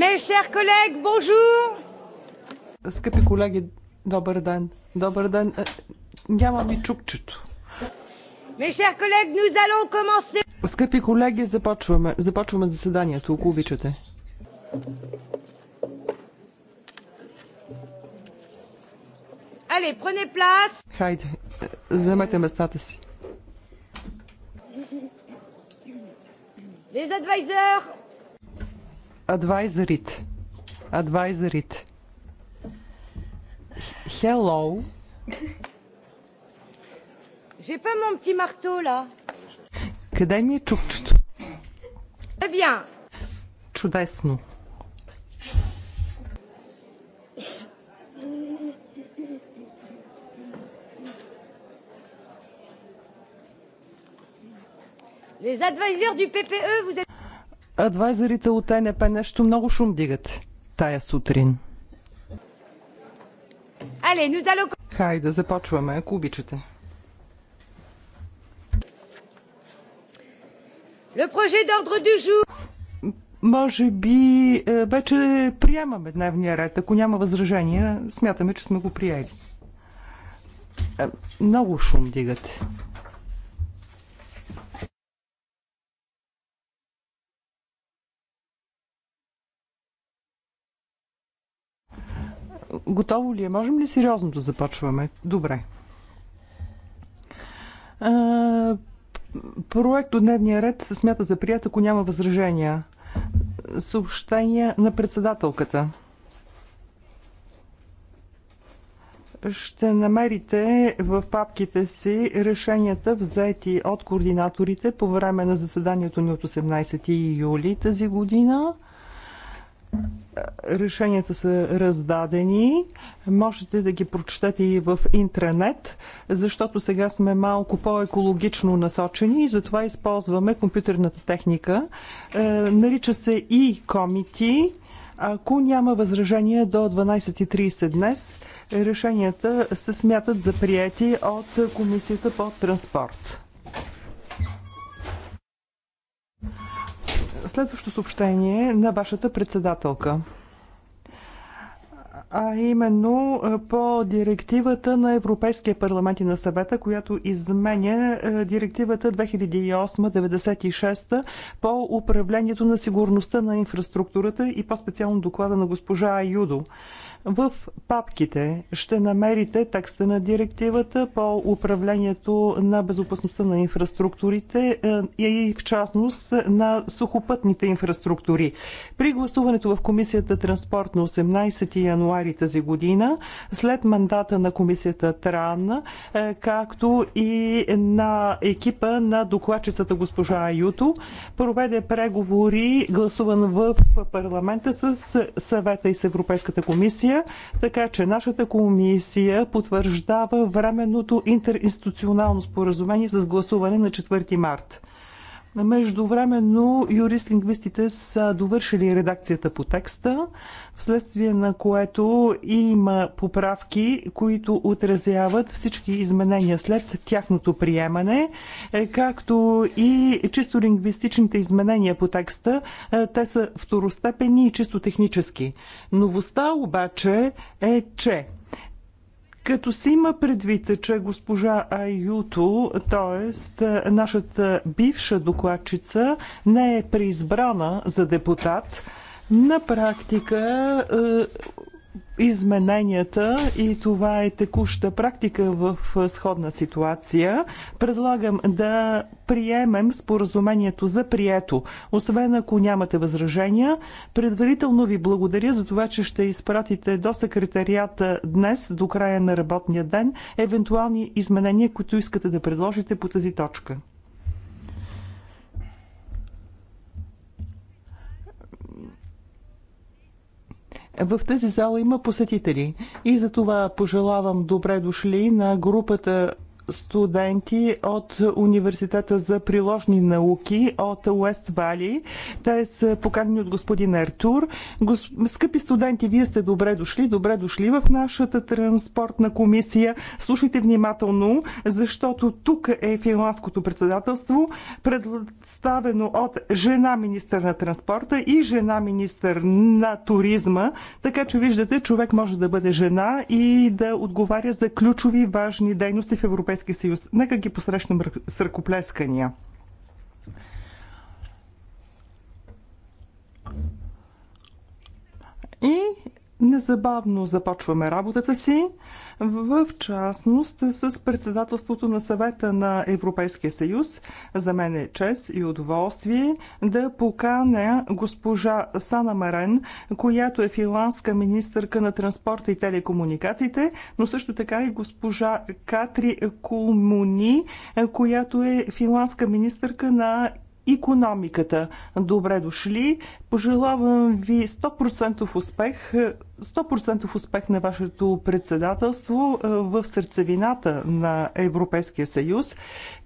Mes chers collègues, bonjour! Скъпи колеги, добър ден. Добър ден. Е, няма ми чукчето. Mes chers collègues, nous allons commencer. Скъпи колеги, започваме. Започваме заседанието, ако обичате. Allez, prenez place. Хайде, вземете е, местата си. Les advisors, адвайзерите. Адвайзерите. Hello. J'ai pas mon petit marteau là. Къде ми е чукчето? Е Чудесно. Les advisors du PPE, vous êtes адвайзерите от НП нещо много шум дигат тая сутрин. Але, nous allons... Хайде, започваме, ако обичате. Може би е, вече приемаме дневния ред. Ако няма възражения, смятаме, че сме го приели. Е, много шум дигате. Готово ли е? Можем ли сериозно да започваме? Добре. Проект от дневния ред се смята за прият, ако няма възражения. Съобщения на председателката. ще намерите в папките си решенията взети от координаторите по време на заседанието ни от 18 юли тази година решенията са раздадени. Можете да ги прочетете и в интранет, защото сега сме малко по-екологично насочени и затова използваме компютърната техника. Е, нарича се и e комити. Ако няма възражения до 12.30 днес, решенията се смятат за прияти от Комисията по транспорт. Следващо съобщение на вашата председателка а именно е, по директивата на Европейския парламент и на съвета, която изменя е, директивата 2008-96 по управлението на сигурността на инфраструктурата и по-специално доклада на госпожа Аюдо. В папките ще намерите текста на директивата по управлението на безопасността на инфраструктурите е, и в частност на сухопътните инфраструктури. При гласуването в Комисията Транспорт на 18 януари тази година, след мандата на Комисията ТРАН, е, както и на екипа на докладчицата госпожа Аюто, проведе преговори, гласуван в парламента с съвета и с Европейската комисия комисия, така че нашата комисия потвърждава временното интеринституционално споразумение с гласуване на 4 март. Междувременно юрист-лингвистите са довършили редакцията по текста, вследствие на което има поправки, които отразяват всички изменения след тяхното приемане, е, както и чисто лингвистичните изменения по текста. Е, те са второстепени и чисто технически. Новостта обаче е, че като се има предвид, че госпожа Аюто, т.е. нашата бивша докладчица, не е преизбрана за депутат, на практика е, измененията и това е текуща практика в сходна ситуация. Предлагам да приемем споразумението за прието. Освен ако нямате възражения, предварително ви благодаря за това, че ще изпратите до секретарията днес, до края на работния ден, евентуални изменения, които искате да предложите по тази точка. В тази зала има посетители и за това пожелавам добре дошли на групата студенти от Университета за приложни науки от Уест Вали. Те са поканени от господин Артур. Гос... Скъпи студенти, вие сте добре дошли, добре дошли в нашата транспортна комисия. Слушайте внимателно, защото тук е финландското председателство, представено от жена министър на транспорта и жена министър на туризма. Така че виждате, човек може да бъде жена и да отговаря за ключови важни дейности в Европейския Европейски съюз. Нека ги посрещнем с ръкоплескания. И незабавно започваме работата си в частност с председателството на съвета на Европейския съюз. За мен е чест и удоволствие да поканя госпожа Сана Марен, която е финландска министърка на транспорта и телекомуникациите, но също така и госпожа Катри Кулмуни, която е финландска министърка на економиката. Добре дошли! Пожелавам ви 100% успех, 100% успех на вашето председателство е, в сърцевината на Европейския съюз.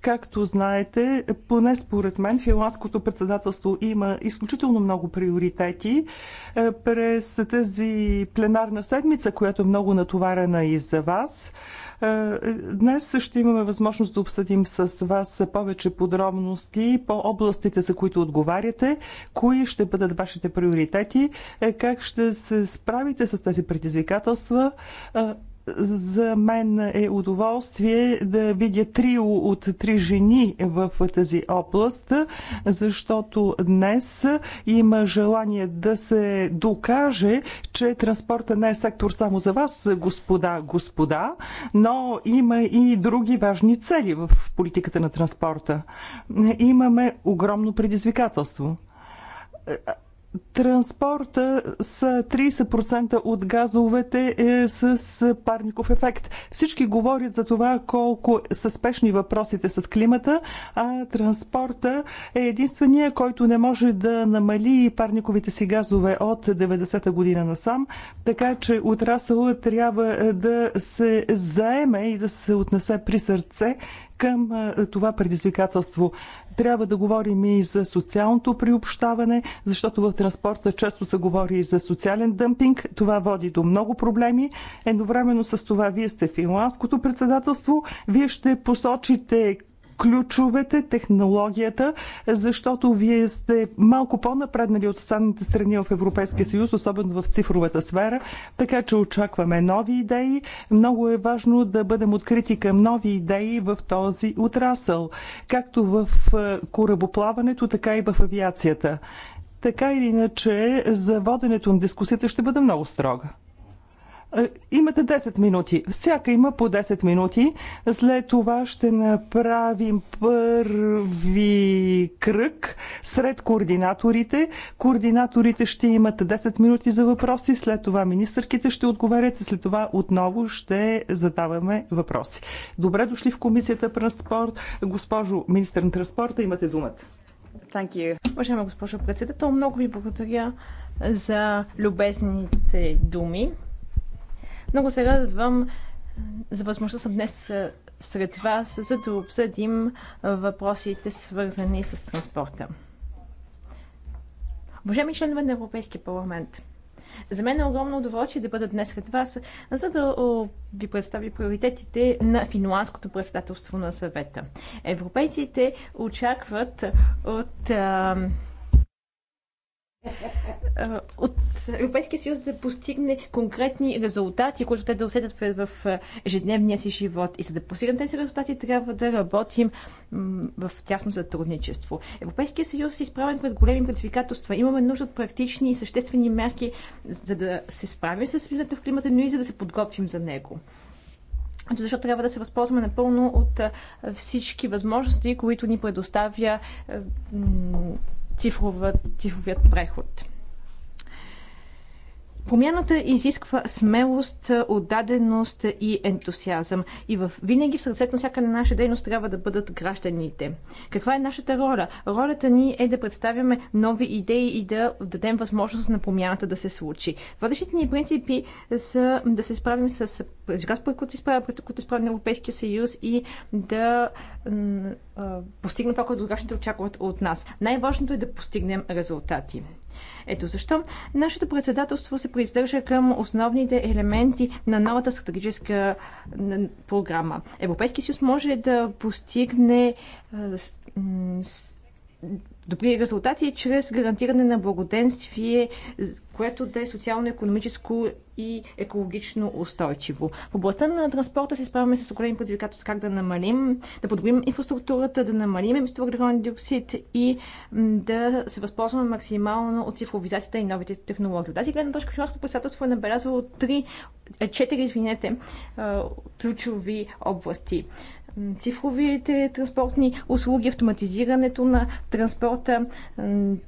Както знаете, поне според мен, финландското председателство има изключително много приоритети. Е, през тази пленарна седмица, която е много натоварена е и за вас, Днес ще имаме възможност да обсъдим с вас повече подробности по областите, за които отговаряте, кои ще бъдат сред вашите приоритети. Е, как ще се справите с тези предизвикателства? Е, за мен е удоволствие да видя трио от три жени в тази област, защото днес има желание да се докаже, че транспорта не е сектор само за вас, господа, господа, но има и други важни цели в политиката на транспорта. Имаме огромно предизвикателство. Транспорта с 30% от газовете е с е, парников ефект. Всички говорят за това колко са спешни въпросите с климата, а транспорта е единствения, който не може да намали парниковите си газове от 90-та година насам, така че отрасълът трябва е, да се заеме и да се отнесе при сърце към е, това предизвикателство. Трябва да говорим и за социалното приобщаване, защото в транспорта често се говори и за социален дъмпинг. Това води до много проблеми. Едновременно с това вие сте финландското председателство. Вие ще посочите ключовете, технологията, защото вие сте малко по-напреднали от останалите страни в Европейския съюз, особено в цифровата сфера, така че очакваме нови идеи. Много е важно да бъдем открити към нови идеи в този отрасъл, както в е, корабоплаването, така и в авиацията. Така или иначе, за воденето на дискусията ще бъде много строга. Е, имате 10 минути. Всяка има по 10 минути. След това ще направим първи кръг сред координаторите. Координаторите ще имат 10 минути за въпроси. След това министърките ще отговарят. След това отново ще задаваме въпроси. Добре дошли в комисията транспорт. Госпожо министър на транспорта, имате думата. Thank Уважаема госпожо председател, много ви благодаря за любезните думи. Много се радвам за възможността съм днес сред вас, за да обсъдим въпросите, свързани с транспорта. Уважаеми членове на Европейския парламент, за мен е огромно удоволствие да бъда днес сред вас, за да ви представя приоритетите на финландското председателство на съвета. Европейците очакват от е, от Европейския съюз да постигне конкретни резултати, които те да усетят в е, ежедневния си живот. И за да постигнем тези резултати, трябва да работим в тясно сътрудничество. Европейския съюз е изправен пред големи предизвикателства. Имаме нужда от практични и съществени мерки, за да се справим с изменението в климата, но и за да се подготвим за него защото трябва да се възползваме напълно от всички възможности, които ни предоставя цифровият преход. Промяната изисква смелост, отдаденост и ентусиазъм. И в, винаги в сърцето на всяка на наша дейност трябва да бъдат гражданите. Каква е нашата роля? Ролята ни е да представяме нови идеи и да дадем възможност на промяната да се случи. Водещите ни принципи са да се справим с предизвикателството, което се справя, което се справя на Европейския съюз и да постигнем това, което другашните очакват от нас. Най-важното е да постигнем резултати. Ето защо нашето председателство се придържа към основните елементи на новата стратегическа програма. Европейски съюз може да постигне добри резултати чрез гарантиране на благоденствие, което да е социално-економическо и екологично устойчиво. В областта на транспорта се справяме с огромни предизвикателства как да намалим, да подобрим инфраструктурата, да намалим емисията въглероден диоксид и да се възползваме максимално от цифровизацията и новите технологии. От тази гледна точка Химарското председателство е набелязало 3, 4 е, извинете, ключови области цифровите транспортни услуги, автоматизирането на транспорта,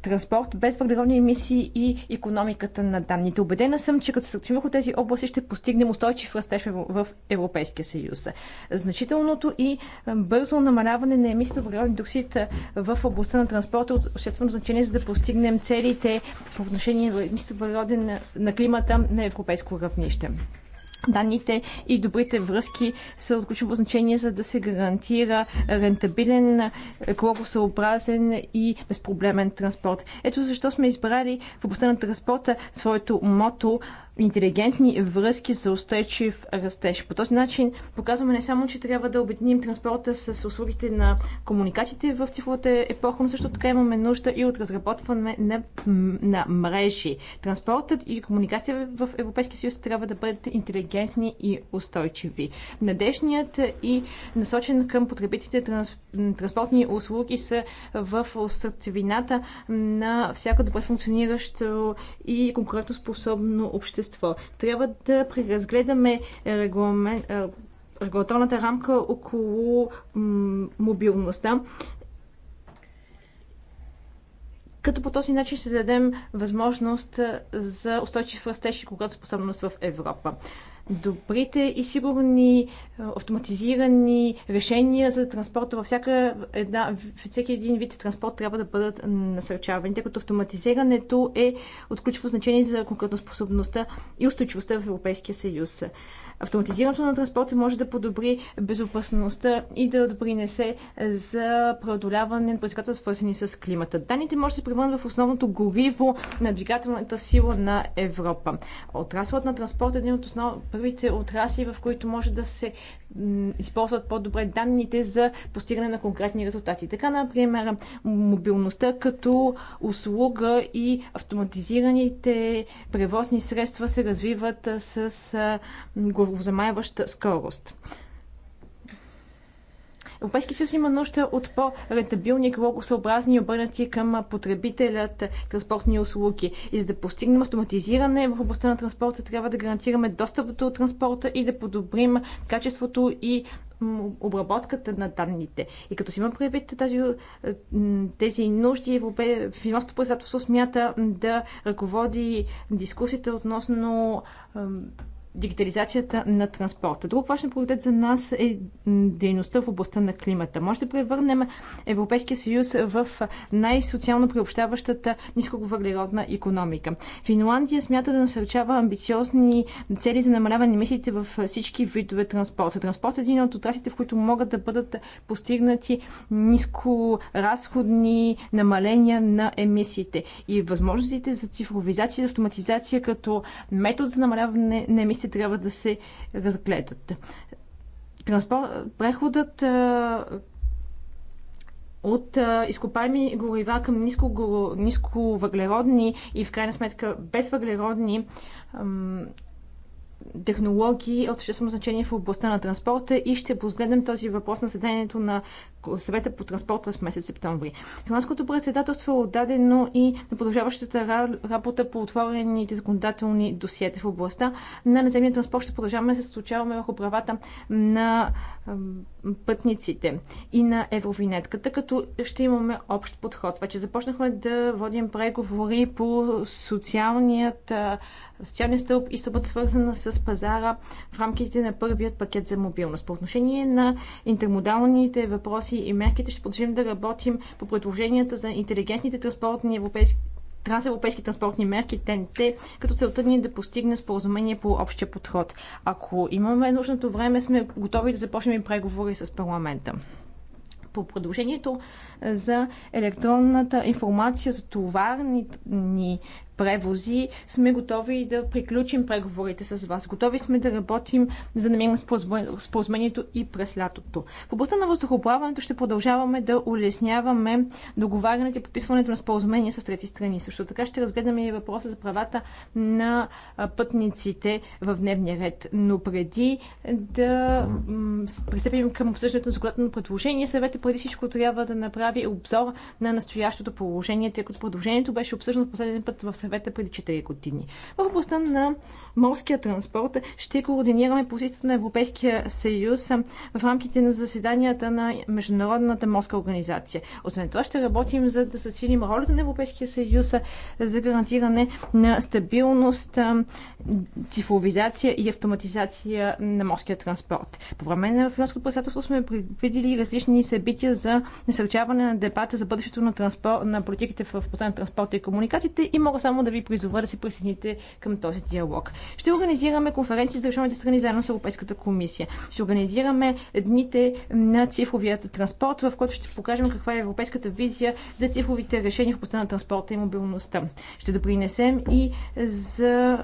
транспорт без въглеродни емисии и економиката на данните. Обедена съм, че като се върху тези области ще постигнем устойчив растеж в Европейския съюз. Значителното и бързо намаляване на емисията въглеродни диоксид в областта на транспорта е от обществено значение, за да постигнем целите по отношение на емисията въглероден на климата на европейско равнище. Данните и добрите връзки са от ключово значение, за да се гарантира рентабилен, екологосъобразен и безпроблемен транспорт. Ето защо сме избрали в областта на транспорта своето мото интелигентни връзки за устойчив растеж. По този начин показваме не само, че трябва да обединим транспорта с услугите на комуникациите в цифровата епоха, но също така имаме нужда и от разработване на, на мрежи. Транспортът и комуникация в Европейския съюз трябва да бъдат интелигентни и устойчиви. Надежният и насочен към потребителите транс, транспортни услуги са в сърцевината на всяко добре функциониращо и конкурентоспособно общество общество. Трябва да преразгледаме регулаторната рамка около мобилността, като по този начин ще дадем възможност за устойчив растеж и когато способност в Европа добрите и сигурни е, автоматизирани решения за транспорта във всяка една, всеки един вид транспорт трябва да бъдат насърчавани, тъй като автоматизирането е от ключово значение за конкретно способността и устойчивостта в Европейския съюз. Автоматизирането на транспорта може да подобри безопасността и да допринесе за преодоляване на предизвикателства, свързани с климата. Данните може да се превърнат в основното гориво на двигателната сила на Европа. Отраслът на транспорт е един от основ... първите отрасли, в които може да се използват по-добре данните за постигане на конкретни резултати. Така, например, мобилността като услуга и автоматизираните превозни средства се развиват с главозамайваща скорост. Европейски съюз има нужда от по-рентабилни, екологосъобразни и обърнати към потребителят транспортни услуги. И за да постигнем автоматизиране в областта на транспорта, трябва да гарантираме достъп до транспорта и да подобрим качеството и обработката на данните. И като си има предвид тази, е, тези нужди, Европе... финансовото председателство смята да ръководи дискусията относно дигитализацията на транспорта. Друг важен приоритет за нас е дейността в областта на климата. Може да превърнем Европейския съюз в най-социално приобщаващата нисковъглеродна економика. Финландия смята да насърчава амбициозни цели за намаляване на емисиите във всички видове транспорта. Транспорт е един от отраслите, в които могат да бъдат постигнати ниско разходни намаления на емисиите. И възможностите за цифровизация и автоматизация като метод за намаляване на емисиите си трябва да се разгледат. Транспорт, преходът от изкопаеми горива към ниско, ниско въглеродни и в крайна сметка безвъглеродни технологии е от съществено значение в областта на транспорта и ще посгледам този въпрос на заседанието на съвета по транспорт през месец септември. Финландското председателство е отдадено и на продължаващата работа по отворените законодателни досиета в областта на наземния транспорт. Ще продължаваме да се случаваме върху правата на пътниците и на евровинетката, като ще имаме общ подход. Вече започнахме да водим преговори по социалният, социалния стълб и стълбът свързана с пазара в рамките на първият пакет за мобилност. По отношение на интермодалните въпроси въпроси и мерките. Ще продължим да работим по предложенията за интелигентните транспортни европейски трансевропейски транспортни мерки ТНТ, като целта ни е да постигне споразумение по общия подход. Ако имаме нужното време, сме готови да започнем и преговори с парламента по предложението за електронната информация за товарни превози, сме готови да приключим преговорите с вас. Готови сме да работим, за да намерим споразумението и през лятото. В областта на въздухоплаването ще продължаваме да улесняваме договарянето и подписването на споразумение с трети страни. Също така ще разгледаме и въпроса за правата на пътниците в дневния ред. Но преди да пристъпим към обсъждането на законодателно предложение, съвета преди всичко трябва да направи обзор на настоящото положение, тъй като предложението беше обсъждано последния път в съвета преди 4 години. В областта на морския транспорт ще координираме позицията на Европейския съюз в рамките на заседанията на Международната морска организация. Освен това ще работим за да засилим ролята на Европейския съюз за гарантиране на стабилност, цифровизация и автоматизация на морския транспорт. По време на финансовото председателство сме предвидили различни събития за насърчаване на дебата за бъдещето на, транспорт, на политиките в областта на транспорта и комуникациите и мога само само да ви призова да се присъедините към този диалог. Ще организираме конференции с държавните страни заедно с Европейската комисия. Ще организираме дните на цифровият транспорт, в който ще покажем каква е европейската визия за цифровите решения в областта на транспорта и мобилността. Ще допринесем и за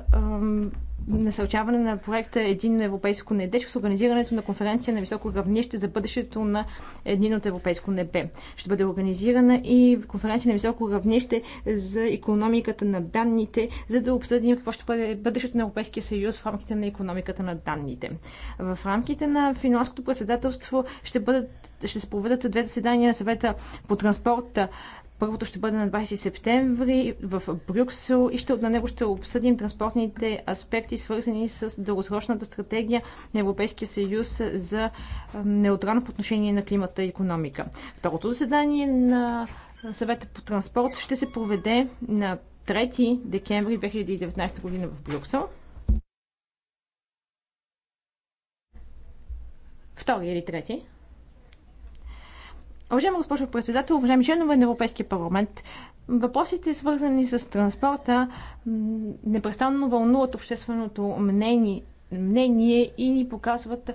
насърчаване на проекта Един европейско небе, с организирането на конференция на високо равнище за бъдещето на един от европейско небе. Ще бъде организирана и конференция на високо равнище за економиката на данните, за да обсъдим какво ще бъде бъдещето на Европейския съюз в рамките на економиката на данните. В рамките на финландското председателство ще, бъдат, ще се проведат две заседания на съвета по транспорта Първото ще бъде на 20 септември в Брюксел и ще, на него ще обсъдим транспортните аспекти, свързани с дългосрочната стратегия на Европейския съюз за неутрално по отношение на климата и економика. Второто заседание на съвета по транспорт ще се проведе на 3 декември 2019 година в Брюксел. Втори или трети? Уважаема госпожо председател, уважаеми членове на Европейския парламент, въпросите свързани с транспорта непрестанно вълнуват общественото мнение, мнение и ни показват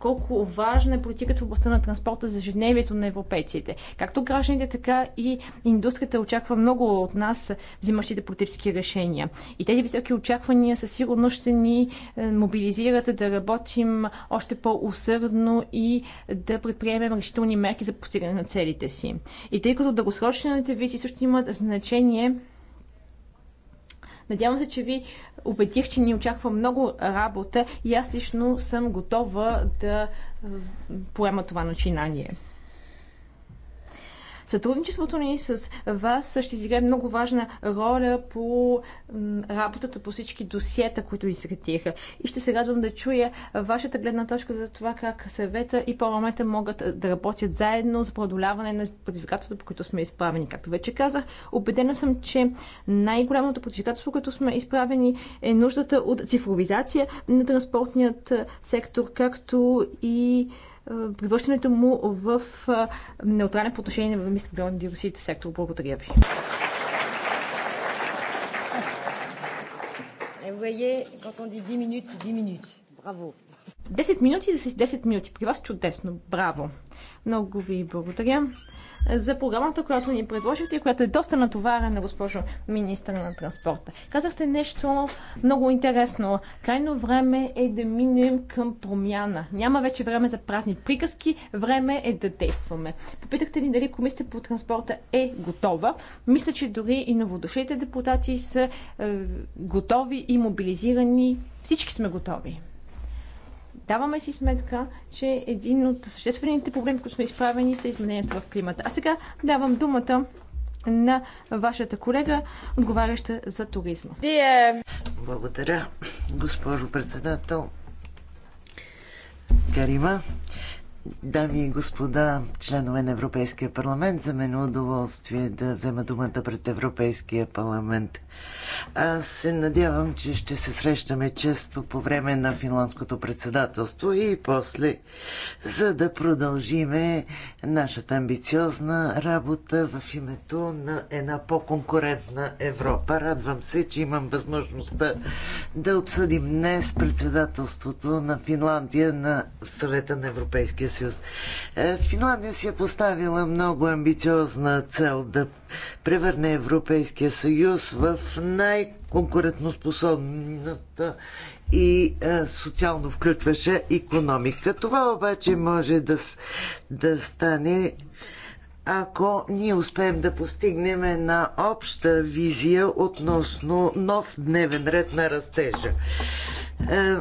колко важна е политиката в областта на транспорта за ежедневието на европейците. Както гражданите, така и индустрията очаква много от нас, е, взимащите политически решения. И тези високи очаквания със сигурност ще ни е, мобилизират да работим още по-усърдно и да предприемем решителни мерки за постигане на целите си. И тъй като дългосрочните визи също имат значение, Надявам се, че ви убедих, че ни очаква много работа и аз лично съм готова да поема това начинание. Сътрудничеството ни с вас ще изиграе много важна роля по работата по всички досиета, които изсветиха. И ще се радвам да чуя вашата гледна точка за това как съвета и парламента могат да работят заедно за преодоляване на предизвикателствата, по които сме изправени. Както вече казах, убедена съм, че най-голямото предизвикателство, което сме изправени е нуждата от цифровизация на транспортният сектор, както и превръщането му в неутрален по отношение на въглероден диоксид сектор. Благодаря ви. Vous voyez, quand on dit 10 minutes, c'est 10 minutes. Bravo. 10 минути за 10 минути. При вас чудесно. Браво! Много ви благодаря за програмата, която ни предложихте и която е доста натоварена, госпожо министър на транспорта. Казахте нещо много интересно. Крайно време е да минем към промяна. Няма вече време за празни приказки, време е да действаме. Попитахте ни дали комисията по транспорта е готова. Мисля, че дори и новодушите, депутати са е, готови и мобилизирани. Всички сме готови. Даваме си сметка, че един от съществените проблеми, които сме изправени, са измененията в климата. А сега давам думата на вашата колега, отговаряща за туризма. Благодаря, госпожо председател. Карима, Дами и господа, членове на Европейския парламент, за мен е удоволствие да взема думата пред Европейския парламент. Аз се надявам, че ще се срещаме често по време на финландското председателство и после, за да продължиме нашата амбициозна работа в името на една по-конкурентна Европа. Радвам се, че имам възможността да обсъдим днес председателството на Финландия на съвета на Европейския Европейския съюз. Е, Финландия си е поставила много амбициозна цел да превърне Европейския съюз в най-конкурентоспособната и е, социално включваща економика. Това обаче може да, да стане ако ние успеем да постигнем една обща визия относно нов дневен ред на растежа. Е,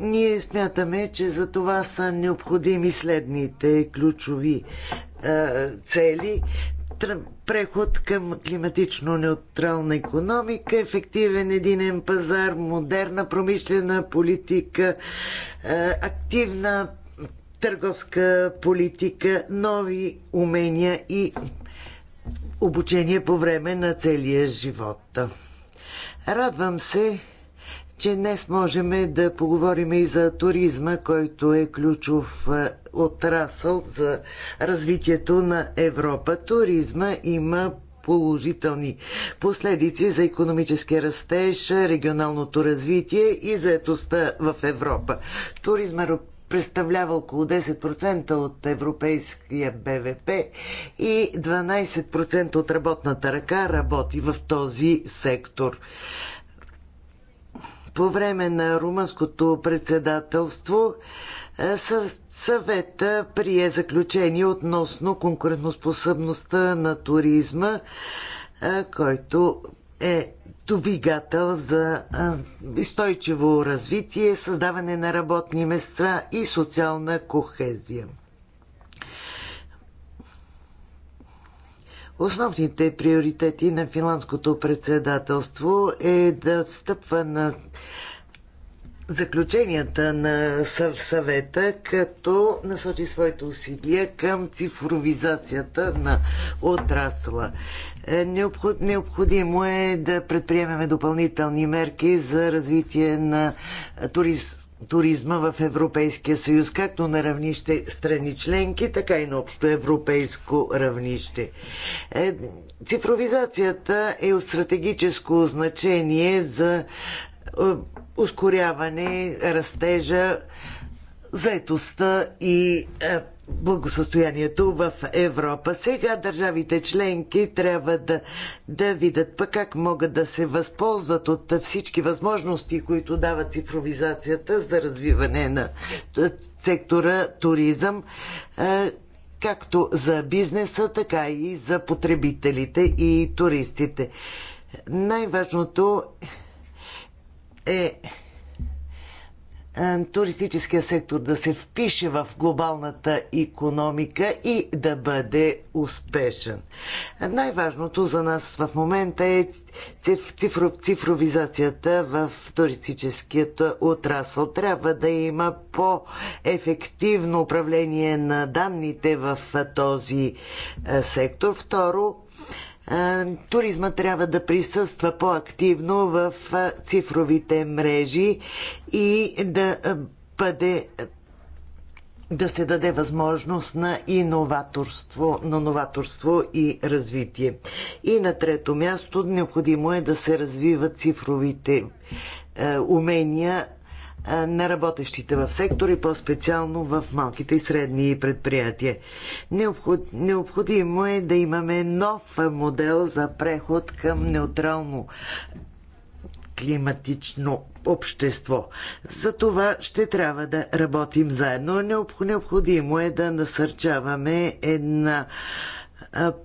ние смятаме, че за това са необходими следните ключови е, цели преход към климатично неутрална економика, ефективен единен пазар, модерна промишлена политика, е, активна търговска политика, нови умения и обучение по време на целия живот. Радвам се, че днес можем да поговорим и за туризма, който е ключов е, отрасъл за развитието на Европа. Туризма има положителни последици за економически растеж, регионалното развитие и заетостта в Европа. Туризма представлява около 10% от европейския БВП и 12% от работната ръка работи в този сектор по време на румънското председателство е, съвета прие заключение относно конкурентоспособността на туризма, е, който е двигател за е, устойчиво развитие, създаване на работни места и социална кохезия. Основните приоритети на финландското председателство е да встъпва на заключенията на съвета, като насочи своите усилия към цифровизацията на отрасла. Е, необходимо е да предприемеме допълнителни мерки за развитие на туризма туризма в Европейския съюз, както на равнище страни членки, така и на общо европейско равнище. Е, цифровизацията е от стратегическо значение за е, ускоряване растежа, заетостта и е, благосъстоянието в Европа. Сега държавите членки трябва да, да видят пък как могат да се възползват от всички възможности, които дава цифровизацията за развиване на сектора туризъм, е, както за бизнеса, така и за потребителите и туристите. Най-важното е е, туристическия сектор да се впише в глобалната економика и да бъде успешен. Най-важното за нас в момента е цифро, цифровизацията в туристическият отрасъл. Трябва да има по-ефективно управление на данните в този е, сектор. Второ, туризма трябва да присъства по-активно в цифровите мрежи и да бъде да се даде възможност на иноваторство, на новаторство и развитие. И на трето място, необходимо е да се развиват цифровите е, умения на работещите в сектор и по-специално в малките и средни предприятия. Необход, необходимо е да имаме нов модел за преход към неутрално климатично общество. За това ще трябва да работим заедно. Необходимо е да насърчаваме една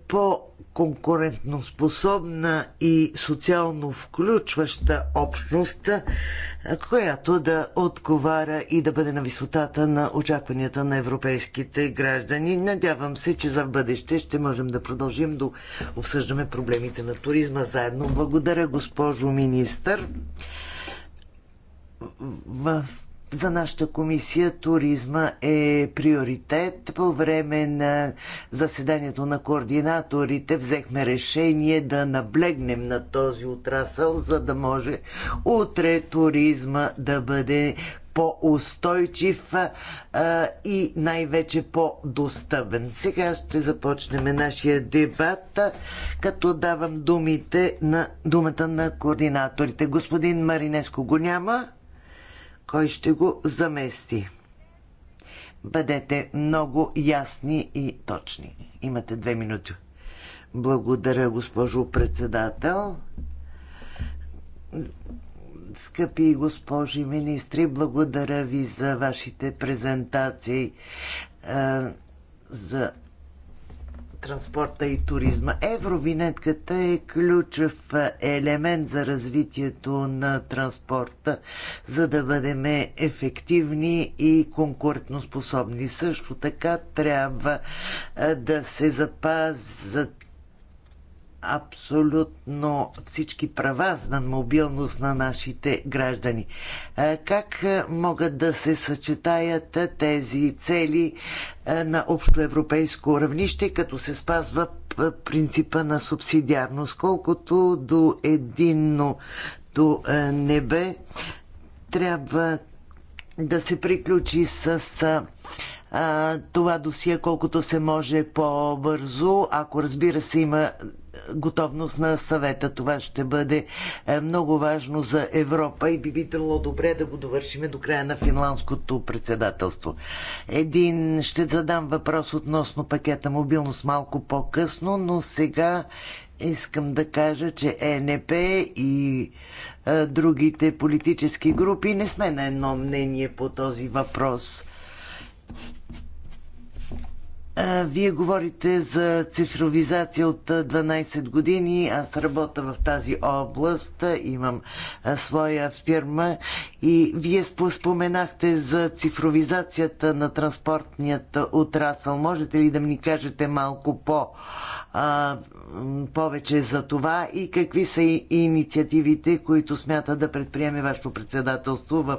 по- конкурентноспособна и социално включваща общност, която да отговаря и да бъде на висотата на очакванията на европейските граждани. Надявам се, че за бъдеще ще можем да продължим да обсъждаме проблемите на туризма заедно. Благодаря, госпожо министър. В за нашата комисия туризма е приоритет. По време на заседанието на координаторите взехме решение да наблегнем на този отрасъл, за да може утре туризма да бъде по-устойчив и най-вече по-достъпен. Сега ще започнем нашия дебат, като давам думите на, думата на координаторите. Господин Маринеско го няма кой ще го замести. Бъдете много ясни и точни. Имате две минути. Благодаря, госпожо председател. Скъпи госпожи министри, благодаря ви за вашите презентации за транспорта и туризма. Евровинетката е ключов е, елемент за развитието на транспорта, за да бъдем ефективни и конкурентоспособни. Също така трябва е, да се запазят абсолютно всички права за мобилност на нашите граждани. Как могат да се съчетаят тези цели на общоевропейско равнище, като се спазва принципа на субсидиарност? Колкото до единното небе, трябва да се приключи с а, това досие колкото се може по-бързо, ако разбира се има готовност на съвета. Това ще бъде е, много важно за Европа и би би трябвало добре да го довършиме до края на финландското председателство. Един ще задам въпрос относно пакета мобилност малко по-късно, но сега искам да кажа, че ЕНП и е, другите политически групи не сме на едно мнение по този въпрос. Вие говорите за цифровизация от 12 години. Аз работя в тази област, имам своя фирма и вие споменахте за цифровизацията на транспортният отрасъл. Можете ли да ми кажете малко по а, повече за това и какви са и инициативите, които смята да предприеме вашето председателство в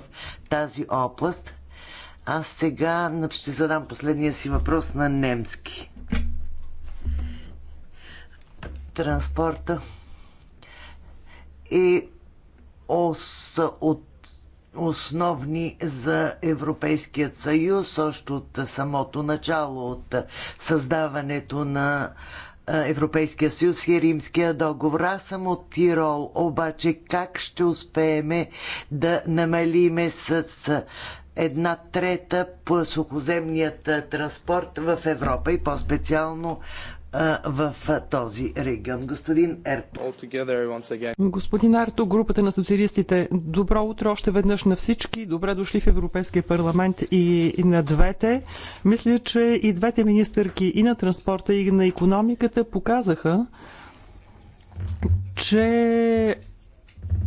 тази област? Аз сега ще задам последния си въпрос на немски. Транспорта е ос от основни за Европейският съюз, още от самото начало, от създаването на Европейския съюз и Римския договор. Аз съм от Тирол, обаче как ще успееме да намалиме с една трета по сухоземният транспорт в Европа и по-специално в този регион. Господин Ерто. Господин Ерто, групата на социалистите. Добро утро още веднъж на всички. Добре дошли в Европейския парламент и, и на двете. Мисля, че и двете министърки и на транспорта, и на економиката показаха, че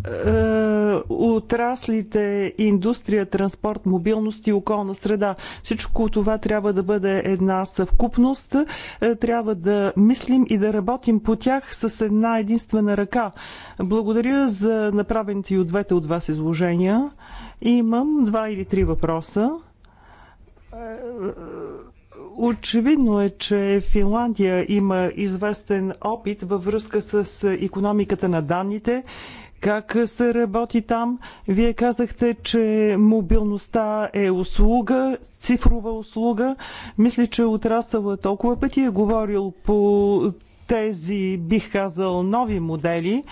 е, отраслите индустрия, транспорт, мобилност и околна среда. Всичко това трябва да бъде една съвкупност. Е, трябва да мислим и да работим по тях с една единствена ръка. Благодаря за направените и от двете от вас изложения. Имам два или три въпроса. Е, очевидно е, че Финландия има известен опит във връзка с економиката на данните как се работи там. Вие казахте, че мобилността е услуга, цифрова услуга. Мисля, че отрасъла толкова пъти е говорил по тези, бих казал, нови модели.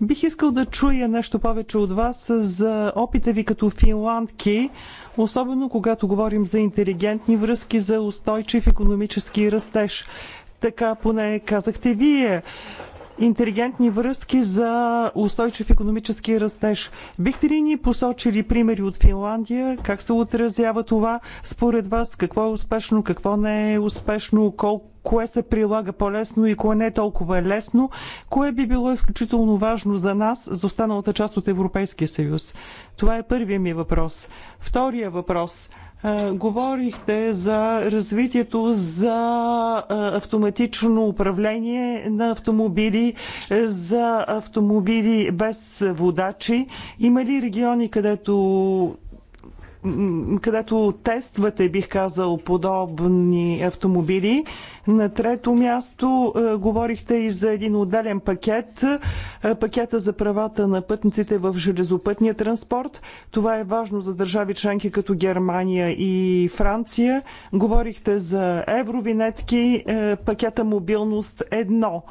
Бих искал да чуя нещо повече от вас за опита ви като финландки, особено когато говорим за интелигентни връзки, за устойчив економически растеж. Така поне казахте вие интелигентни връзки за устойчив економически растеж. Бихте ли ни посочили примери от Финландия? Как се отразява това според вас? Какво е успешно, какво не е успешно? Колко кое се прилага по-лесно и кое не е толкова лесно, кое би било изключително важно за нас, за останалата част от Европейския съюз? Това е първият ми въпрос. Втория въпрос – Говорихте за развитието за автоматично управление на автомобили, е, за автомобили без водачи. Има ли региони, където където тествате, бих казал, подобни автомобили. На трето място е, говорихте и за един отделен пакет, е, пакета за правата на пътниците в железопътния транспорт. Това е важно за държави членки като Германия и Франция. Говорихте за евровинетки, е, пакета мобилност едно.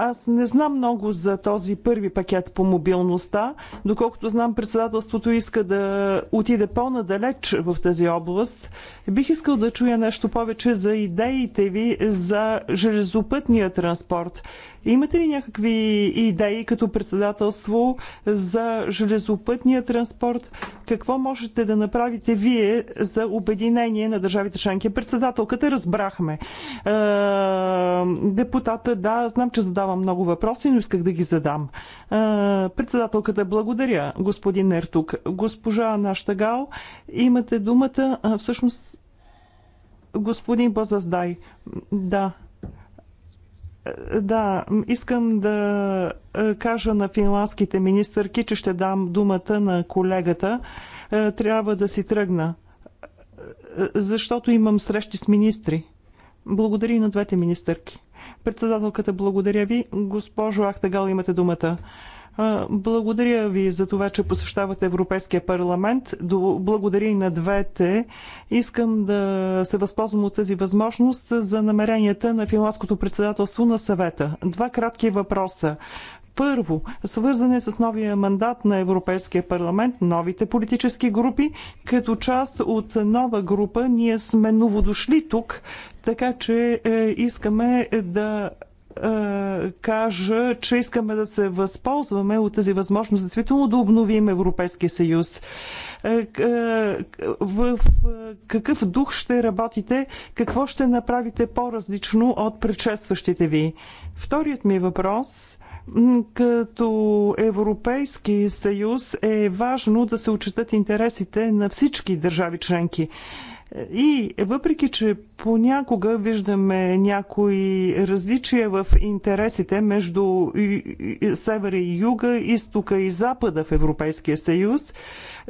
Аз не знам много за този първи пакет по мобилността. Доколкото знам, председателството иска да отиде по-надалеч в тази област. Бих искал да чуя нещо повече за идеите ви за железопътния транспорт. Имате ли някакви идеи като председателство за железопътния транспорт? Какво можете да направите вие за обединение на държавите членки? Председателката разбрахме. Е, депутата, да, знам, че задавам много въпроси, но исках да ги задам. Е, председателката, благодаря, господин Ертук. Госпожа Наштагал, имате думата. Всъщност, господин Бозаздай, да. Да, искам да е, кажа на финландските министърки, че ще дам думата на колегата. Е, трябва да си тръгна, е, защото имам срещи с министри. Благодаря и на двете министърки. Председателката, благодаря ви. Госпожо Ахтагал, имате думата. Благодаря ви за това, че посещавате Европейския парламент. Благодаря и на двете. Искам да се възползвам от тази възможност за намеренията на финландското председателство на съвета. Два кратки въпроса първо, свързане с новия мандат на Европейския парламент, новите политически групи. Като част от нова група ние сме новодошли тук, така че е, искаме да е, кажа, че искаме да се възползваме от тази възможност действително да обновим Европейския съюз. Е, е, в какъв дух ще работите? Какво ще направите по-различно от предшестващите ви? Вторият ми въпрос като Европейски съюз е важно да се учитат интересите на всички държави членки. И въпреки, че понякога виждаме някои различия в интересите между севера и юга, изтока и запада в Европейския съюз,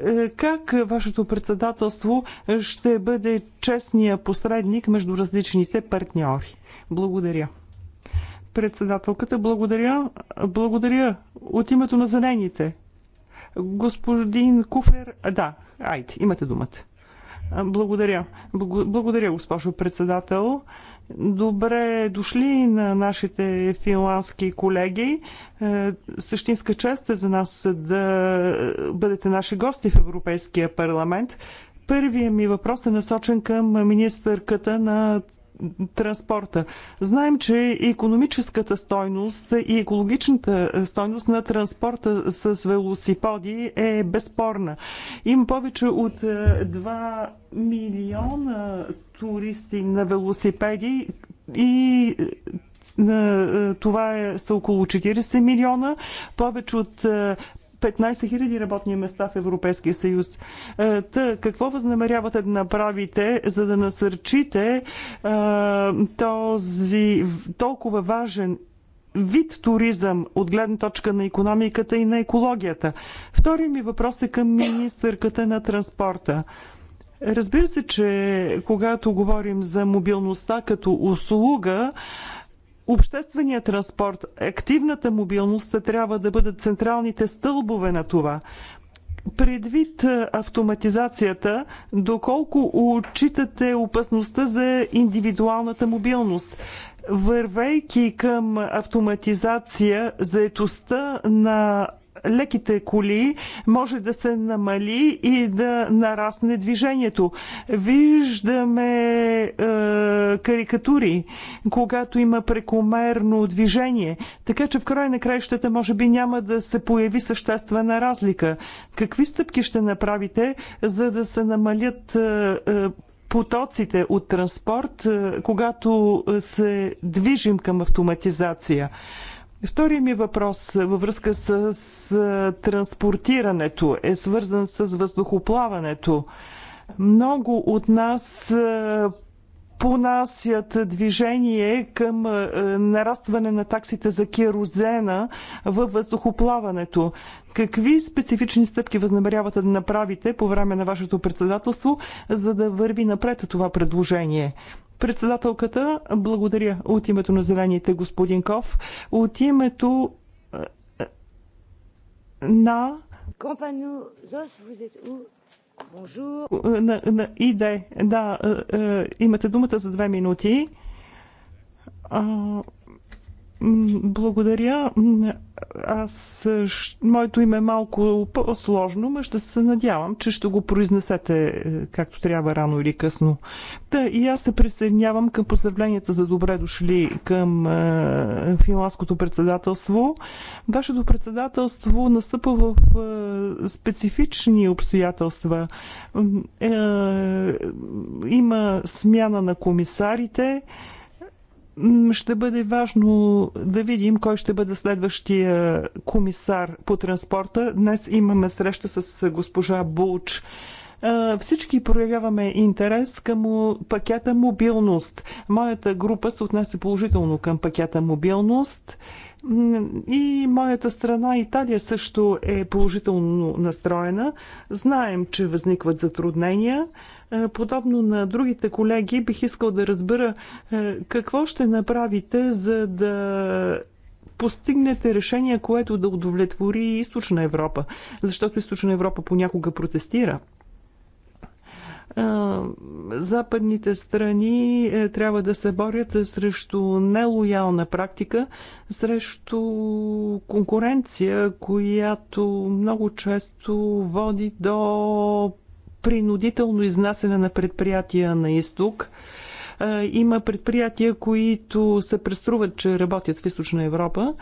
е, как вашето председателство ще бъде честния посредник между различните партньори? Благодаря. Председателката, благодаря. Благодаря от името на зелените. Господин Куфер, да, айде, имате думата. Благодаря. Благодаря, госпожо председател. Добре дошли на нашите финландски колеги. Е, същинска чест е за нас да бъдете наши гости в Европейския парламент. Първият ми въпрос е насочен към министърката на транспорта. Знаем, че економическата стойност и екологичната стойност на транспорта с велосипеди е безспорна. Има повече от 2 е, милиона туристи на велосипеди и е, е, това е, са около 40 милиона. Повече от 15 000 работни места в Европейския съюз. Е, та, какво възнамерявате да направите, за да насърчите е, този толкова важен вид туризъм от гледна точка на економиката и на екологията? Втори ми въпрос е към министърката на транспорта. Разбира се, че когато говорим за мобилността като услуга, Общественият транспорт, активната мобилност трябва да бъдат централните стълбове на това. Предвид автоматизацията, доколко отчитате опасността за индивидуалната мобилност? Вървейки към автоматизация, заетостта на леките коли може да се намали и да нарасне движението. Виждаме е, карикатури, когато има прекомерно движение. Така че в края на краищата може би няма да се появи съществена разлика. Какви стъпки ще направите, за да се намалят е, е, потоците от транспорт, е, когато се движим към автоматизация? Втория ми въпрос във връзка с, с транспортирането е свързан с въздухоплаването. Много от нас понасят движение към нарастване на таксите за керозена във въздухоплаването. Какви специфични стъпки възнамерявате да направите по време на вашето председателство, за да върви напред това предложение? Председателката, благодаря от името на зелените господин Ков, от името е, е, на на, на ИДЕ, да, е, имате думата за две минути. Благодаря. Аз, моето име е малко по-сложно, но ще се надявам, че ще го произнесете е, както трябва рано или късно. Та и аз се присъединявам към поздравленията за добре дошли към е, финландското председателство. Вашето председателство настъпа в е, специфични обстоятелства. Е, е, има смяна на комисарите. Е, ще бъде важно да видим кой ще бъде следващия комисар по транспорта. Днес имаме среща с госпожа Булч. Всички проявяваме интерес към пакета мобилност. Моята група се отнесе положително към пакета мобилност. И моята страна Италия също е положително настроена. Знаем, че възникват затруднения. Е, подобно на другите колеги, бих искал да разбера е, какво ще направите, за да постигнете решение, което да удовлетвори Източна Европа, защото Източна Европа понякога протестира е, западните страни трябва да се борят срещу нелоялна практика, срещу конкуренция, която много често води до принудително изнасяне на предприятия на изток. Има предприятия, които се преструват, че работят в Източна Европа.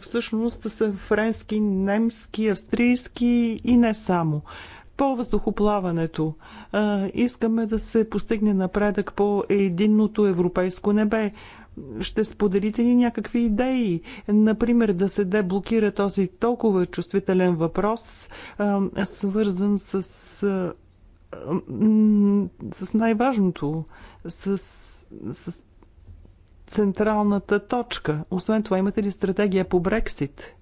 Всъщност са френски, немски, австрийски и не само по въздухоплаването. искаме да се постигне напредък по единното европейско небе ще споделите ни някакви идеи? Например, да се деблокира този толкова чувствителен въпрос, свързан с, с най-важното, с, с централната точка. Освен това, имате ли стратегия по Брексит?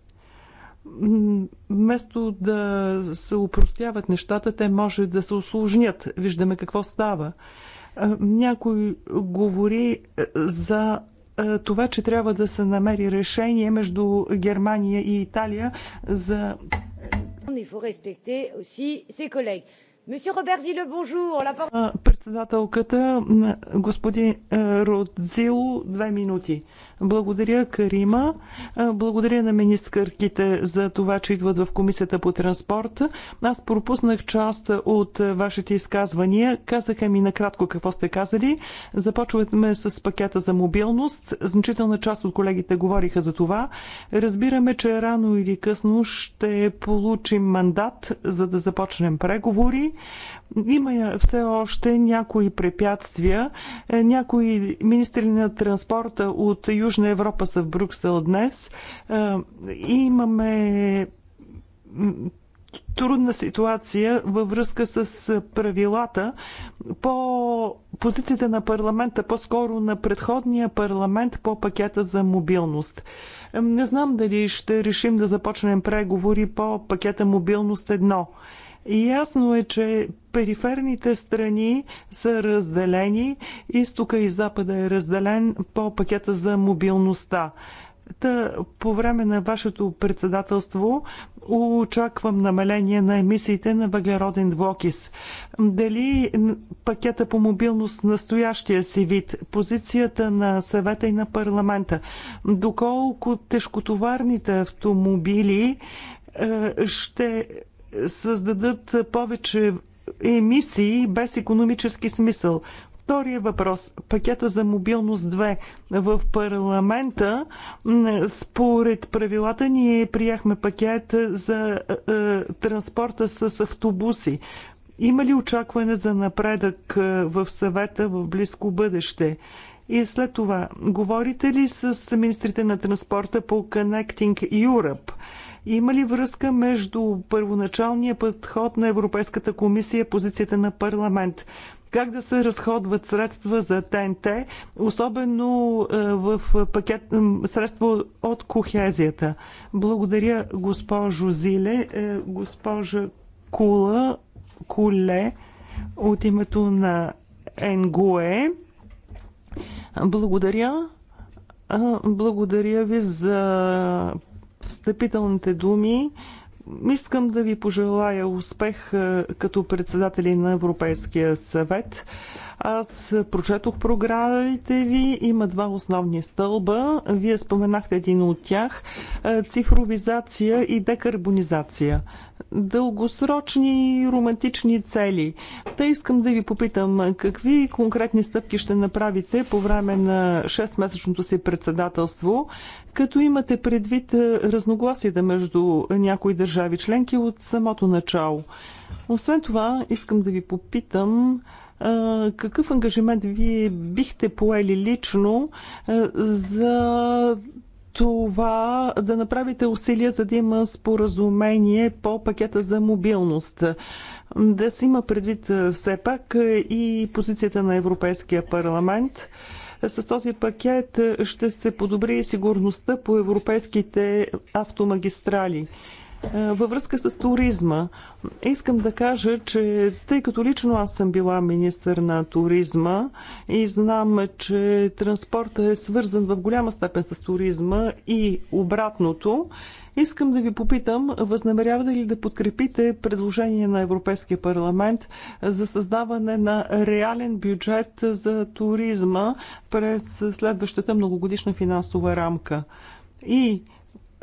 вместо да се упростяват нещата, те може да се осложнят. Виждаме какво става. Някой говори е, за е, това, че трябва да се намери решение между Германия и Италия за. Председателката, господин е, Родзил, две минути. Благодаря, Карима. Благодаря на министърките за това, че идват в Комисията по транспорт. Аз пропуснах част от вашите изказвания. Казаха ми накратко какво сте казали. Започваме с пакета за мобилност. Значителна част от колегите говориха за това. Разбираме, че рано или късно ще получим мандат, за да започнем преговори. Има все още някои препятствия. Е, някои министри на транспорта от Южна Европа са в Брюксел днес. Е, имаме трудна ситуация във връзка с правилата по позицията на парламента, по-скоро на предходния парламент по пакета за мобилност. Е, не знам дали ще решим да започнем преговори по пакета мобилност 1. Ясно е, че периферните страни са разделени, изтока и запада е разделен по пакета за мобилността. Та, по време на вашето председателство очаквам намаление на емисиите на въглероден двокис. Дали пакета по мобилност настоящия си вид, позицията на съвета и на парламента, доколко тежкотоварните автомобили е, ще създадат повече емисии без економически смисъл. Втория въпрос. Пакета за мобилност 2 в парламента. Според правилата ние прияхме пакет за е, е, транспорта с автобуси. Има ли очакване за напредък е, в съвета в близко бъдеще? И след това, говорите ли с министрите на транспорта по Connecting Europe? Има ли връзка между първоначалния подход на Европейската комисия и позицията на парламент? Как да се разходват средства за ТНТ, особено е, в пакет средства от кохезията? Благодаря, госпожо Зиле, е, госпожа Кула, Куле от името на НГОЕ. Благодаря. Е, благодаря ви за встъпителните думи. Искам да ви пожелая успех като председатели на Европейския съвет. Аз прочетох програмите ви. Има два основни стълба. Вие споменахте един от тях. Е, цифровизация и декарбонизация. Дългосрочни и романтични цели. Та искам да ви попитам какви конкретни стъпки ще направите по време на 6-месечното си председателство, като имате предвид е, разногласията между някои държави членки от самото начало. Освен това, искам да ви попитам какъв ангажимент вие бихте поели лично за това да направите усилия, за да има споразумение по пакета за мобилност. Да се има предвид все пак и позицията на Европейския парламент. С този пакет ще се подобри сигурността по европейските автомагистрали. Във връзка с туризма, искам да кажа, че тъй като лично аз съм била министър на туризма и знам, че транспорта е свързан в голяма степен с туризма и обратното, Искам да ви попитам, възнамерявате ли да подкрепите предложение на Европейския парламент за създаване на реален бюджет за туризма през следващата многогодишна финансова рамка? И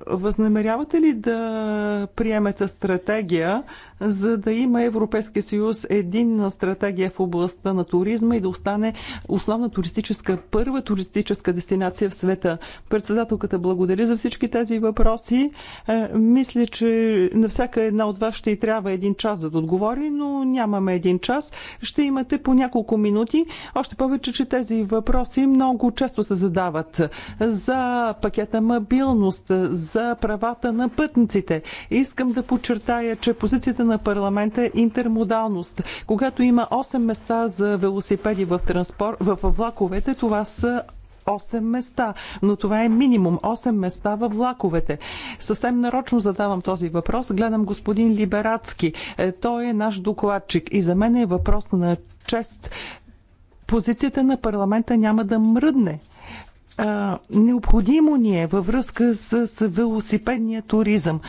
Възнамерявате ли да приемете стратегия, за да има Европейски съюз единна стратегия в областта на туризма и да остане основна туристическа, първа туристическа дестинация в света? Председателката благодаря за всички тези въпроси. Е, мисля, че на всяка една от вас ще и трябва един час за да отговори, но нямаме един час. Ще имате по няколко минути. Още повече, че тези въпроси много често се задават за пакета мобилност, за за правата на пътниците. Искам да подчертая, че позицията на парламента е интермодалност. Когато има 8 места за велосипеди в, транспорт, в влаковете, това са 8 места, но това е минимум 8 места във влаковете. Съвсем нарочно задавам този въпрос. Гледам господин Либерацки. Е, той е наш докладчик и за мен е въпрос на чест. Позицията на парламента няма да мръдне. А, необходимо ни е във връзка с, с велосипедния туризъм.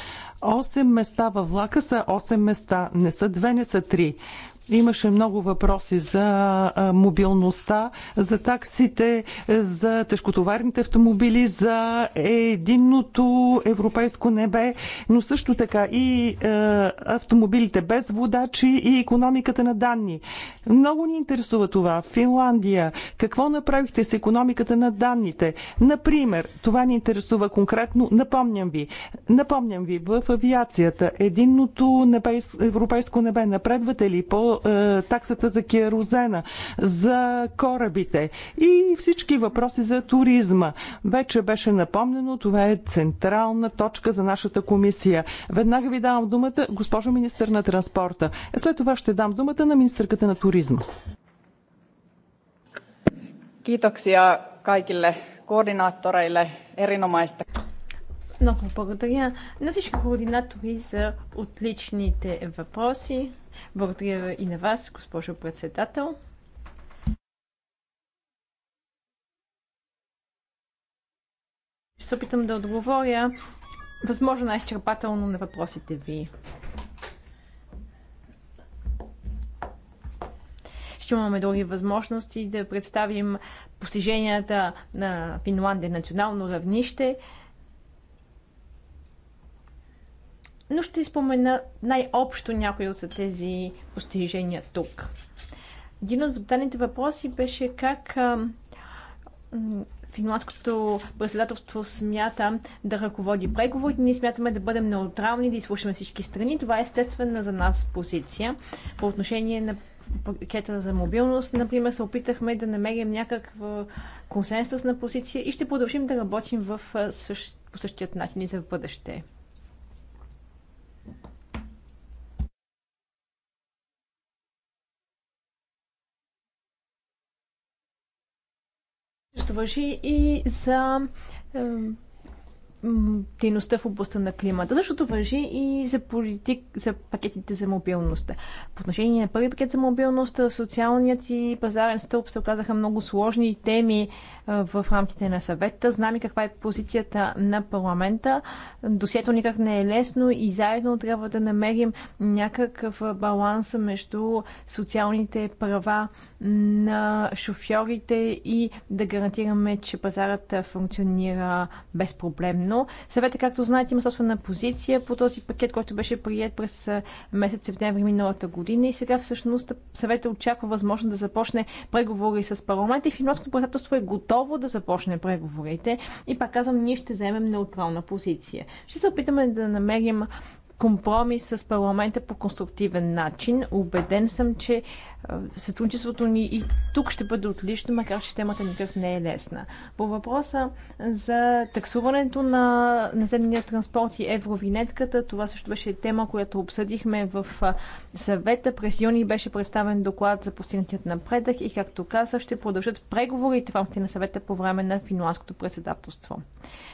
8 места във влака са 8 места, не са 2, не са 3. Имаше много въпроси за мобилността, за таксите, за тежкотоварните автомобили, за единното европейско небе, но също така и автомобилите без водачи и економиката на данни. Много ни интересува това. Финландия, какво направихте с економиката на данните? Например, това ни интересува конкретно, напомням ви, напомням ви, в авиацията, единното небе, европейско небе, напредвате ли по е, таксата за керозена, за корабите и всички въпроси за туризма. Вече беше напомнено, това е централна точка за нашата комисия. Веднага ви давам думата, госпожо министър на транспорта. Е, след това ще дам думата на министърката на туризма. Kiitoksia kaikille koordinaattoreille erinomaista. Много благодаря на всички координатори за отличните въпроси. Благодаря и на вас, госпожо председател. Ще се опитам да отговоря възможно най-изчерпателно на въпросите ви. ще имаме други възможности да представим постиженията на Финландия национално равнище. но ще спомена най-общо някои от тези постижения тук. Един от зададените въпроси беше как финландското председателство смята да ръководи преговорите. Ние смятаме да бъдем неутрални, да изслушаме всички страни. Това е естествена за нас позиция. По отношение на пакета за мобилност, например, се опитахме да намерим някаква консенсусна позиция и ще продължим да работим в същ, по същият начин и за бъдеще. важи и за дейността в областта на климата. защото въжи и за, политик, за пакетите за мобилност. По отношение на първи пакет за мобилност, социалният и пазарен стълб се оказаха много сложни теми в рамките на съвета. Знаме каква е позицията на парламента. Досието никак не е лесно и заедно трябва да намерим някакъв баланс между социалните права на шофьорите и да гарантираме, че пазарът функционира безпроблемно Същевременно, съвета, както знаете, има собствена позиция по този пакет, който беше прият през месец септември миналата година и сега всъщност съвета очаква възможност да започне преговори с парламента и финландското председателство е готово да започне преговорите и пак казвам, ние ще вземем неутрална позиция. Ще се опитаме да намерим компромис с парламента по конструктивен начин. Убеден съм, че е, сътрудничеството ни и тук ще бъде отлично, макар че темата никак не е лесна. По въпроса за таксуването на наземния транспорт и евровинетката, това също беше тема, която обсъдихме в съвета. През юни беше представен доклад за постигнатият напредък и, както казах, ще продължат преговорите в рамките на съвета по време на финландското председателство.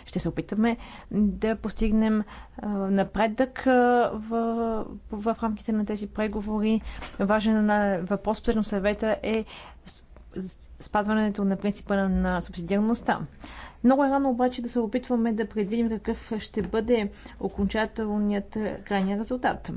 Ще се опитаме да постигнем напредък в, в рамките на тези преговори. Важен е на въпрос по обсъден в съвета е спазването на принципа на субсидиарността. Много е рано обаче да се опитваме да предвидим какъв ще бъде окончателният е, крайния резултат.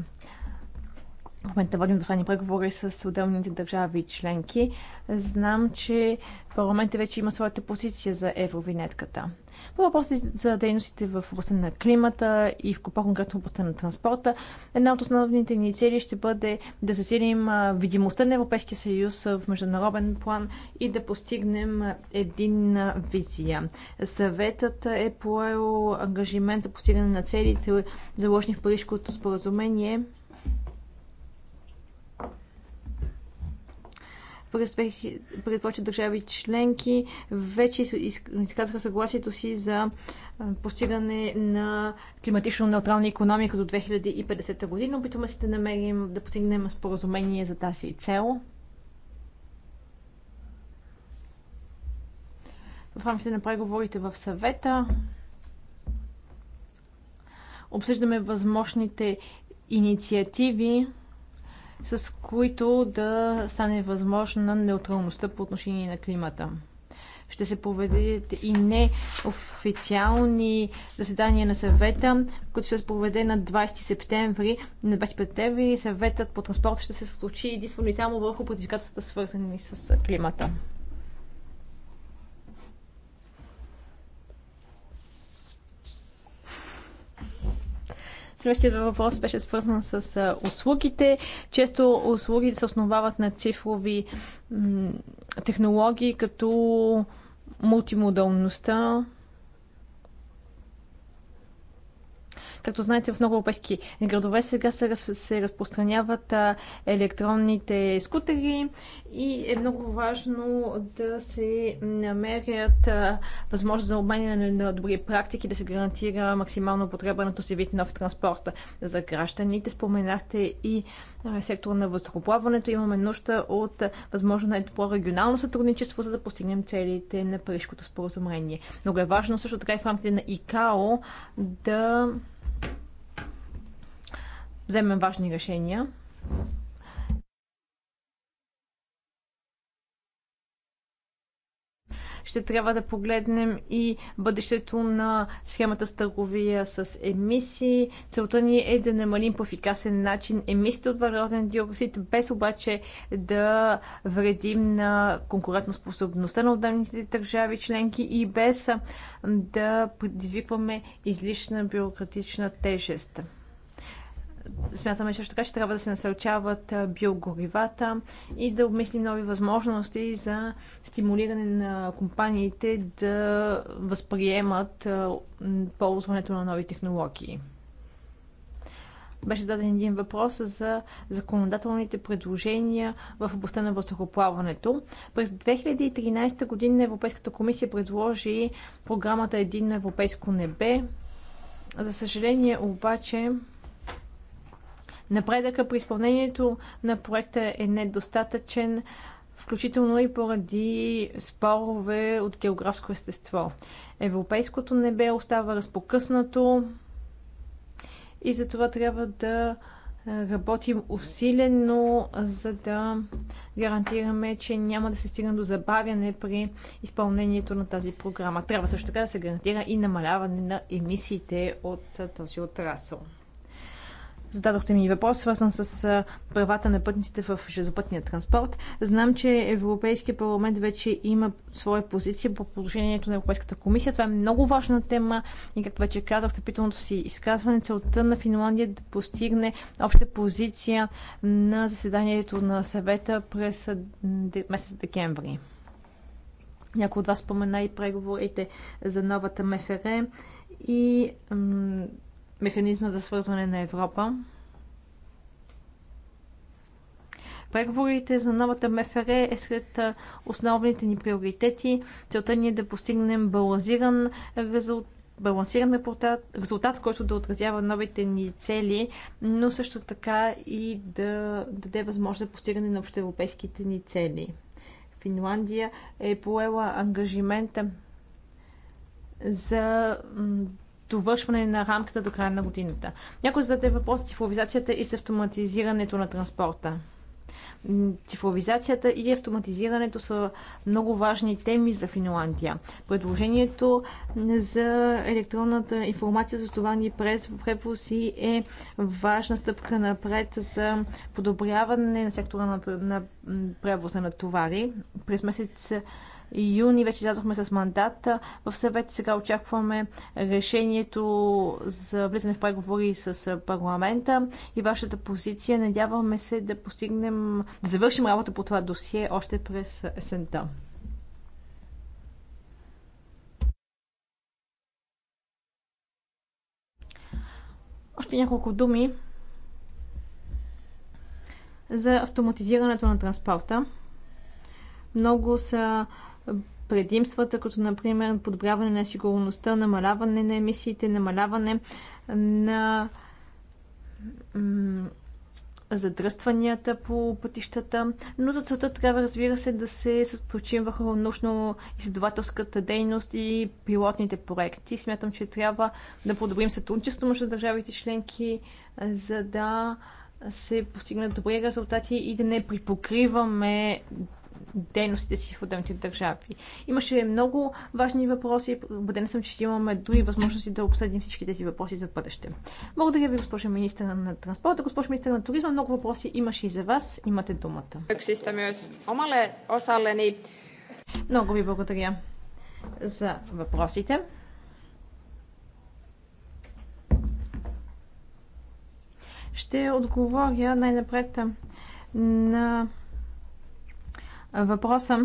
В момента водим двустранни преговори с отделните държави и членки. Знам, че парламентът вече има своята позиция за евровинетката. По въпроси за дейностите в областта на климата и в по-конкретно областта на транспорта, една от основните ни цели ще бъде да засилим видимостта на Европейския съюз в международен план и да постигнем единна визия. Съветът е поел ангажимент за постигане на целите, заложени в Парижкото споразумение пред повече държави членки вече изказаха съгласието си за постигане на климатично неутрална економика до 2050 година. Опитваме се да намерим да постигнем споразумение за тази цел. В рамките на преговорите в съвета обсъждаме възможните инициативи, с които да стане възможна неутралността по отношение на климата. Ще се проведат и неофициални заседания на съвета, които ще се проведе на 20 септември. На 25 септември съветът по транспорт ще се случи единствено и само върху предизвикателствата, свързани с климата. Следващият въпрос беше свързан с услугите. Често услугите се основават на цифрови технологии, като мултимодалността, Както знаете, в много европейски градове сега се, раз, се разпространяват електронните скутери и е много важно да се намерят възможност за обменяне на добри практики, да се гарантира максимално потреба на този вид нов транспорт за гражданите. Споменахте и сектора на въздухоплаването. Имаме нужда от възможно най-добро регионално сътрудничество, за да постигнем целите на Парижкото споразумение. Много е важно също така и в рамките на ИКАО да вземем важни решения. ще трябва да погледнем и бъдещето на схемата с търговия с емисии. Целта ни е да намалим по ефикасен начин емисиите от въглероден диоксид, без обаче да вредим на конкурентоспособността на отделните държави членки и без да предизвикваме излишна бюрократична тежест. Смятаме също така, че трябва да се насърчават биогоривата и да обмислим нови възможности за стимулиране на компаниите да възприемат ползването на нови технологии. Беше зададен един въпрос за законодателните предложения в областта на въздухоплаването. През 2013 година Европейската комисия предложи програмата Един на европейско небе. За съжаление обаче Напредъка при изпълнението на проекта е недостатъчен, включително и поради спорове от географско естество. Европейското небе остава разпокъснато и затова трябва да работим усилено, за да гарантираме, че няма да се стигне до забавяне при изпълнението на тази програма. Трябва също така да се гарантира и намаляване на емисиите от този отрасъл зададохте ми въпрос, свързан с правата на пътниците в железопътния транспорт. Знам, че Европейския парламент вече има своя позиция по положението на Европейската комисия. Това е много важна тема и, както вече казах, стъпителното си изказване, целта на Финландия е да постигне обща позиция на заседанието на съвета през месец декември. Някой от вас спомена и преговорите за новата МФР и механизма за свързване на Европа. Преговорите за новата МФР е сред основните ни приоритети. Целта ни е да постигнем балансиран резултат балансиран резултат, резултат, който да отразява новите ни цели, но също така и да даде възможност за да постигане на общоевропейските ни цели. Финландия е поела ангажимента за довършване на рамката до края на годината. Някой зададе въпрос с цифровизацията и с автоматизирането на транспорта. Цифровизацията и автоматизирането са много важни теми за Финландия. Предложението за електронната информация за това ни през превоз е важна стъпка напред за подобряване на сектора на, на превоза на товари. През месец юни вече излязохме с мандат. В съвет сега очакваме решението за влизане в преговори с парламента и вашата позиция. Надяваме се да постигнем, да завършим работа по това досие още през есента. Още няколко думи за автоматизирането на транспорта. Много са предимствата, като например подобряване на сигурността, намаляване на емисиите, намаляване на задръстванията по пътищата, но за целта трябва, разбира се, да се състочим върху научно-изследователската дейност и пилотните проекти. Смятам, че трябва да подобрим сътрудничество между държавите членки, за да се постигнат добри резултати и да не припокриваме дейностите си в отделните държави. Имаше много важни въпроси. Убеден съм, че ще имаме дори възможности да обсъдим всички тези въпроси за бъдеще. Благодаря ви, госпожа министър на транспорта, госпожа министър на туризма. Много въпроси имаше и за вас. Имате думата. Много ви благодаря за въпросите. Ще отговоря най-напред на въпроса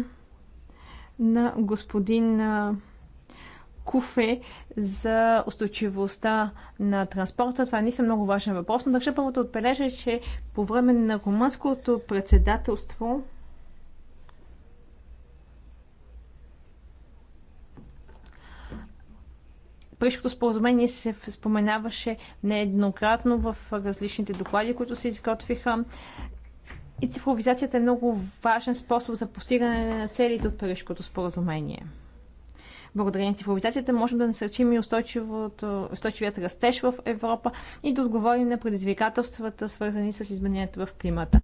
на господин Куфе за устойчивостта на транспорта. Това не са много важен въпрос, но държа първо да отбележа, че по време на румънското председателство Пришкото споразумение се споменаваше нееднократно в различните доклади, които се изготвиха и цифровизацията е много важен способ за постигане на целите от Парижкото споразумение. Благодарение на цифровизацията можем да насърчим и устойчивият растеж в Европа и да отговорим на предизвикателствата, свързани с изменението в климата.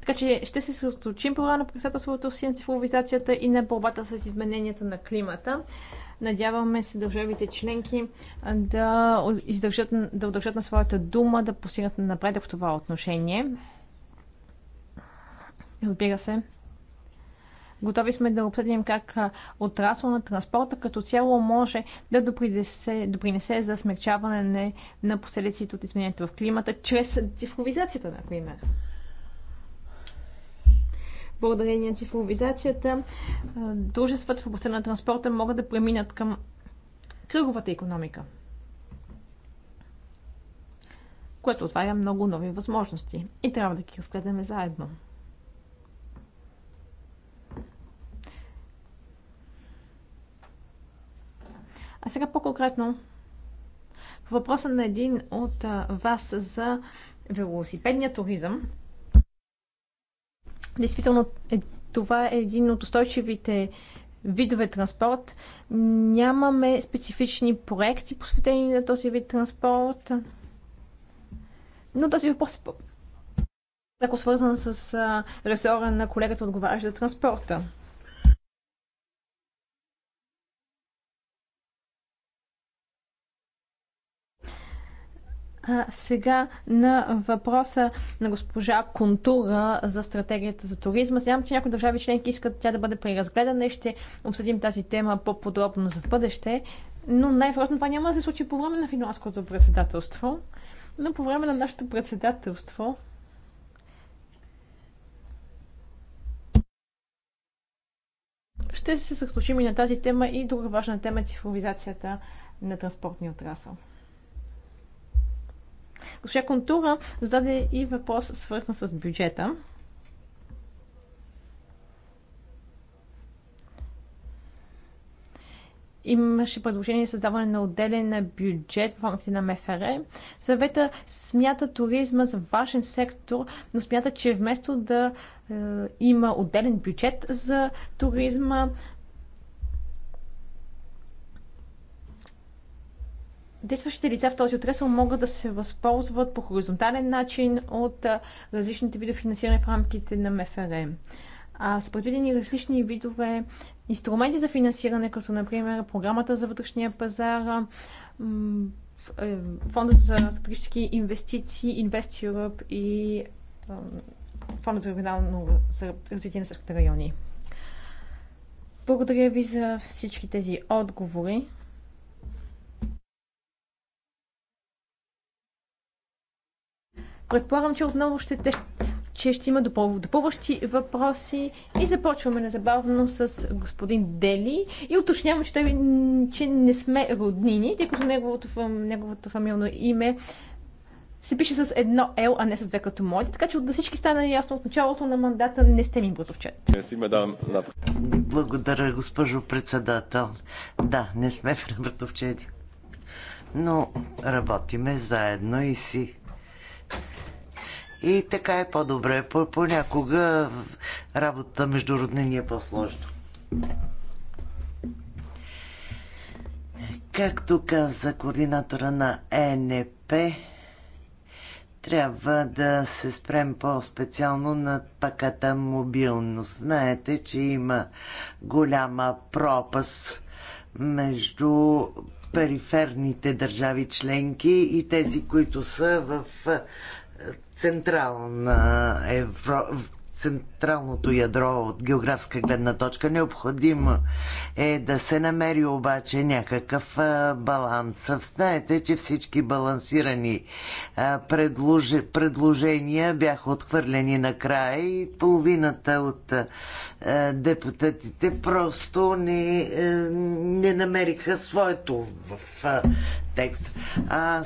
Така че ще се съсредоточим по на председателството си на цифровизацията и на борбата с измененията на климата. Надяваме се държавите членки да, издържат, да удържат на своята дума, да постигнат напредък в това отношение. Разбира се, Готови сме да обсъдим как отрасъл на транспорта като цяло може да допринесе, допринесе за смягчаване на последиците от изменението в климата чрез цифровизацията, например благодарение на цифровизацията, дружествата в областта на транспорта могат да преминат към кръговата економика, което отваря много нови възможности и трябва да ги разгледаме заедно. А сега по-конкретно въпроса на един от вас за велосипедния туризъм. Действително, е, това е един от устойчивите видове транспорт. Нямаме специфични проекти, посветени на този вид транспорт. Но този въпрос е пряко свързан с ресора на колегата, отговаряща за транспорта. А сега на въпроса на госпожа Контура за стратегията за туризма. Знам, че някои държави членки искат тя да бъде преразгледана и ще обсъдим тази тема по-подробно за в бъдеще. Но най-вероятно това няма да се случи по време на финландското председателство, но по време на нашето председателство ще се съсредоточим и на тази тема и друга важна тема е цифровизацията на транспортния отрасъл. Госпожа Контура зададе и въпрос свързан с бюджета. имаше предложение за създаване на отделен бюджет в рамките на МФР. Съвета смята туризма за важен сектор, но смята, че вместо да е, има отделен бюджет за туризма, действащите лица в този отрасъл могат да се възползват по хоризонтален начин от различните видове финансиране в рамките на МФР. А с предвидени различни видове инструменти за финансиране, като например програмата за вътрешния пазар, е, фонда за стратегически инвестиции, Invest Europe и фонда за регионално развитие на сърските райони. Благодаря ви за всички тези отговори. Предполагам, че отново ще, те, че ще има допъл... допълващи въпроси и започваме незабавно с господин Дели и уточнявам, че, той, че не сме роднини, тъй като неговото, неговото фамилно име се пише с едно L, а не с две като моите, така че от да всички стана ясно от началото на мандата не сте ми братовчет. Благодаря, госпожо председател. Да, не сме братовчети, но работиме заедно и си и така е по-добре. Понякога работата между роднини е по-сложна. Както каза координатора на ЕНП, трябва да се спрем по-специално на паката мобилност. Знаете, че има голяма пропаст между периферните държави членки и тези, които са в централна Евро... централното ядро от географска гледна точка. Необходимо е да се намери обаче някакъв баланс. Знаете, че всички балансирани предлож... предложения бяха отхвърлени накрая и половината от депутатите просто не, е, не намериха своето в текст. А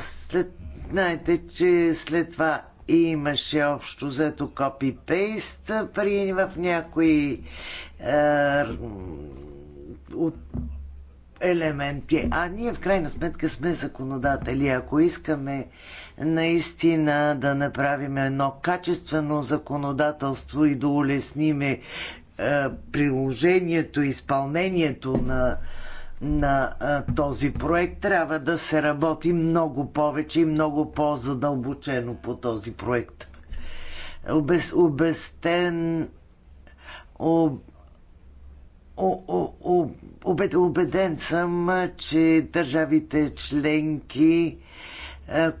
след Знаете, че след това имаше общо взето копипейст при в някои е, от елементи. А ние в крайна сметка сме законодатели. Ако искаме наистина да направим едно качествено законодателство и да улесниме е, приложението, изпълнението на на а, този проект. Трябва да се работи много повече и много по-задълбочено по този проект. Обез, обестен. Об, убеден съм, че държавите членки,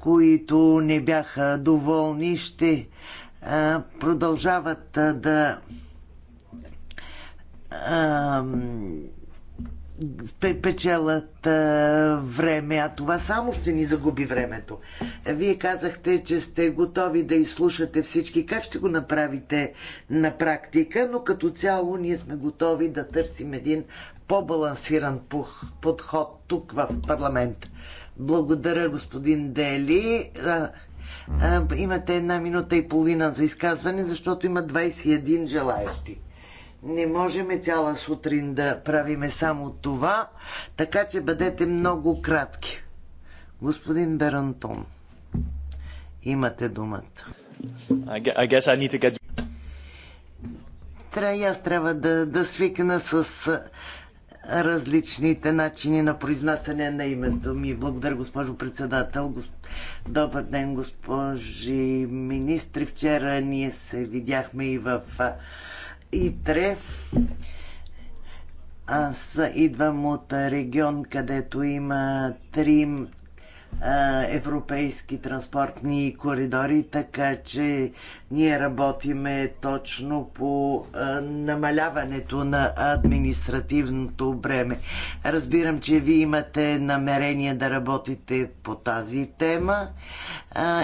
които не бяха доволни, ще продължават да печелят а, време, а това само ще ни загуби времето. Вие казахте, че сте готови да изслушате всички. Как ще го направите на практика, но като цяло ние сме готови да търсим един по-балансиран подход тук в парламент. Благодаря, господин Дели. А, а, имате една минута и половина за изказване, защото има 21 желаящи не можем цяла сутрин да правиме само това, така че бъдете много кратки. Господин Берантон, имате думата. I guess I need to get... Тря, аз трябва да, да свикна с различните начини на произнасяне на името ми. Благодаря, госпожо председател. Госп... Добър ден, госпожи министри. Вчера ние се видяхме и в Трев. Аз идвам от регион, където има три европейски транспортни коридори, така че ние работиме точно по намаляването на административното бреме. Разбирам, че ви имате намерение да работите по тази тема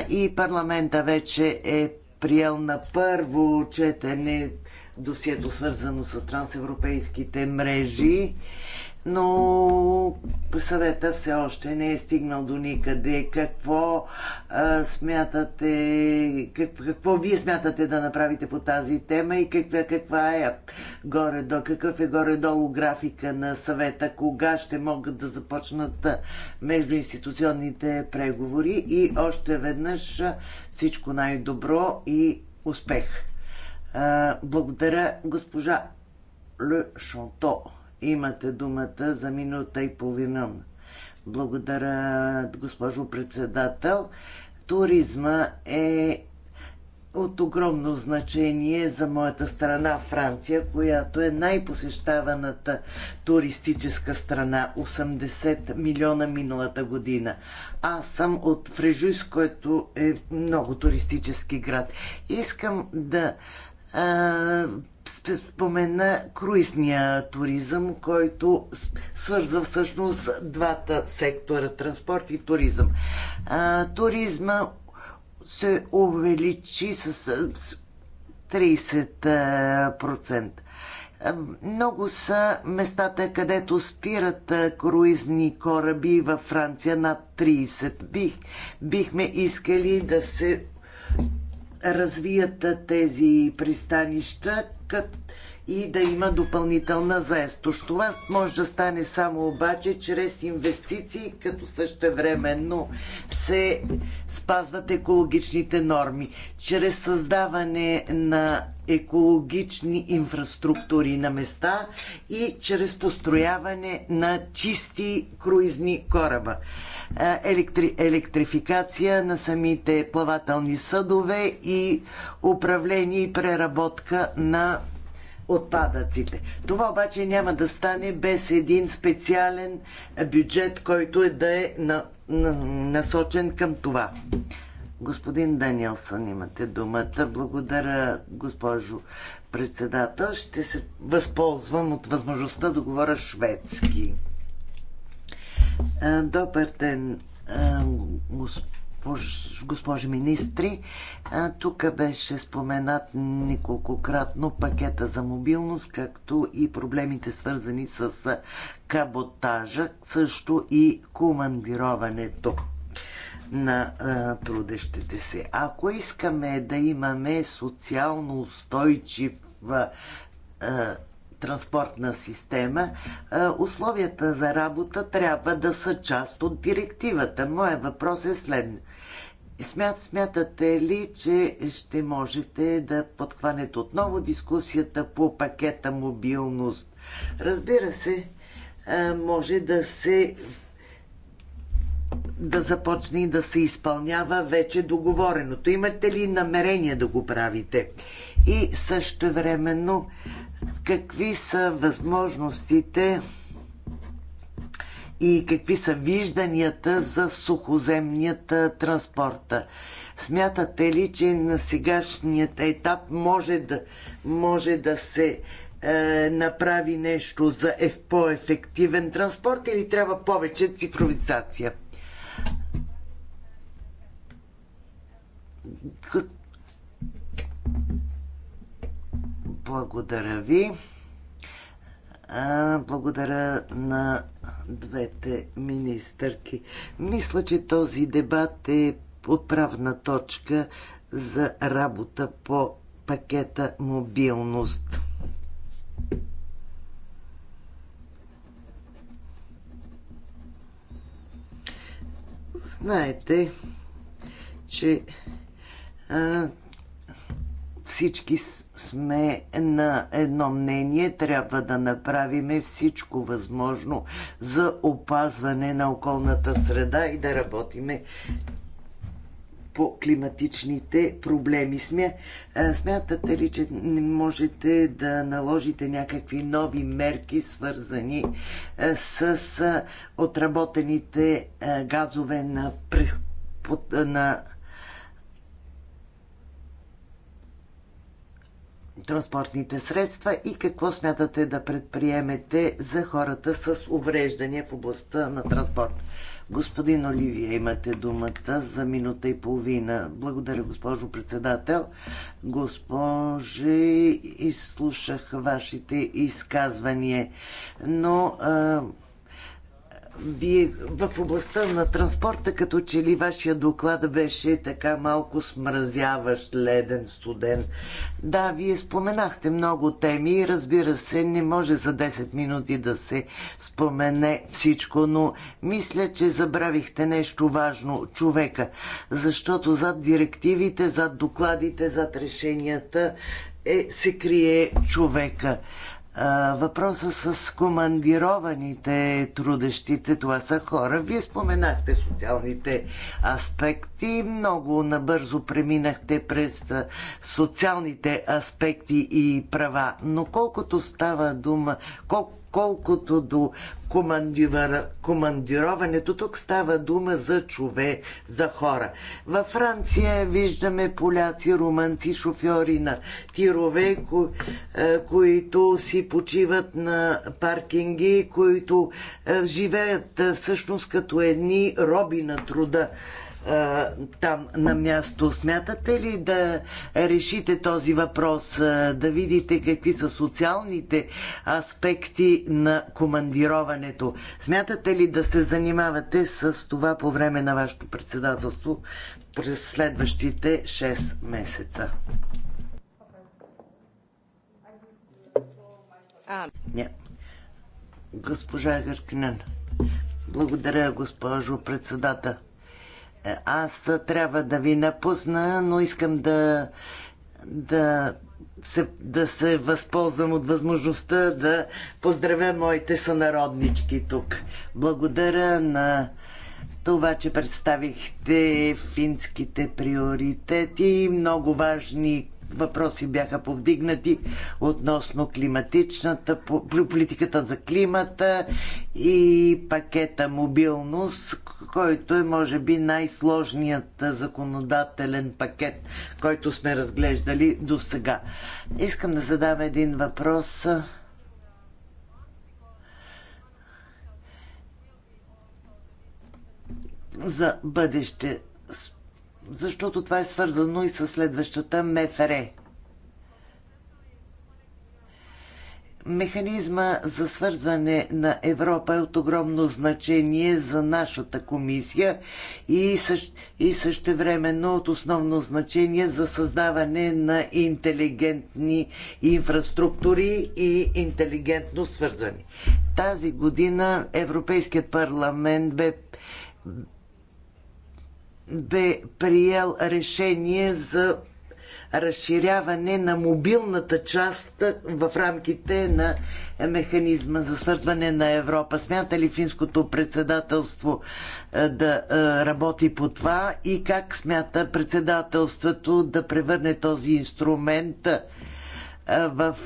и парламента вече е приел на първо четене досието свързано с трансевропейските мрежи, но съвета все още не е стигнал до никъде. Какво а, смятате, как, какво вие смятате да направите по тази тема и каква, каква е горе до, какъв е горе-долу графика на съвета, кога ще могат да започнат между институционните преговори и още веднъж всичко най-добро и успех! Благодаря, госпожа Ле Шанто. Имате думата за минута и половина. Благодаря, госпожо председател. Туризма е от огромно значение за моята страна Франция, която е най-посещаваната туристическа страна 80 милиона миналата година. Аз съм от Фрежуис, който е много туристически град. Искам да спомена круизния туризъм, който свързва всъщност двата сектора транспорт и туризъм. А, туризма се увеличи с, с 30%. Много са местата, където спират круизни кораби във Франция над 30. Бих, бихме искали да се развият тези пристанища, като и да има допълнителна заестост. Това може да стане само обаче чрез инвестиции, като същевременно се спазват екологичните норми. Чрез създаване на екологични инфраструктури на места и чрез построяване на чисти круизни кораба. Е, електри, електрификация на самите плавателни съдове и управление и преработка на отпадъците. Това обаче няма да стане без един специален бюджет, който е да е на, на, насочен към това. Господин Даниелсън, имате думата. Благодаря, госпожо председател. Ще се възползвам от възможността да говоря шведски. Е, добър ден, е, господин госпож, госпожи министри. Тук беше споменат неколкократно пакета за мобилност, както и проблемите свързани с каботажа, също и командироването на а, трудещите се. Ако искаме да имаме социално устойчив а, транспортна система, е, условията за работа трябва да са част от директивата. Моя въпрос е следно. Смят, смятате ли, че ще можете да подхванете отново дискусията по пакета мобилност? Разбира се, е, може да се да започне и да се изпълнява вече договореното. Имате ли намерение да го правите? И също времено какви са възможностите и какви са вижданията за сухоземнията транспорта? Смятате ли, че на сегашният етап може да, може да се е, направи нещо за е, по-ефективен транспорт или трябва повече цифровизация? Благодаря ви. Благодаря на двете министърки. Мисля, че този дебат е отправна точка за работа по пакета мобилност. Знаете, че всички сме на едно мнение. Трябва да направим всичко възможно за опазване на околната среда и да работиме по климатичните проблеми. Смя, смятате ли, че не можете да наложите някакви нови мерки, свързани с отработените газове на, на транспортните средства и какво смятате да предприемете за хората с увреждания в областта на транспорт. Господин Оливия, имате думата за минута и половина. Благодаря, госпожо председател. Госпожи, изслушах вашите изказвания, но а, в областта на транспорта, като че ли вашия доклад беше така малко смразяващ, леден, студен. Да, вие споменахте много теми и разбира се, не може за 10 минути да се спомене всичко, но мисля, че забравихте нещо важно човека, защото зад директивите, зад докладите, зад решенията е, се крие човека въпроса с командированите трудещите, това са хора. Вие споменахте социалните аспекти, много набързо преминахте през социалните аспекти и права, но колкото става дума, колко Колкото до командироването, тук става дума за чове, за хора. Във Франция виждаме поляци, румънци, шофьори на тирове, ко, е, които си почиват на паркинги, които е, живеят е, всъщност като едни роби на труда там на място. Смятате ли да решите този въпрос, да видите какви са социалните аспекти на командироването? Смятате ли да се занимавате с това по време на вашето председателство през следващите 6 месеца? Не. Госпожа Зеркинен. Благодаря, госпожо председател аз трябва да ви напусна, но искам да, да, се, да се възползвам от възможността да поздравя моите сънароднички тук. Благодаря на това, че представихте финските приоритети, много важни въпроси бяха повдигнати относно климатичната, политиката за климата и пакета мобилност, който е може би най-сложният законодателен пакет, който сме разглеждали до сега. Искам да задам един въпрос. за бъдеще защото това е свързано и с следващата МФР. Механизма за свързване на Европа е от огромно значение за нашата комисия и, също, и същевременно от основно значение за създаване на интелигентни инфраструктури и интелигентно свързани. Тази година Европейският парламент бе бе приел решение за разширяване на мобилната част в рамките на механизма за свързване на Европа. Смята ли финското председателство е, да е, работи по това и как смята председателството да превърне този инструмент е, в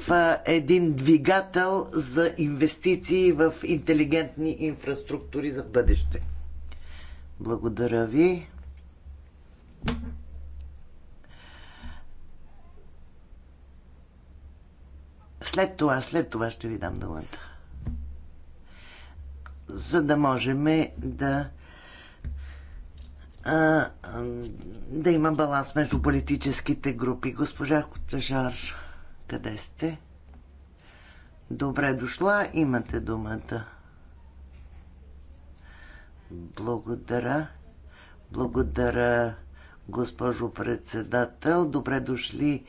един двигател за инвестиции в интелигентни инфраструктури за бъдеще? Благодаря ви. След това, след това ще ви дам думата. За да можем да а, а, да има баланс между политическите групи. Госпожа Котажар, къде сте? Добре дошла, имате думата. Благодаря. Благодаря госпожо председател. Добре дошли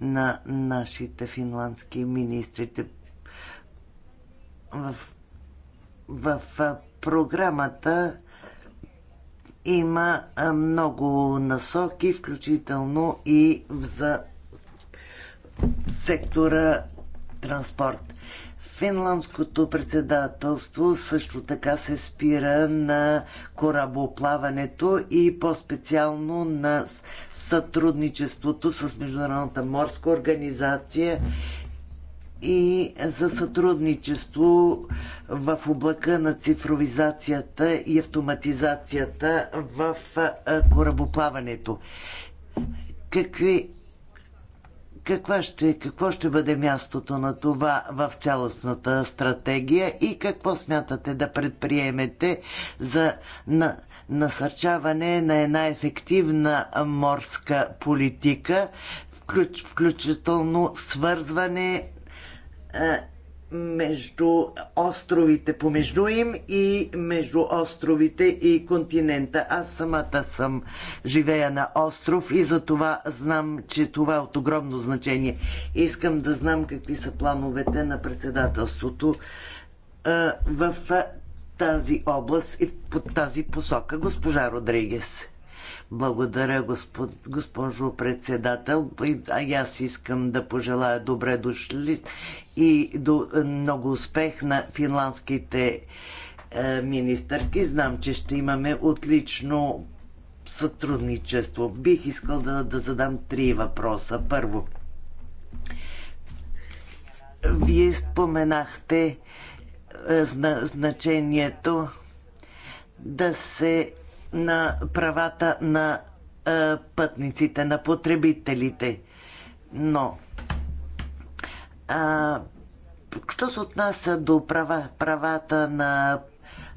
на нашите финландски министрите в, в програмата има много насоки, включително и за сектора транспорт. Финландското председателство също така се спира на корабоплаването и по-специално на сътрудничеството с Международната морска организация и за сътрудничество в облака на цифровизацията и автоматизацията в корабоплаването. Какви каква ще, какво ще бъде мястото на това в цялостната стратегия и какво смятате да предприемете за на, насърчаване на една ефективна морска политика, включ, включително свързване е, между островите помежду им и между островите и континента. Аз самата съм живея на остров и за това знам, че това е от огромно значение. Искам да знам какви са плановете на председателството в тази област и под тази посока. Госпожа Родригес. Благодаря, господ, госпожо председател. А аз искам да пожелая добре дошли и до, много успех на финландските е, министърки. Знам, че ще имаме отлично сътрудничество. Бих искал да, да задам три въпроса. Първо, вие споменахте е, значението да се на правата на е, пътниците, на потребителите. Но, а, е, що се отнася до права, правата на,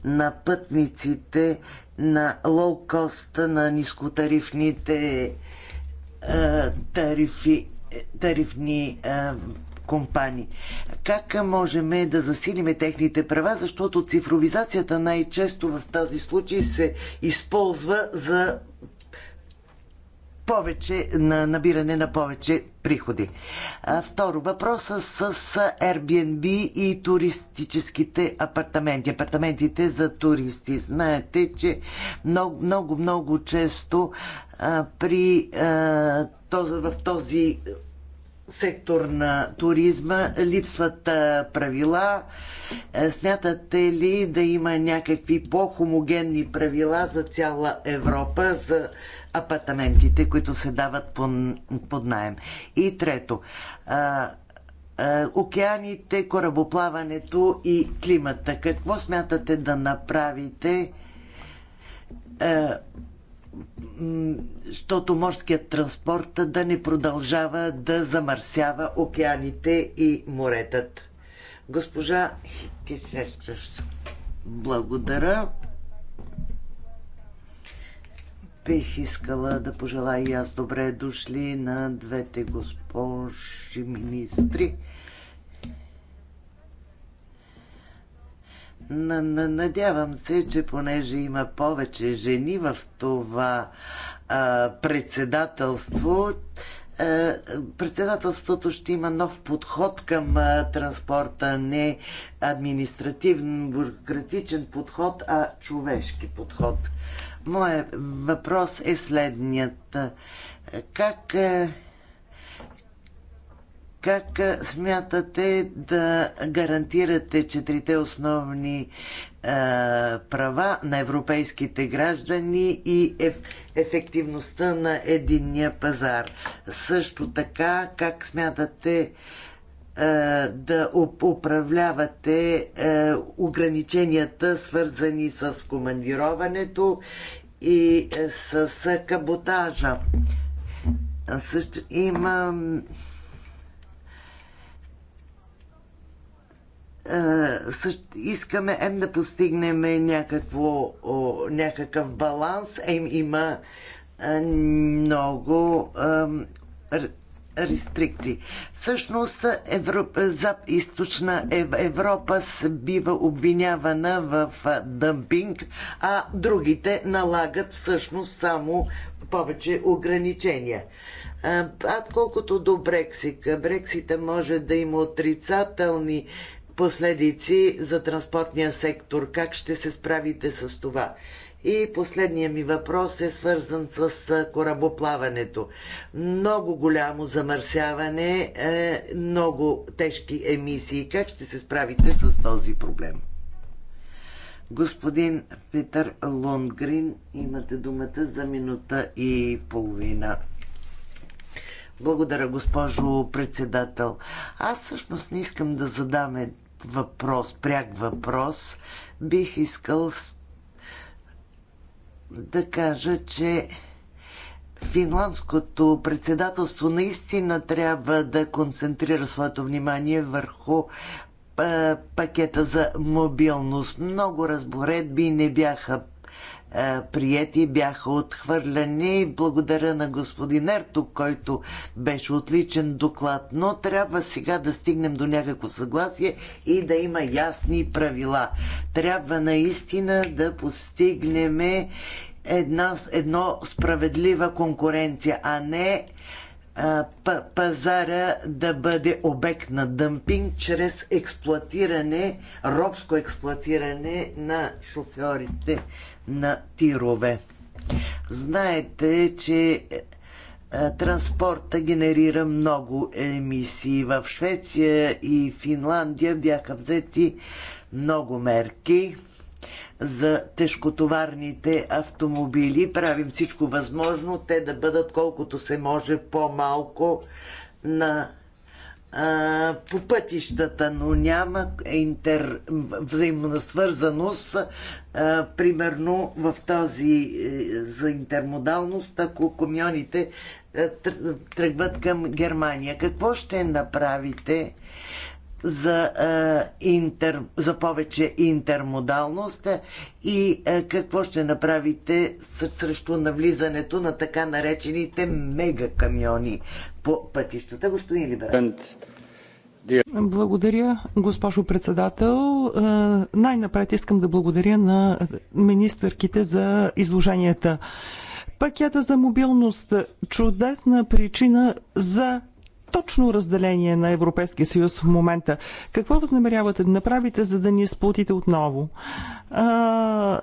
на пътниците, на лоукоста, на нискотарифните е, тарифи, е, тарифни е, компании. Как можем да засилиме техните права, защото цифровизацията най-често в този случай се използва за повече, на набиране на повече приходи. А, второ, въпроса с Airbnb и туристическите апартаменти. Апартаментите за туристи. Знаете, че много, много, много често а, при, а, този, в този сектор на туризма липсват правила. Е, смятате ли да има някакви по-хомогенни правила за цяла Европа за апартаментите, които се дават под, найем? И трето, океаните, корабоплаването и климата. Какво смятате да направите? защото морският транспорт да не продължава да замърсява океаните и моретата. Госпожа Кисестрес, благодаря. Бих искала да пожелая и аз добре дошли на двете госпожи министри. Надявам се, че понеже има повече жени в това а, председателство, а, председателството ще има нов подход към а, транспорта, не административен, бюрократичен подход, а човешки подход. Моят въпрос е следният. Как. А, е, как смятате да гарантирате четирите основни е, права на европейските граждани и еф, ефективността на единния пазар? Също така, как смятате е, да управлявате е, ограниченията, свързани с командироването и с каботажа? Също имам Е, искаме ем да постигнем някакво, някакъв баланс, ем има е, много рестрикции. Всъщност Европа, за източна Европа бива обвинявана в е, дъмпинг, а другите налагат всъщност само повече ограничения. А колкото до Брексик, Брексита може да има отрицателни последици за транспортния сектор. Как ще се справите с това? И последният ми въпрос е свързан с корабоплаването. Много голямо замърсяване, е, много тежки емисии. Как ще се справите с този проблем? Господин Петър Лонгрин, имате думата за минута и половина. Благодаря, госпожо председател. Аз всъщност не искам да задам въпрос, пряк въпрос, бих искал да кажа, че финландското председателство наистина трябва да концентрира своето внимание върху пакета за мобилност. Много разборедби не бяха е, прияти, бяха отхвърлени. Благодаря на господин Ерто, който беше отличен доклад, но трябва сега да стигнем до някакво съгласие и да има ясни правила. Трябва наистина да постигнем една, едно справедлива конкуренция, а не е, пазара да бъде обект на дъмпинг чрез експлуатиране, робско експлуатиране на шофьорите на тирове. Знаете, че е, е, транспорта генерира много емисии. В Швеция и Финландия бяха взети много мерки за тежкотоварните автомобили. Правим всичко възможно те да бъдат колкото се може по-малко на по пътищата, но няма интер, взаимосвързаност, примерно в този е, за интермодалност, ако камионите е, тръгват към Германия. Какво ще направите за, е, интер, за повече интермодалност и какво ще направите срещу навлизането на така наречените мегакамиони по пътищата. Господин Либерал. Благодаря, госпожо председател. Е, най-напред искам да благодаря на министърките за изложенията. Пакета за мобилност чудесна причина за точно разделение на Европейския съюз в момента. Какво възнамерявате да направите, за да ни сплутите отново? А,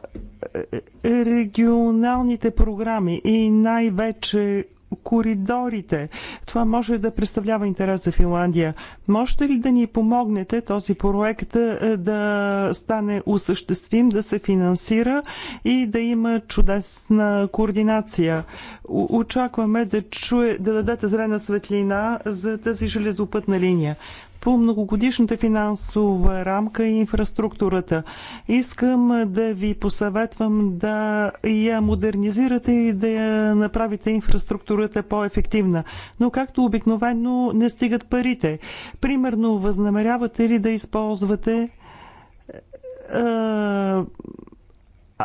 е, е, регионалните програми и най-вече коридорите. Това може да представлява интерес за Финландия. Можете ли да ни помогнете този проект е, да стане осъществим, да се финансира и да има чудесна координация? Очакваме да, чуе, да дадете зрена светлина за тази железопътна линия по многогодишната финансова рамка и инфраструктурата. Искам да ви посъветвам да я модернизирате и да я направите инфраструктурата по-ефективна. Но както обикновено не стигат парите. Примерно, възнамерявате ли да използвате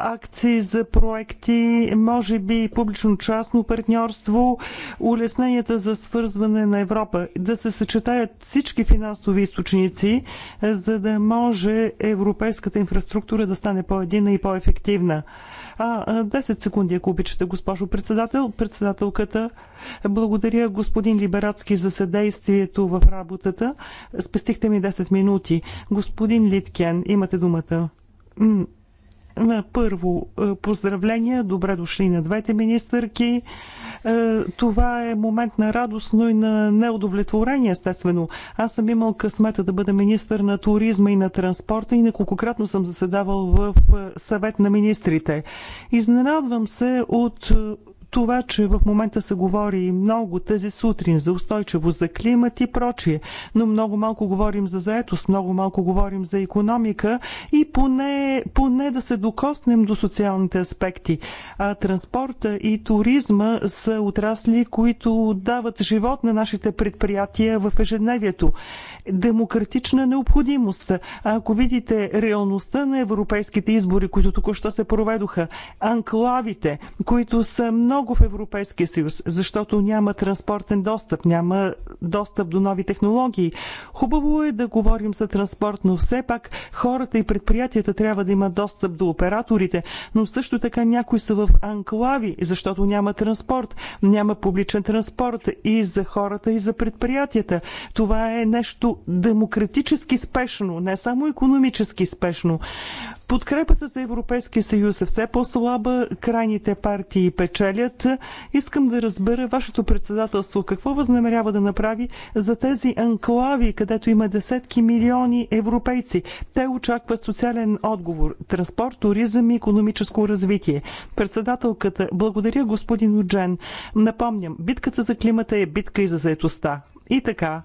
акции за проекти, може би публично-частно партньорство, улесненията за свързване на Европа, да се съчетаят всички финансови източници, за да може европейската инфраструктура да стане по-едина и по-ефективна. А, 10 секунди, ако обичате, госпожо председател. Председателката, благодаря господин Либерацки за съдействието в работата. Спестихте ми 10 минути. Господин Литкен, имате думата. На Първо, е, поздравления, добре дошли на двете министърки. Е, това е момент на радост, но и на неудовлетворение, естествено. Аз съм имал късмета да бъда министър на туризма и на транспорта и неколкократно съм заседавал в е, съвет на министрите. Изненадвам се от това, че в момента се говори много тази сутрин за устойчивост, за климат и прочие, но много малко говорим за заетост, много малко говорим за економика и поне, поне да се докоснем до социалните аспекти. А транспорта и туризма са отрасли, които дават живот на нашите предприятия в ежедневието демократична необходимост. А ако видите реалността на европейските избори, които току-що се проведоха, анклавите, които са много в Европейския съюз, защото няма транспортен достъп, няма достъп до нови технологии. Хубаво е да говорим за транспорт, но все пак хората и предприятията трябва да имат достъп до операторите, но също така някои са в анклави, защото няма транспорт, няма публичен транспорт и за хората, и за предприятията. Това е нещо демократически спешно, не само економически спешно. Подкрепата за Европейския съюз е все по-слаба, крайните партии печелят. Искам да разбера вашето председателство какво възнамерява да направи за тези анклави, където има десетки милиони европейци. Те очакват социален отговор, транспорт, туризъм и економическо развитие. Председателката, благодаря господин Оджен. Напомням, битката за климата е битка и за заетостта. И така,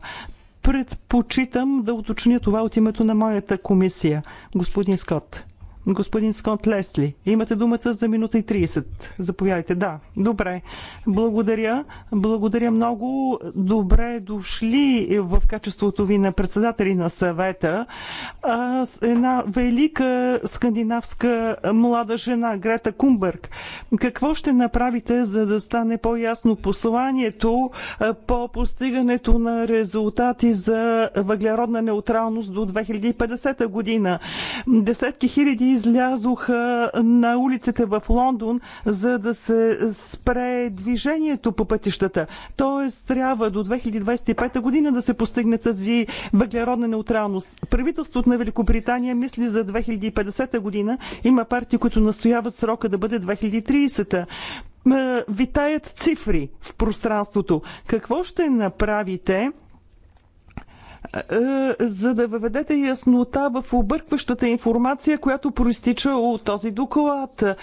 Предпочитам да уточня това от името на моята комисия. Господин Скот. Господин Скот Лесли, имате думата за минута и 30. Заповядайте. Да, добре. Благодаря. Благодаря много. Добре дошли в качеството ви на председатели на съвета. Една велика скандинавска млада жена, Грета Кумбърг. Какво ще направите, за да стане по-ясно посланието по постигането на резултати за въглеродна неутралност до 2050 година? Десетки хиляди излязоха на улиците в Лондон, за да се спре движението по пътищата. Тоест, трябва до 2025 година да се постигне тази въглеродна неутралност. Правителството на Великобритания мисли за 2050 година. Има партии, които настояват срока да бъде 2030 витаят цифри в пространството. Какво ще направите, е, за да въведете яснота в объркващата информация, която проистича от този доклад. Е,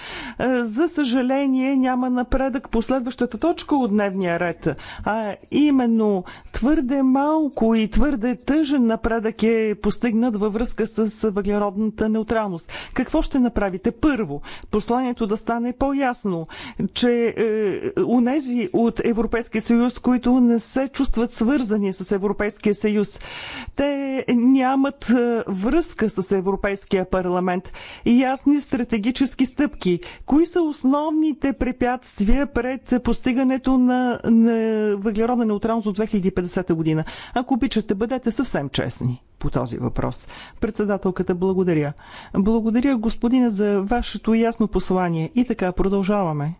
за съжаление няма напредък по следващата точка от дневния ред, а именно твърде малко и твърде тъжен напредък е постигнат във връзка с въглеродната неутралност. Какво ще направите? Първо, посланието да стане по-ясно, че у е, унези от Европейския съюз, които не се чувстват свързани с Европейския съюз, те нямат е, връзка с Европейския парламент и ясни стратегически стъпки. Кои са основните препятствия пред постигането на, на въглеродна неутралност от 2050 година? Ако обичате, бъдете съвсем честни по този въпрос. Председателката, благодаря. Благодаря, господина, за вашето ясно послание. И така, продължаваме.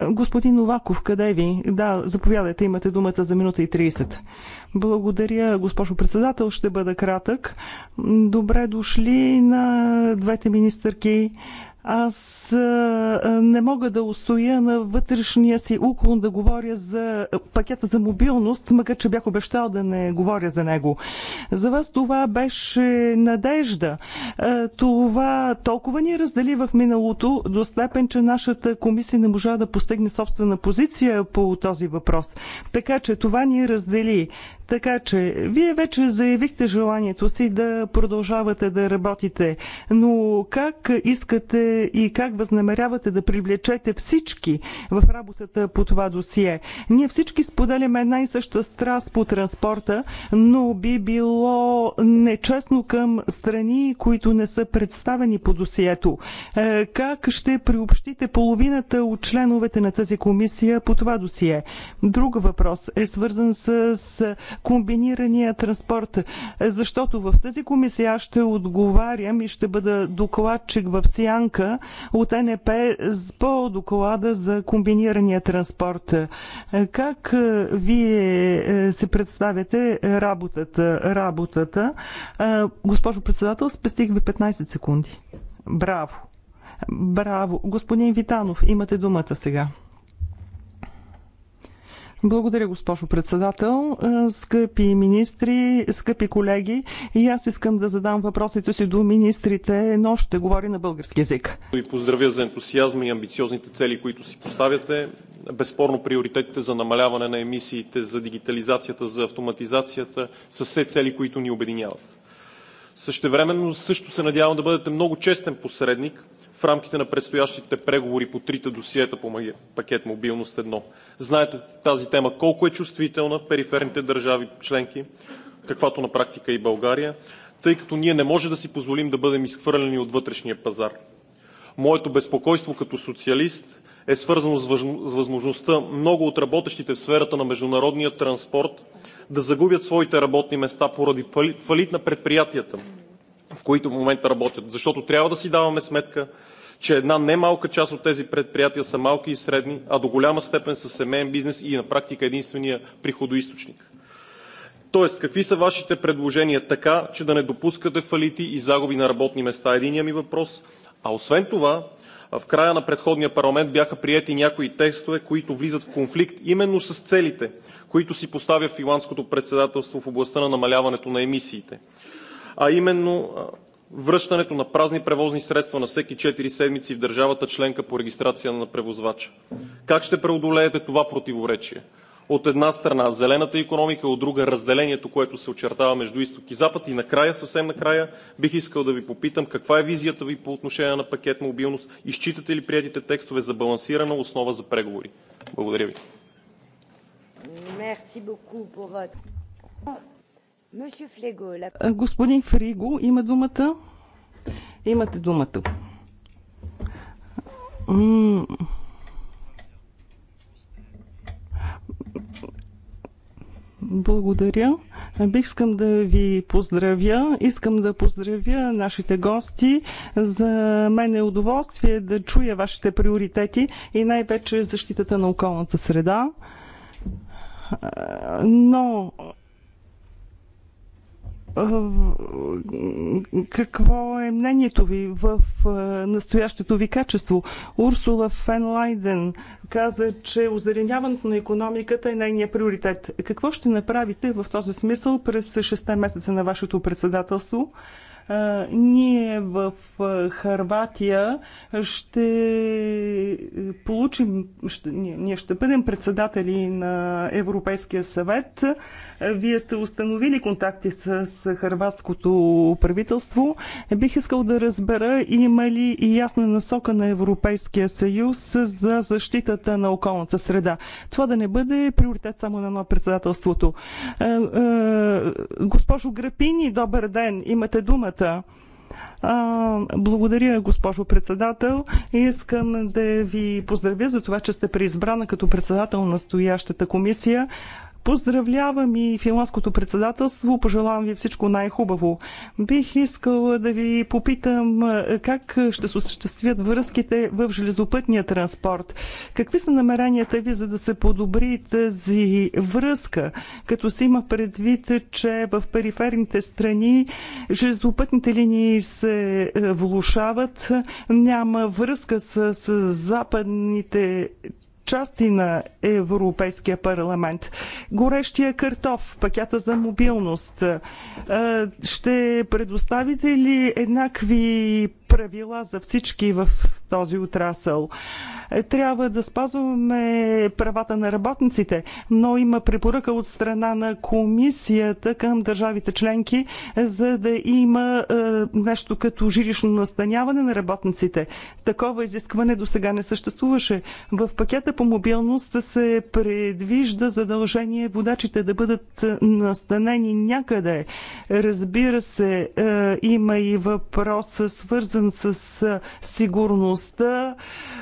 Господин Новаков, къде е ви? Да, заповядайте, имате думата за минута и 30. Благодаря, госпожо председател, ще бъда кратък. Добре дошли на двете министърки. Аз не мога да устоя на вътрешния си уклон да говоря за пакета за мобилност, макар че бях обещал да не говоря за него. За вас това беше надежда. Това толкова ни раздели в миналото до степен, че нашата комисия не можа да постигне собствена позиция по този въпрос. Така че това ни раздели. Така че, вие вече заявихте желанието си да продължавате да работите, но как искате и как възнамерявате да привлечете всички в работата по това досие. Ние всички споделяме една и съща страст по транспорта, но би било нечестно към страни, които не са представени по досието. Е, как ще приобщите половината от членовете на тази комисия по това досие? Друг въпрос е свързан с комбинирания транспорт, защото в тази комисия аз ще отговарям и ще бъда докладчик в Сянка от НП по доклада за комбинирания транспорт. Как е, вие е, се представяте работата? работата? Е, госпожо председател, спестих ви 15 секунди. Браво! Браво! Господин Витанов, имате думата сега. Благодаря, госпожо председател. Е, скъпи министри, скъпи колеги, и аз искам да задам въпросите си до министрите, но ще говори на български язик. Ви поздравя за ентусиазма и амбициозните цели, които си поставяте. Безспорно приоритетите за намаляване на емисиите, за дигитализацията, за автоматизацията са все цели, които ни обединяват. Същевременно също се надявам да бъдете много честен посредник в рамките на предстоящите преговори по трите досиета по пакет Мобилност 1. Знаете тази тема колко е чувствителна в периферните държави членки, каквато на практика е и България, тъй като ние не може да си позволим да бъдем изхвърлени от вътрешния пазар. Моето безпокойство като социалист е свързано с възможността много от работещите в сферата на международния транспорт да загубят своите работни места поради фалит на предприятията в които в момента работят. Защото трябва да си даваме сметка, че една немалка част от тези предприятия са малки и средни, а до голяма степен са семеен бизнес и на практика единствения приходоизточник. Тоест, какви са Вашите предложения така, че да не допускате фалити и загуби на работни места? Единият ми въпрос. А освен това, в края на предходния парламент бяха приети някои текстове, които влизат в конфликт именно с целите, които си поставя Финландското председателство в областта на намаляването на емисиите а именно връщането на празни превозни средства на всеки четири седмици в държавата членка по регистрация на превозвача. Как ще преодолеете това противоречие? От една страна, зелената икономика, от друга, разделението, което се очертава между изток и запад. И накрая, съвсем накрая, бих искал да Ви попитам каква е визията Ви по отношение на пакет мобилност и считате ли приетите текстове за балансирана основа за преговори? Благодаря Ви. Е, господин Фриго има думата. Имате думата. Благодаря. Бих искам да ви поздравя. Искам да поздравя нашите гости. За мен е удоволствие да чуя вашите приоритети и най-вече защитата на околната среда. Е, но какво е мнението ви в настоящето ви качество. Урсула Фенлайден каза, че озеленяването на економиката е нейният приоритет. Какво ще направите в този смисъл през 6 месеца на вашето председателство? Ние в Харватия ще получим, ще, ние ще бъдем председатели на Европейския съвет. Вие сте установили контакти с харватското правителство. Бих искал да разбера има ли и ясна насока на Европейския съюз за защитата на околната среда. Това да не бъде приоритет само на едно председателството. Госпожо Грапини, добър ден, имате думата темата. А, благодаря, госпожо председател. Искам да ви поздравя за това, че сте преизбрана като председател на стоящата комисия. Поздравлявам и финландското председателство. Пожелавам ви всичко най-хубаво. Бих искала да ви попитам как ще се осъществят връзките в железопътния транспорт. Какви са намеренията ви, за да се подобри тази връзка, като се има предвид, че в периферните страни железопътните линии се влушават, няма връзка с, с западните части на Европейския парламент. Горещия картоф, пакета за мобилност. Е, ще предоставите ли еднакви правила за всички в този отрасъл. Е, трябва да спазваме правата на работниците, но има препоръка от страна на комисията към държавите членки, за да има е, нещо като жилищно настаняване на работниците. Такова изискване до сега не съществуваше. В пакета по мобилност се предвижда задължение водачите да бъдат е, настанени някъде. Разбира се, е, има и въпрос свързан с е, сигурност престъпността,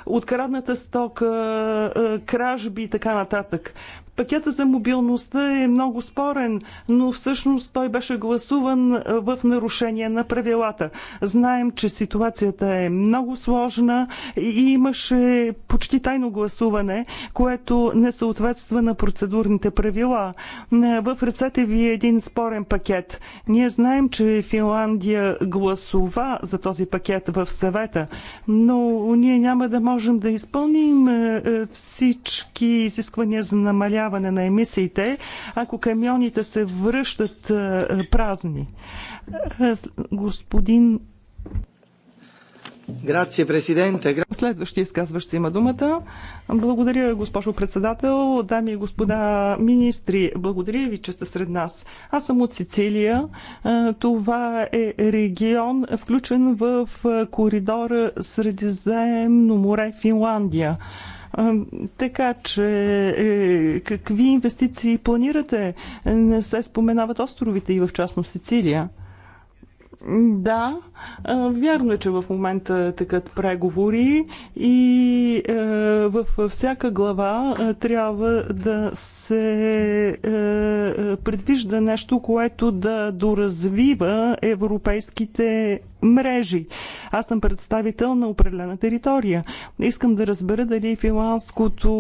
открадната стока, кражби и така нататък. Пакета за мобилността е много спорен, но всъщност той беше гласуван в нарушение на правилата. Знаем, че ситуацията е много сложна и имаше почти тайно гласуване, което не съответства на процедурните правила. В ръцете ви е един спорен пакет. Ние знаем, че Финландия гласува за този пакет в съвета, но ние няма да можем да изпълним всички изисквания за намаляване намаляване на емисиите, ако камионите се връщат е, празни. Е, господин Грация, президенте. Следващия изказващ има думата. Благодаря, госпожо председател, дами и господа министри. Благодаря ви, че сте сред нас. Аз съм от Сицилия. Е, това е регион, включен в коридора Средиземно море Финландия. Така че, е, какви инвестиции планирате? Не се споменават островите и в частност Сицилия. Да, вярно е, че в момента такът преговори и във е, всяка глава е, трябва да се предвижда нещо, което да доразвива европейските мрежи. Аз съм представител на определена територия. Искам да разбера дали финландското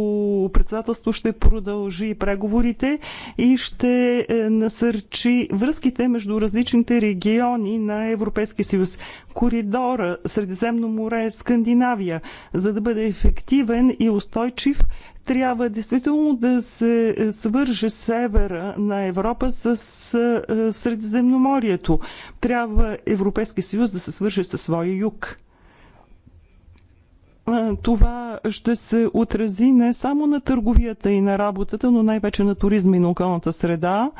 председателство ще продължи преговорите и ще е, насърчи връзките между различните региони на Европейския съюз. Коридора Средиземно море е Скандинавия, за да бъде ефективен и устойчив, трябва действително да се свърже севера на Европа с е, Средиземноморието. Трябва Европейския съюз да се свърже със своя юг е, това ще се отрази не само на търговията и на работата, но най-вече на туризма и на околната среда.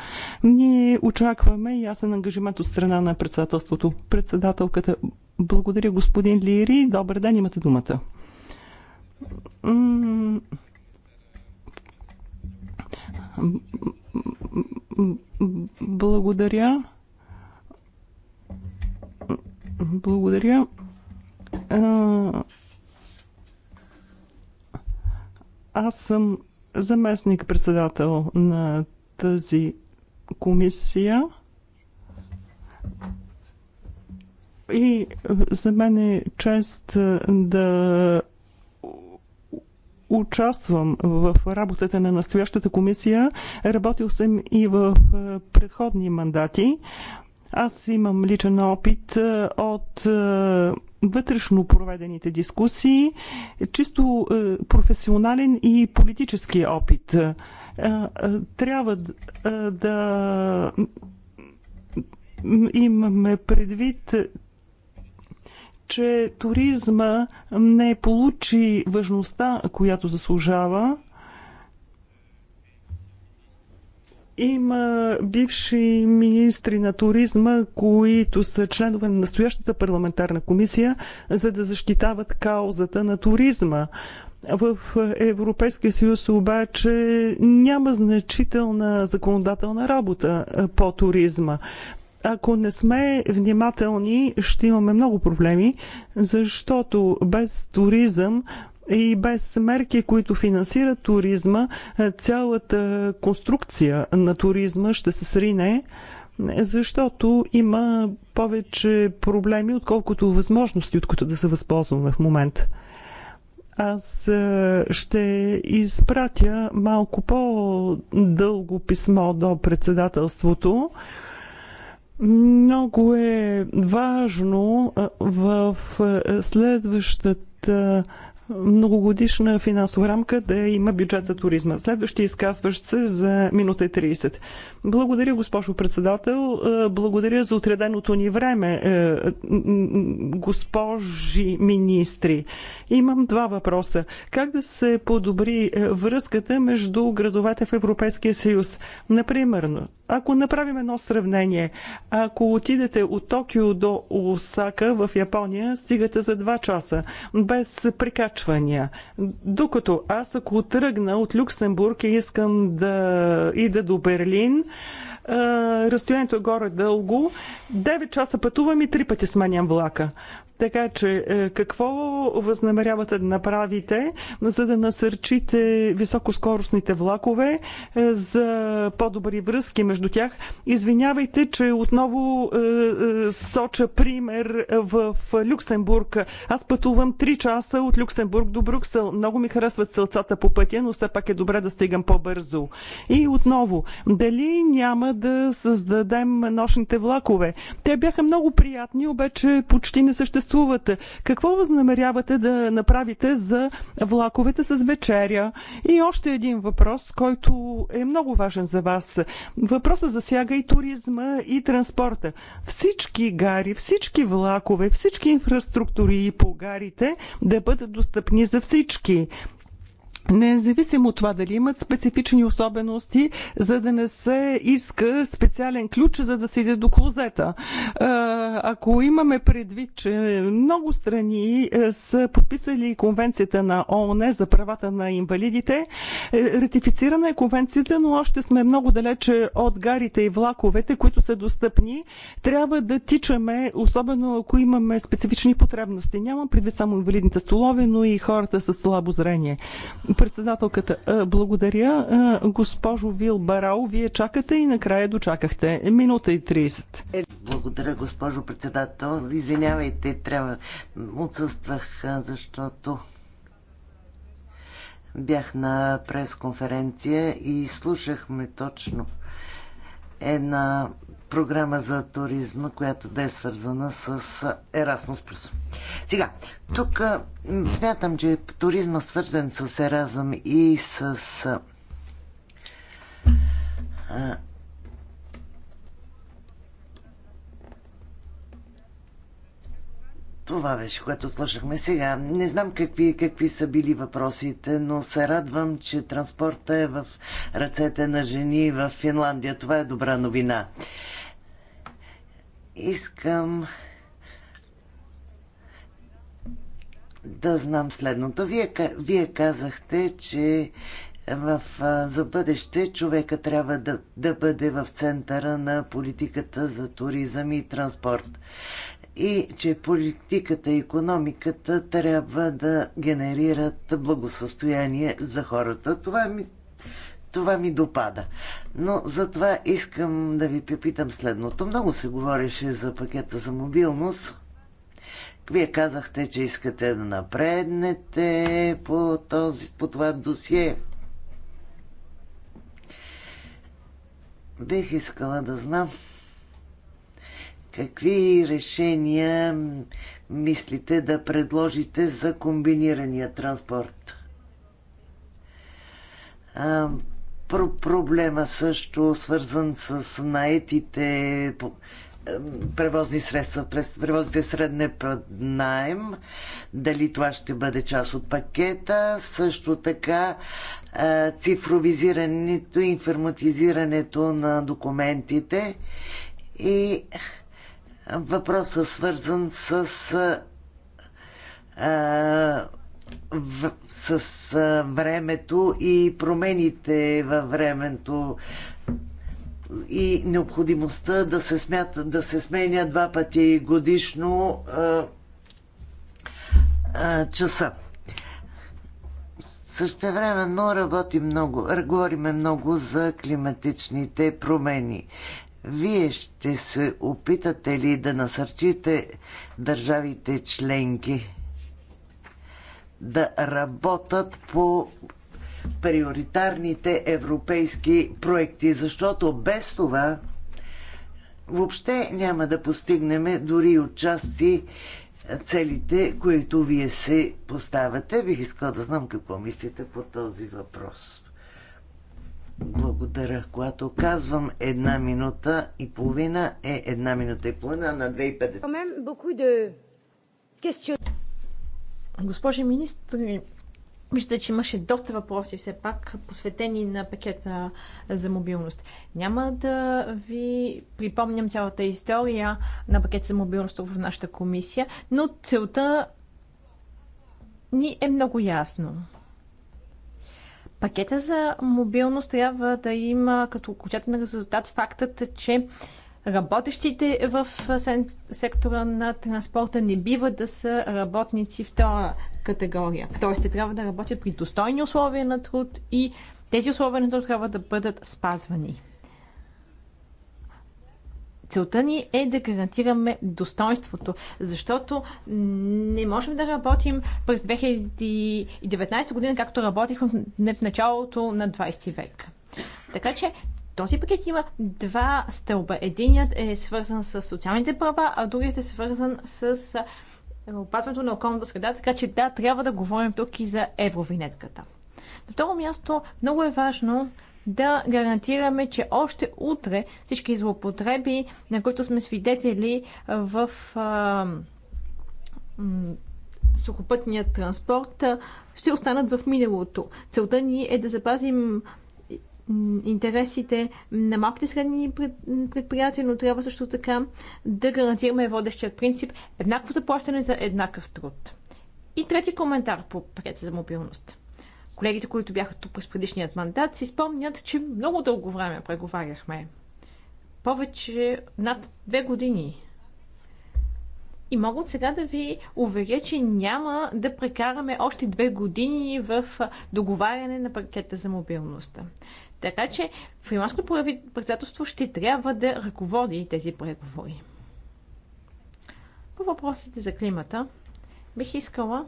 Ние очакваме ясен ангажимент от страна на председателството. Председателката, благодаря господин Лири. Добър ден, имате думата. Благодаря. Благодаря. Аз съм заместник-председател на тази комисия. И за мен е чест да участвам в работата на настоящата комисия. Работил съм и в е, предходни мандати. Аз имам личен опит е, от е, вътрешно проведените дискусии, чисто професионален и политически опит. Трябва да имаме предвид, че туризма не получи важността, която заслужава. Има бивши министри на туризма, които са членове на настоящата парламентарна комисия, за да защитават каузата на туризма. В Европейския съюз обаче няма значителна законодателна работа по туризма. Ако не сме внимателни, ще имаме много проблеми, защото без туризъм и без мерки, които финансират туризма, цялата конструкция на туризма ще се срине, защото има повече проблеми, отколкото възможности, от които да се възползваме в момента аз е, ще изпратя малко по-дълго писмо до председателството. Много е важно в следващата многогодишна финансова рамка да има бюджет за туризма. Следващия изказващ се за минута и 30. Благодаря, госпожо председател. Благодаря за отреденото ни време, госпожи министри. Имам два въпроса. Как да се подобри връзката между градовете в Европейския съюз? Например, ако направим едно сравнение, ако отидете от Токио до Осака в Япония, стигате за 2 часа, без прикачвания. Докато аз ако тръгна от Люксембург и искам да ида до Берлин, разстоянието е горе дълго, 9 часа пътувам и 3 пъти сменям влака. Така че, е, какво възнамерявате да направите, за да насърчите високоскоростните влакове е, за по-добри връзки между тях? Извинявайте, че отново е, соча пример в Люксембург. Аз пътувам 3 часа от Люксембург до Брюксел. Много ми харесват селцата по пътя, но все пак е добре да стигам по-бързо. И отново, дали няма да създадем нощните влакове? Те бяха много приятни, обаче почти не съществуват интересувате. Какво възнамерявате да направите за влаковете с вечеря? И още един въпрос, който е много важен за вас. Въпросът засяга и туризма, и транспорта. Всички гари, всички влакове, всички инфраструктури по гарите да бъдат достъпни за всички. Независимо от това дали имат специфични особености, за да не се иска специален ключ, за да се иде до клозета. Ако имаме предвид, че много страни е, са подписали конвенцията на ООН за правата на инвалидите, е, ратифицирана е конвенцията, но още сме много далече от гарите и влаковете, които са достъпни. Трябва да тичаме, особено ако имаме специфични потребности. Нямам предвид само инвалидните столове, но и хората с слабо зрение Председателката, благодаря. Госпожо Вил Барао, вие чакате и накрая дочакахте. Минута и 30. Благодаря, госпожо председател. Извинявайте, трябва... Отсъствах, защото бях на пресконференция и слушахме точно една програма за туризма, която да е свързана с Erasmus+. Сега, тук смятам, че туризма свързан с Еразъм и с а, Това беше, което слушахме сега. Не знам какви, какви са били въпросите, но се радвам, че транспорта е в ръцете на жени в Финландия. Това е добра новина искам да знам следното. Вие, вие казахте, че в, за бъдеще човека трябва да, да бъде в центъра на политиката за туризъм и транспорт. И че политиката и економиката трябва да генерират благосъстояние за хората. Това ми това ми допада. Но затова искам да ви попитам следното. Много се говореше за пакета за мобилност. Вие казахте, че искате да напреднете по, този, по това досие. Бих искала да знам какви решения мислите да предложите за комбинирания транспорт. Про- проблема също свързан с наетите превозни средства през превозните средне под Дали това ще бъде част от пакета. Също така е, цифровизирането информатизирането на документите и въпросът свързан с е, в, с а, времето и промените във времето и необходимостта да се, смята, да се сменя два пъти годишно а, а, часа. но работим много, говориме много за климатичните промени. Вие ще се опитате ли да насърчите държавите членки да работят по приоритарните европейски проекти, защото без това въобще няма да постигнем дори части целите, които вие се поставяте. Бих искала да знам какво мислите по този въпрос. Благодаря. Когато казвам една минута и половина, е една минута и половина на 2,50. Госпожи министри, Виждате, че имаше доста въпроси все пак, посветени на пакета за мобилност. Няма да ви припомням цялата история на пакет за мобилност в нашата комисия, но целта ни е много ясно. Пакета за мобилност трябва да има като окончателен резултат фактът, че работещите в сектора на транспорта не бива да са работници втора категория. Тоест, те трябва да работят при достойни условия на труд и тези условия на труд трябва да бъдат спазвани. Целта ни е да гарантираме достоинството, защото не можем да работим през 2019 година, както работихме в началото на 20 век. Така че този пакет има два стълба. Единият е свързан с социалните права, а другият е свързан с опазването на околната среда, така че да, трябва да говорим тук и за евровинетката. На второ място, много е важно да гарантираме, че още утре всички злоупотреби, на които сме свидетели в а, сухопътния транспорт, ще останат в миналото. Целта ни е да запазим интересите на малките средни предприятия, но трябва също така да гарантираме водещият принцип еднакво заплащане за еднакъв труд. И трети коментар по пакета за мобилност. Колегите, които бяха тук през предишният мандат, си спомнят, че много дълго време преговаряхме. Повече над две години. И мога от сега да ви уверя, че няма да прекараме още две години в договаряне на пакета за мобилността. Така че фриманското председателство ще трябва да ръководи тези преговори. По въпросите за климата, бих искала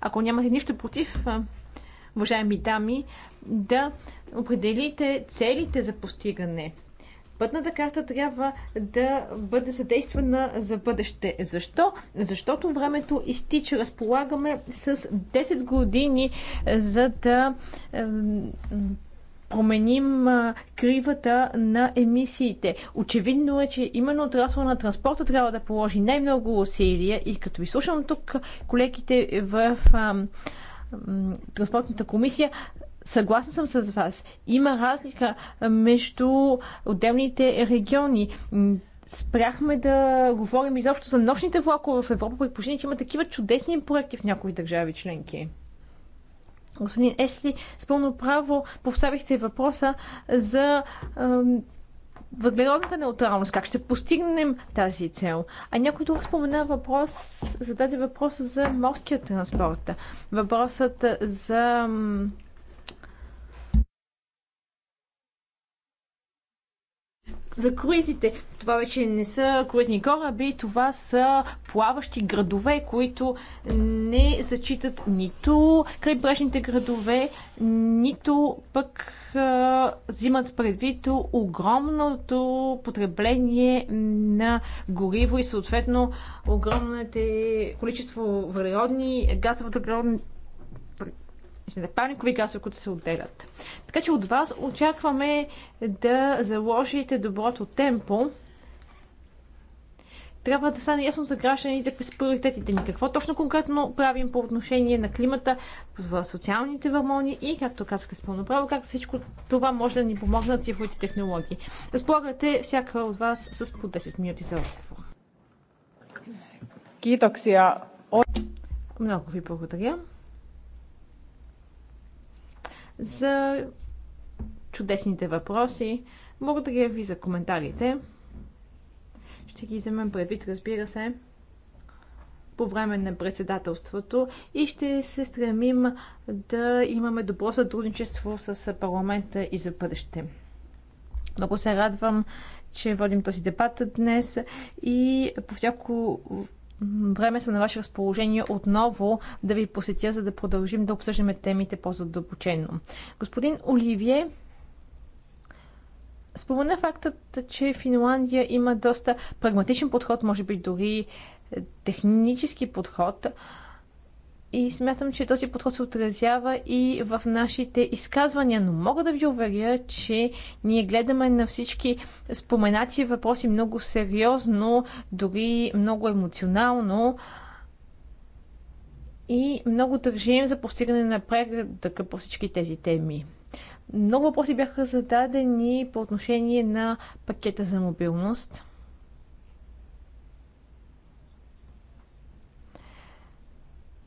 ако нямате нищо против, уважаеми дами, да определите целите за постигане Пътната карта трябва да бъде съдействана за бъдеще. Защо? Защото времето изтича. Разполагаме с 10 години за да променим кривата на емисиите. Очевидно е, че именно отрасъл на транспорта трябва да положи най-много усилия и като ви слушам тук колегите в транспортната комисия, Съгласна съм с вас. Има разлика между отделните региони. Спряхме да говорим изобщо за нощните влакове в Европа, при положение, че има такива чудесни проекти в някои държави членки. Господин Если, с пълно право поставихте въпроса за въглеродната неутралност, как ще постигнем тази цел. А някой друг спомена въпрос, зададе въпроса за морския транспорт, въпросът за за круизите. Това вече не са круизни кораби, това са плаващи градове, които не зачитат нито крайбрежните градове, нито пък а, взимат предвид огромното потребление на гориво и съответно огромните количество въглеродни, газово паникови газове, които се отделят. Така че от вас очакваме да заложите доброто темпо. Трябва да стане ясно за гражданите какви са приоритетите ни. Какво точно конкретно правим по отношение на климата, в социалните вълни и, както казахте с право, как всичко това може да ни помогнат цифровите технологии. Разполагате всяка от вас с по 10 минути за отговор. Много ви благодаря за чудесните въпроси. мога да ги ви за коментарите. Ще ги вземем предвид, разбира се, по време на председателството и ще се стремим да имаме добро сътрудничество с парламента и за бъдеще. Много се радвам, че водим този дебат днес и по всяко време съм на ваше разположение отново да ви посетя, за да продължим да обсъждаме темите по-задълбочено. Господин Оливие, спомена фактът, че Финландия има доста прагматичен подход, може би дори технически подход, и смятам, че този подход се отразява и в нашите изказвания, но мога да ви уверя, че ние гледаме на всички споменати въпроси много сериозно, дори много емоционално и много държим за постигане на прегръдъка по всички тези теми. Много въпроси бяха зададени по отношение на пакета за мобилност –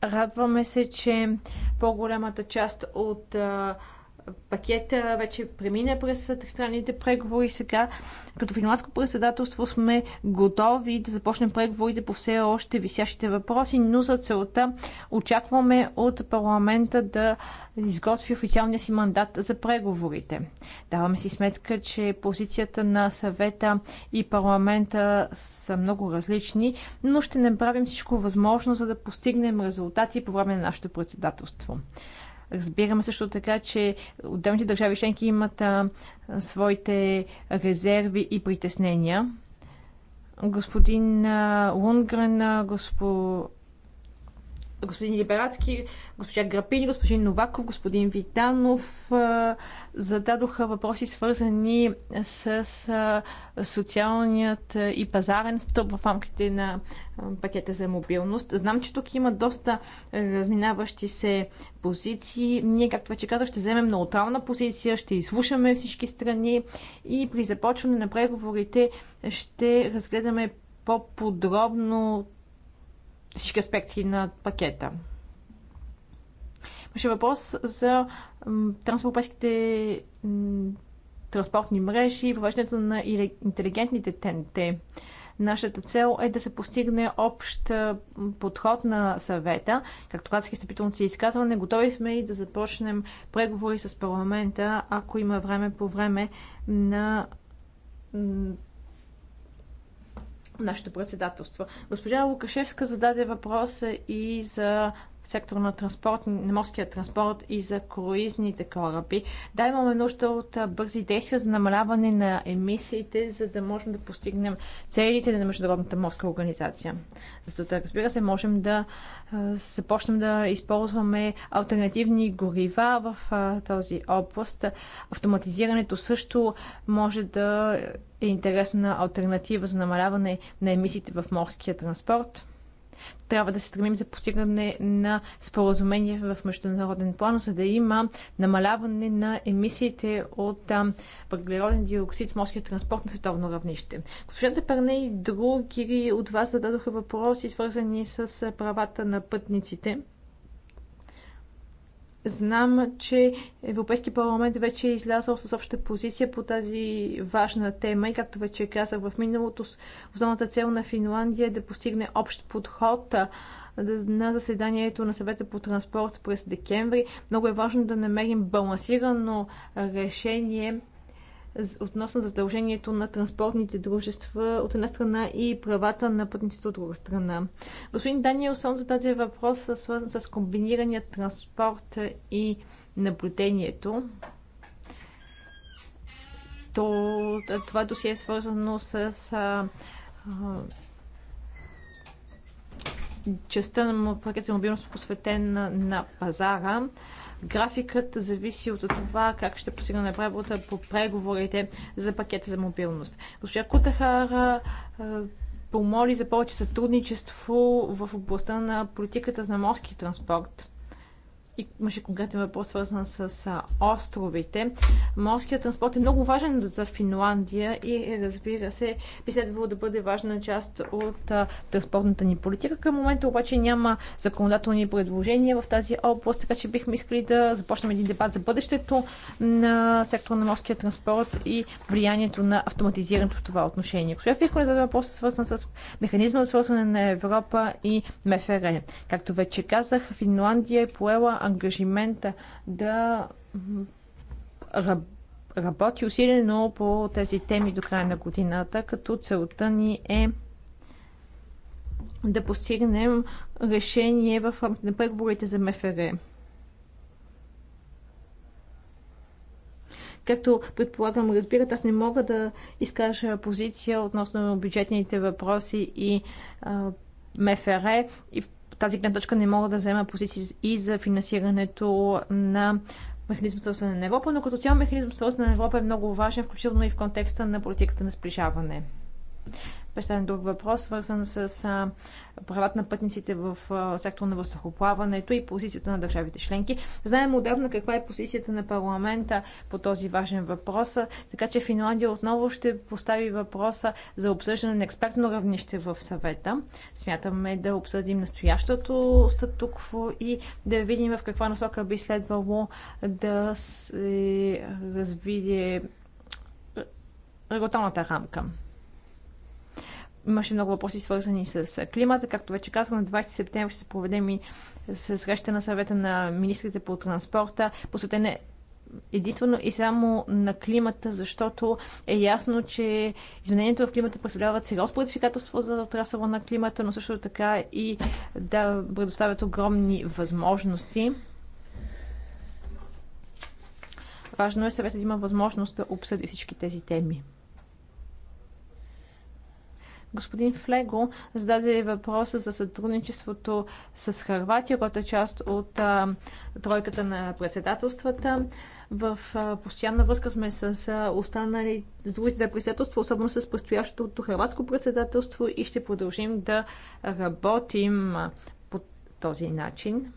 Радваме се, че по-голямата част от пакета вече премина през тристранните преговори. Сега, като финландско председателство, сме готови да започнем преговорите по все още висящите въпроси, но за целта очакваме от парламента да изготви официалния си мандат за преговорите. Даваме си сметка, че позицията на съвета и парламента са много различни, но ще направим всичко възможно, за да постигнем резултати по време на нашето председателство. Разбираме също така, че отделните държави членки имат а, своите резерви и притеснения. Господин Лунгрен, госпо господин Либерацки, госпожа Грапини, господин Новаков, господин Витанов зададоха въпроси свързани с социалният и пазарен стълб в рамките на пакета за мобилност. Знам, че тук има доста разминаващи се позиции. Ние, както вече казах, ще вземем неутрална позиция, ще изслушаме всички страни и при започване на преговорите ще разгледаме по-подробно всички аспекти на пакета. Имаше въпрос за трансевропейските транспортни мрежи и въвеждането на интелигентните ТНТ. Нашата цел е да се постигне общ подход на съвета. Както казах изстъпителното си изказване, готови сме и да започнем преговори с парламента, ако има време по време на нашето председателство. Госпожа Лукашевска зададе въпроса и за сектора на, транспорт, на морския транспорт и за круизните кораби. Да, имаме нужда от бързи действия за намаляване на емисиите, за да можем да постигнем целите на Международната морска организация. Защото да, разбира се, можем да започнем да използваме альтернативни горива в този област. Автоматизирането също може да е интересна альтернатива за намаляване на емисиите в морския транспорт трябва да се стремим за постигане на споразумение в международен план, за да има намаляване на емисиите от въглероден диоксид в морския транспорт на световно равнище. Госпожа Тепарне и други от вас зададоха въпроси, свързани с правата на пътниците. Знам, че Европейски парламент вече е излязъл с обща позиция по тази важна тема и както вече казах в миналото, основната цел на Финландия е да постигне общ подход на заседанието на съвета по транспорт през декември. Много е важно да намерим балансирано решение относно задължението на транспортните дружества от една страна и правата на пътниците от друга страна. Господин Даниелсон зададе въпрос, свързан с комбинирания транспорт и наблюдението. То, това досие е свързано с а, а, частта на пакет за мобилност, посветен на, на пазара. Графикът зависи от това как ще постигнем правилата по преговорите за пакета за мобилност. Госпожа Кутахара помоли за повече сътрудничество в областта на политиката за морски транспорт. И имаше конкретен въпрос, свързан с островите. Морският транспорт е много важен за Финландия и разбира се, би следвало да бъде важна част от транспортната ни политика. Към момента обаче няма законодателни предложения в тази област, така че бихме искали да започнем един дебат за бъдещето на сектора на морския транспорт и влиянието на автоматизирането в това отношение. Господин за зададе въпрос, свързан с механизма за свързване на Европа и МФР. Както вече казах, Финландия е поела ангажимента да работи усилено по тези теми до края на годината, като целта ни е да постигнем решение в рамките на преговорите за МФР. Както предполагам, разбирате, аз не мога да изкажа позиция относно бюджетните въпроси и а, МФР и в тази гледна точка не мога да взема позиции и за финансирането на механизъм за на Европа, но като цяло механизъм за на Европа е много важен, включително и в контекста на политиката на сближаване. Представен друг въпрос, свързан с а, правата на пътниците в сектора на въздухоплаването и позицията на държавите членки. Знаем отдавна каква е позицията на парламента по този важен въпрос, така че Финландия отново ще постави въпроса за обсъждане на експертно равнище в съвета. Смятаме да обсъдим настоящото статукво и да видим в каква насока би следвало да се развие регулаторната рамка. Имаше много въпроси свързани с климата. Както вече казах, на 20 септември ще се проведе ми с среща на съвета на министрите по транспорта, посветена единствено и само на климата, защото е ясно, че изменението в климата представляват сериозно предизвикателство за отрасъла на климата, но също така и да предоставят огромни възможности. Важно е съветът да има възможност да обсъди всички тези теми. Господин Флего зададе въпроса за сътрудничеството с Харватия, която е част от а, тройката на председателствата. В а, постоянна връзка сме с а, останали с другите председателства, особено с предстоящото хрватско председателство и ще продължим да работим по този начин.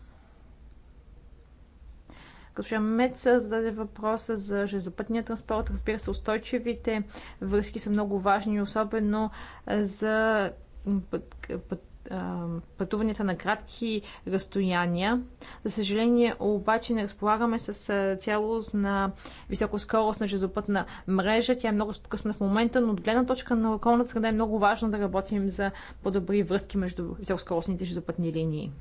Госпожа Меца зададе въпроса за железопътния транспорт. Разбира се, устойчивите връзки са много важни, особено за път, пътуванията на кратки разстояния. За съжаление, обаче не разполагаме с цялост на високоскоростна железопътна мрежа. Тя е много спокъсна в момента, но от гледна точка на околната среда е много важно да работим за по-добри връзки между високоскоростните железопътни линии.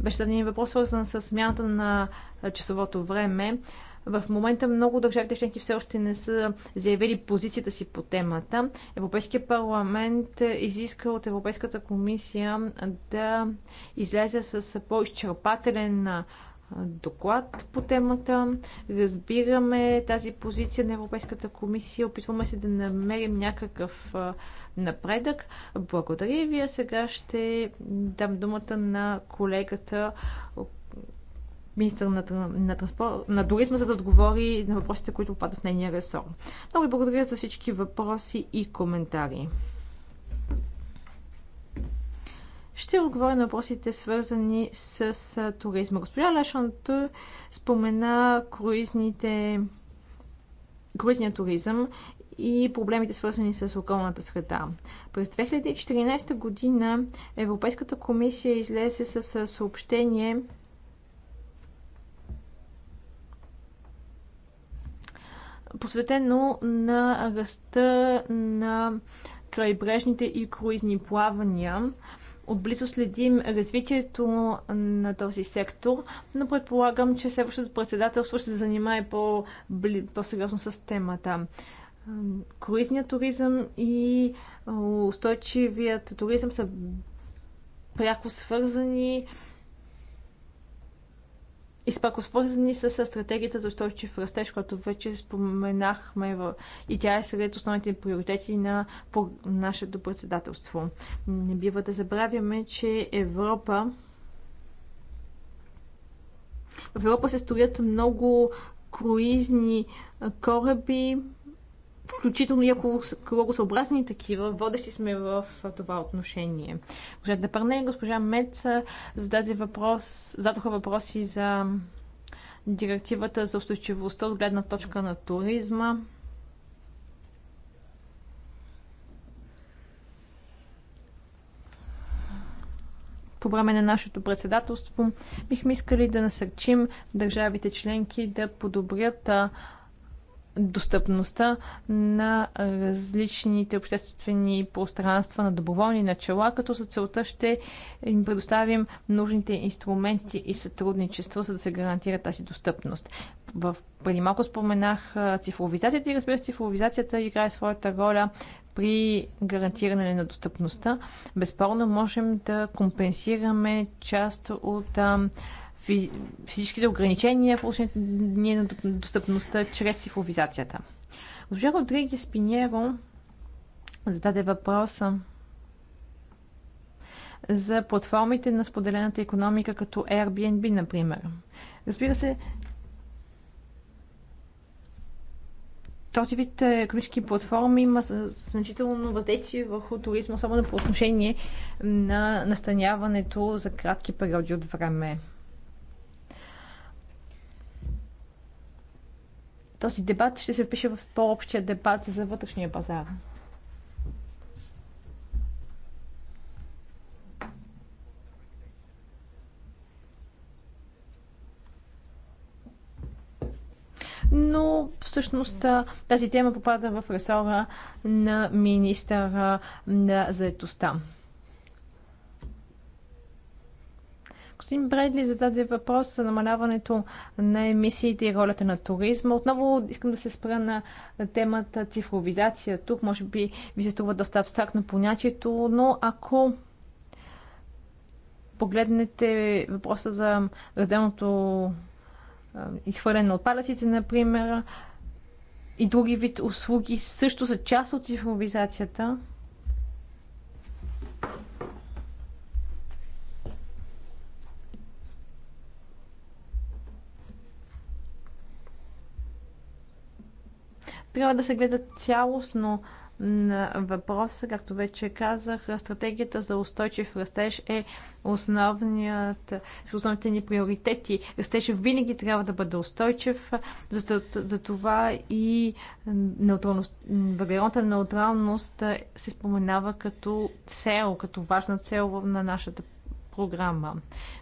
Беше даден въпрос, свързан с смяната на часовото време. В момента много държавите членки все още не са заявили позицията си по темата. Европейския парламент изиска от Европейската комисия да излезе с по-изчерпателен доклад по темата. Разбираме тази позиция на Европейската комисия. Опитваме се да намерим някакъв напредък. Благодаря ви. А сега ще дам думата на колегата министър на, на, транспорт, на туризма, за да отговори на въпросите, които попадат в нейния ресор. Много ви благодаря за всички въпроси и коментари ще отговоря на въпросите свързани с туризма. Госпожа Лешонт спомена круизните круизния туризъм и проблемите свързани с околната среда. През 2014 година Европейската комисия излезе с съобщение посветено на ръста на крайбрежните и круизни плавания отблизо следим развитието на този сектор, но предполагам, че следващото председателство ще се занимае по-сериозно по с темата. Круизният туризъм и устойчивият туризъм са пряко свързани и пак свързани с стратегията за устойчив растеж, която вече споменахме в... и тя е сред основните приоритети на по... нашето председателство. Не бива да забравяме, че Европа в Европа се строят много круизни кораби, включително и екологосъобразни такива. Водещи сме в това отношение. Госпожа Депарне и госпожа Меца, зададе въпрос, зададоха въпроси за директивата за устойчивостта от гледна точка на туризма. по време на нашето председателство бихме искали да насърчим държавите членки да подобрят достъпността на различните обществени пространства на доброволни начала, като за целта ще им предоставим нужните инструменти и сътрудничество, за да се гарантира тази достъпност. В, преди малко споменах цифровизацията и разбира се, цифровизацията играе своята роля при гарантиране на достъпността. Безспорно можем да компенсираме част от физическите ограничения в отношение на достъпността чрез цифровизацията. Госпожа Родригес Пиньеро зададе въпроса за платформите на споделената економика като Airbnb, например. Разбира се, този вид е, економически платформи има значително въздействие върху туризма, особено по отношение на настаняването за кратки периоди от време. Този дебат ще се впише в по-общия дебат за вътрешния пазар. но всъщност тази тема попада в ресора на министъра на заетостта. Господин Бредли зададе въпрос за намаляването на емисиите и ролята на туризма. Отново искам да се спра на темата цифровизация. Тук може би ви се струва доста абстрактно понятието, но ако погледнете въпроса за разделното изхвърляне на отпадъците, например, и други вид услуги също са част от цифровизацията. Трябва да се гледа цялостно на въпроса, както вече казах, стратегията за устойчив растеж е основният, основните ни приоритети. Растеж винаги трябва да бъде устойчив, за, за това и неутралност, въглеродната неутралност се споменава като цел, като важна цел на нашата програма.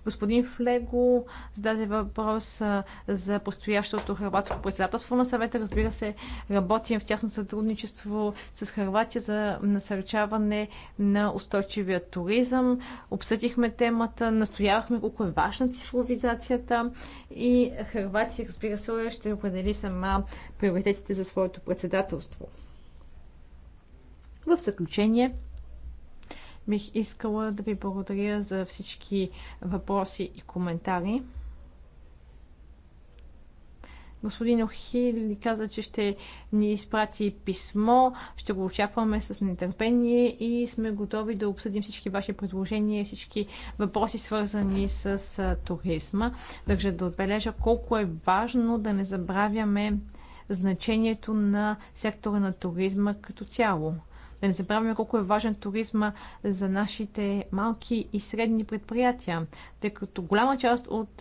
Господин Флего зададе въпрос за постоящото хрватско председателство на съвета. Разбира се, работим в тясно сътрудничество с Хрватия за насърчаване на устойчивия туризъм. Обсъдихме темата, настоявахме колко е важна цифровизацията и Хрватия, разбира се, ще определи сама приоритетите за своето председателство. В заключение, Бих искала да ви благодаря за всички въпроси и коментари. Господин Охил каза, че ще ни изпрати писмо, ще го очакваме с нетърпение и сме готови да обсъдим всички ваши предложения, всички въпроси свързани с туризма. Държа да отбележа колко е важно да не забравяме значението на сектора на туризма като цяло. Да не забравяме колко е важен туризма за нашите малки и средни предприятия, тъй като голяма част от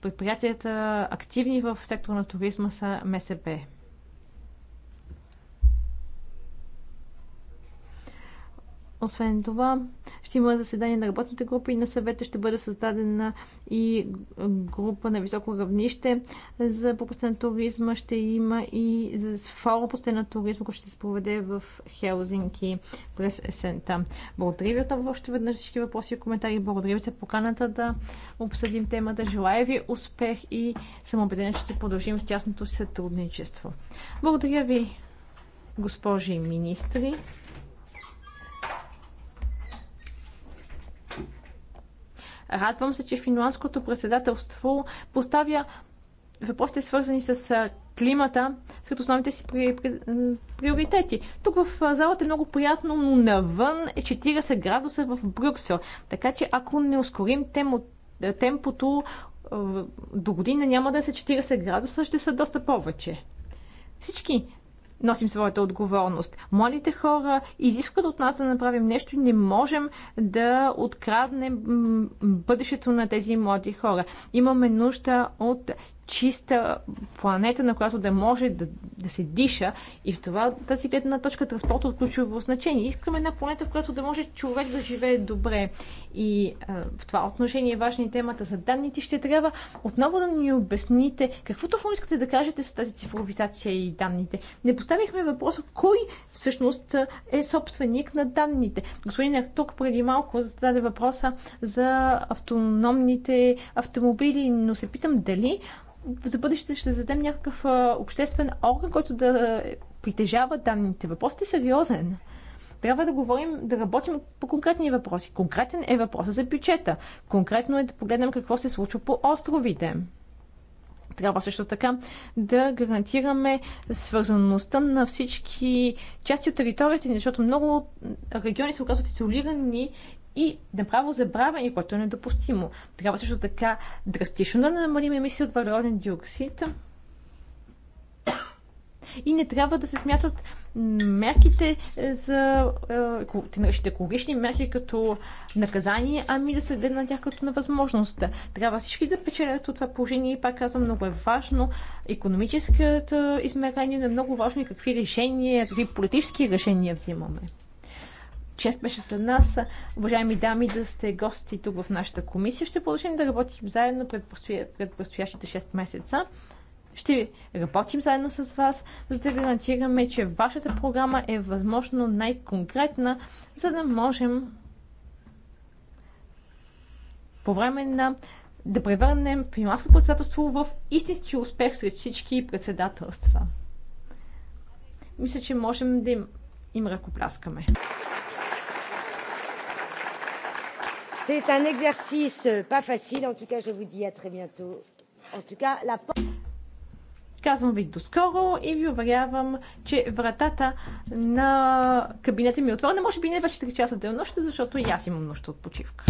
предприятията активни в сектора на туризма са МСП. Освен това, ще има заседание на работните групи и на съвета ще бъде създадена и група на високо равнище за пропуска на туризма. Ще има и за форум на туризма, който ще се проведе в Хелзинки през есента. Благодаря ви отново още веднъж всички въпроси и коментари. Благодаря ви за поканата да обсъдим темата. Желая ви успех и съм убедена, че ще продължим в тясното сътрудничество. Благодаря ви, госпожи министри. Радвам се, че финландското председателство поставя въпросите свързани с климата сред основните си при, при, приоритети. Тук в залата е много приятно, но навън е 40 градуса в Брюксел. Така че ако не ускорим темо, темпото, до година няма да е са 40 градуса, ще са доста повече. Всички носим своята отговорност. Младите хора изискват от нас да направим нещо и не можем да откраднем бъдещето на тези млади хора. Имаме нужда от чиста планета, на която да може да, да се диша. И в това тази гледна точка транспорта от ключово значение. Искаме една планета, в която да може човек да живее добре. И а, в това отношение важна и темата за данните. Ще трябва отново да ни обясните какво точно искате да кажете с тази цифровизация и данните. Не поставихме въпроса кой всъщност е собственик на данните. Господин Артук преди малко зададе въпроса за автономните автомобили, но се питам дали за бъдеще ще зададем някакъв обществен орган, който да притежава данните. Въпросът е сериозен. Трябва да говорим, да работим по конкретни въпроси. Конкретен е въпросът за бюджета. Конкретно е да погледнем какво се случва по островите. Трябва също така да гарантираме свързаността на всички части от територията ни, защото много региони се оказват изолирани и направо забравяне, което е недопустимо. Трябва също така драстично да намалим емисии от въглероден диоксид. И не трябва да се смятат мерките за е, наричат екологични мерки като наказание, ами да се гледа на тях като на възможност. Трябва всички да печелят от това положение и пак казвам, много е важно. економическата измерение е много важно и какви решения, какви политически решения взимаме. Чест беше за нас, уважаеми дами, да сте гости тук в нашата комисия. Ще продължим да работим заедно пред, предстоя... пред предстоящите 6 месеца. Ще работим заедно с вас, за да гарантираме, че вашата програма е възможно най-конкретна, за да можем по време на да превърнем финландското председателство в истински успех сред всички председателства. Мисля, че можем да им, им ръкопляскаме. C'est un exercice pas facile. En tout cas, je vous dis à très bientôt. En tout cas, la Казвам ви скоро и ви уверявам, че вратата на кабинета ми е отворена. Може би не вече 3 часа в денонощта, защото и аз имам нужда от почивка.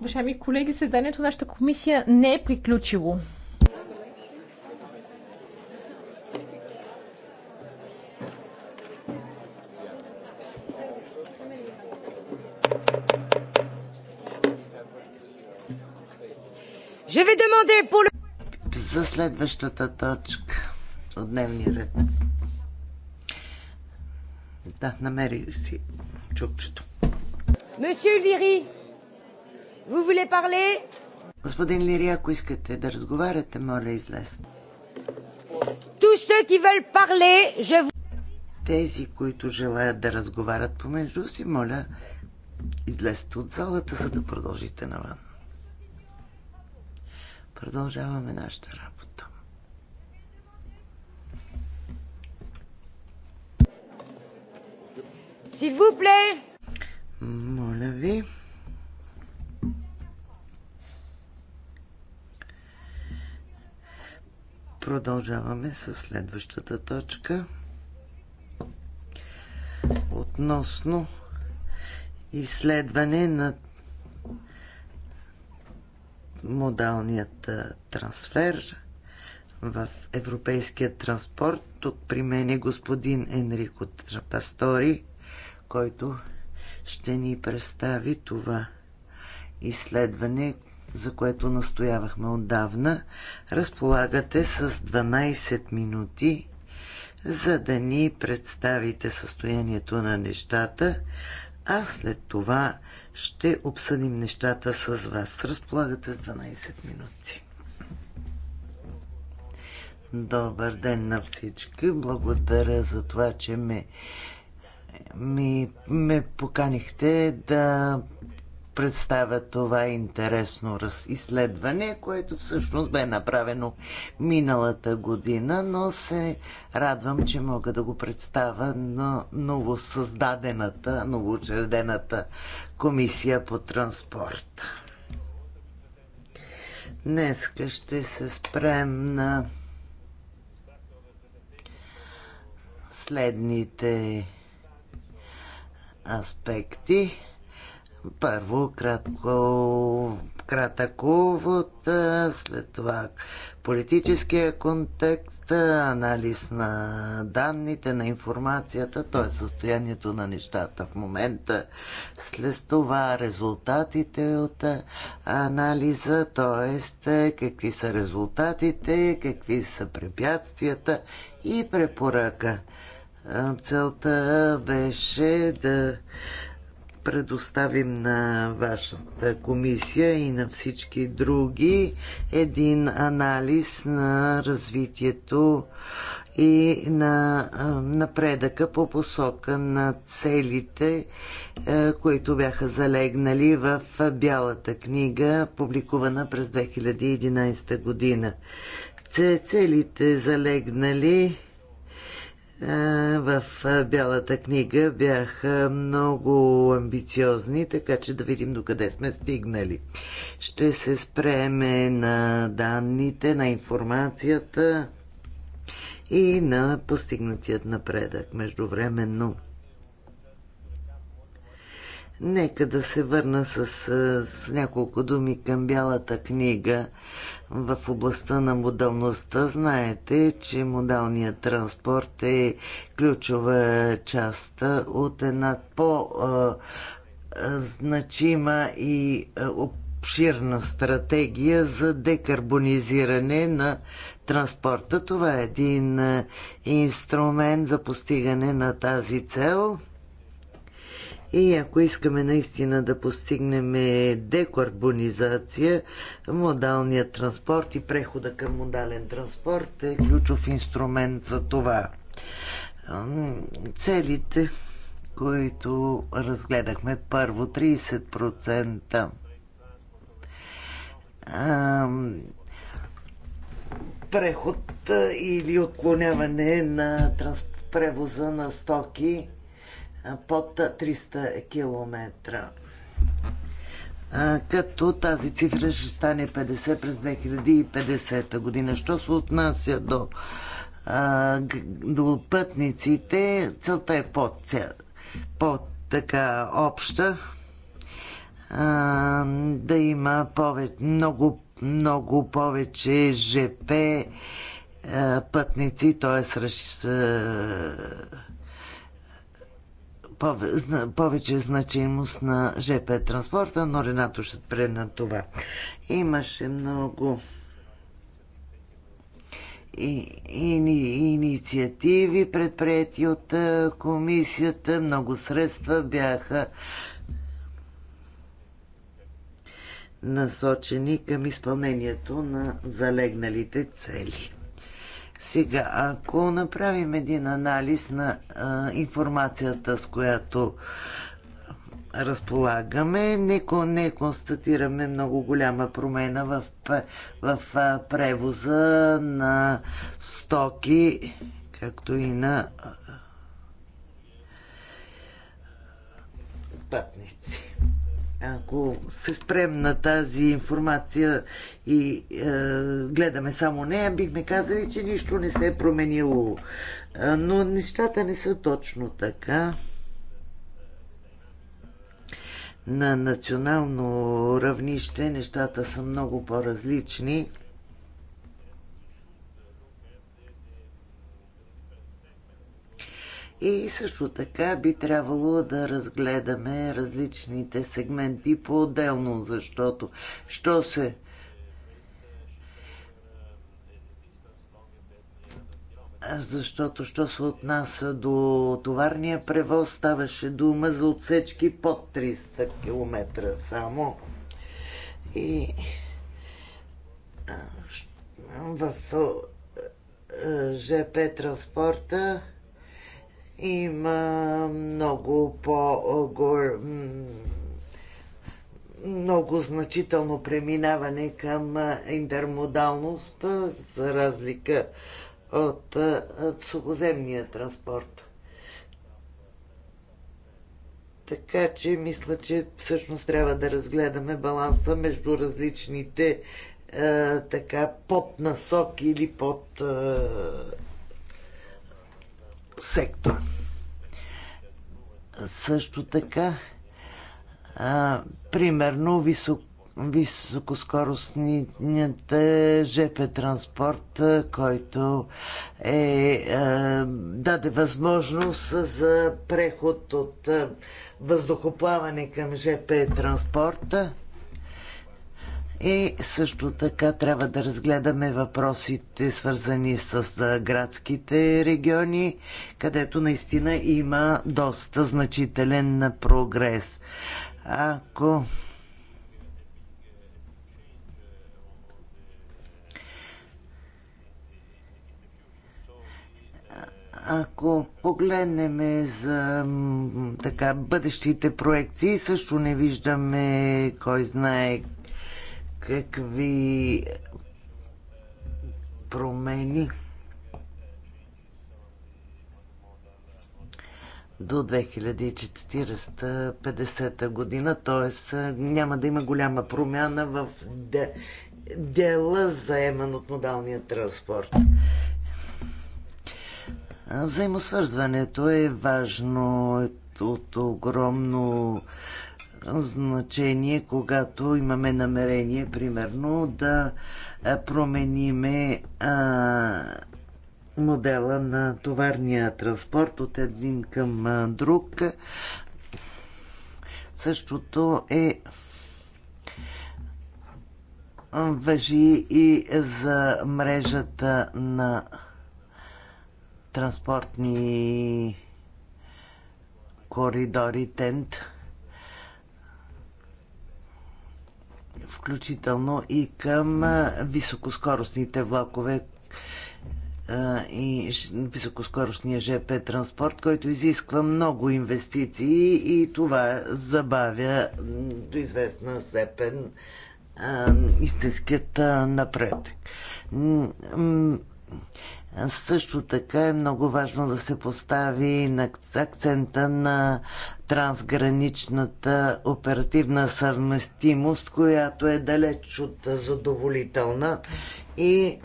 Уважаеми колеги, заседанието на нашата комисия не е приключило. За следващата точка от дневния ред. Да, намери си чукчето. Monsieur Лири, ви voulez парле? Господин Лири, ако искате да разговаряте, моля излезте. Тусе ки вел парле, же Тези, които желаят да разговарят помежду си, моля, излезте от залата, за да продължите навън. Продължаваме нашата работа. S'il vous plaît! Моля ви. Продължаваме с следващата точка относно изследване на модалният трансфер в европейския транспорт. Тук при мен е господин Енрико Трапастори, който ще ни представи това изследване, за което настоявахме отдавна. Разполагате с 12 минути, за да ни представите състоянието на нещата, а след това ще обсъдим нещата с вас. Разполагате с 12 минути. Добър ден на всички. Благодаря за това, че ме ми ме поканихте да представя това интересно изследване, което всъщност бе направено миналата година, но се радвам, че мога да го представя на новосъздадената, новоучредената комисия по транспорт. Днес ще се спрем на следните аспекти. Първо, кратко, кратък увод, след това политическия контекст, анализ на данните, на информацията, т.е. състоянието на нещата в момента, след това резултатите от анализа, т.е. какви са резултатите, какви са препятствията и препоръка. Целта беше да предоставим на вашата комисия и на всички други един анализ на развитието и на напредъка по посока на целите, които бяха залегнали в Бялата книга, публикувана през 2011 година. Целите залегнали в Бялата книга бяха много амбициозни, така че да видим докъде сме стигнали. Ще се спреме на данните, на информацията и на постигнатият напредък междувременно. Нека да се върна с, с няколко думи към Бялата книга в областта на модалността. Знаете, че модалният транспорт е ключова част от една по-значима и обширна стратегия за декарбонизиране на транспорта. Това е един инструмент за постигане на тази цел – и ако искаме наистина да постигнем декарбонизация, модалният транспорт и прехода към модален транспорт е ключов инструмент за това. Целите, които разгледахме първо 30% преход или отклоняване на превоза на стоки под 300 км. Като тази цифра ще стане 50 през 2050 година. Що се отнася до, до пътниците, целта е под, под така обща. Да има повече, много, много повече ЖП пътници, т.е повече значимост на ЖП транспорта, но Ренато ще спре на това. Имаше много и, и, и инициативи предприяти от комисията, много средства бяха насочени към изпълнението на залегналите цели. Сега, ако направим един анализ на а, информацията, с която разполагаме, не, не констатираме много голяма промена в, в а, превоза на стоки, както и на а, пътници ако се спрем на тази информация и е, гледаме само нея, бихме казали, че нищо не се е променило. Е, но нещата не са точно така. На национално равнище нещата са много по-различни. И също така би трябвало да разгледаме различните сегменти по-отделно, защото що се защото що се отнася до товарния превоз, ставаше дума за отсечки под 300 км само. И в ЖП транспорта има много по много значително преминаване към интермодалност, за разлика от сухоземния транспорт. Така че мисля, че всъщност трябва да разгледаме баланса между различните е, така поднасоки или под е, сектор. Също така, а, примерно, висок, високоскоростният е, ЖП транспорт, е, който е, а, е, даде възможност за преход от въздухоплаване към ЖП транспорта. И е, също така трябва да разгледаме въпросите, свързани с градските региони, където наистина има доста значителен прогрес. Ако ако погледнем за така, бъдещите проекции, също не виждаме кой знае какви промени до 2040-50 година, т.е. няма да има голяма промяна в дела заеман от модалния транспорт. Взаимосвързването е важно е от огромно значение, когато имаме намерение, примерно, да промениме а, модела на товарния транспорт от един към друг. Същото е въжи и за мрежата на транспортни коридори тент. включително и към високоскоростните влакове и високоскоростния ЖП транспорт, който изисква много инвестиции и това забавя до известна степен истинският напредък също така е много важно да се постави на акцента на трансграничната оперативна съвместимост, която е далеч от задоволителна и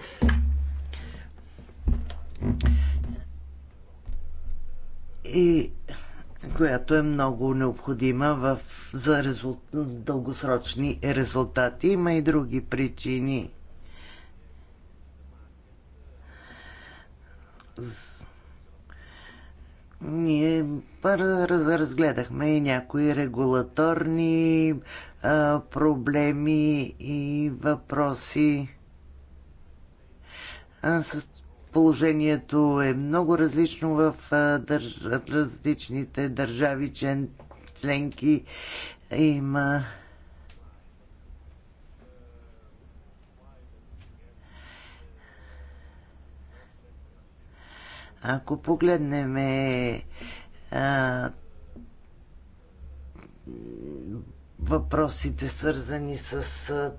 и която е много необходима в, за резул, дългосрочни резултати. Има и други причини ние разгледахме и някои регулаторни а, проблеми и въпроси. А, с положението е много различно в а, държ, различните държави член, членки. Има Ако погледнем е, а, въпросите, свързани с а,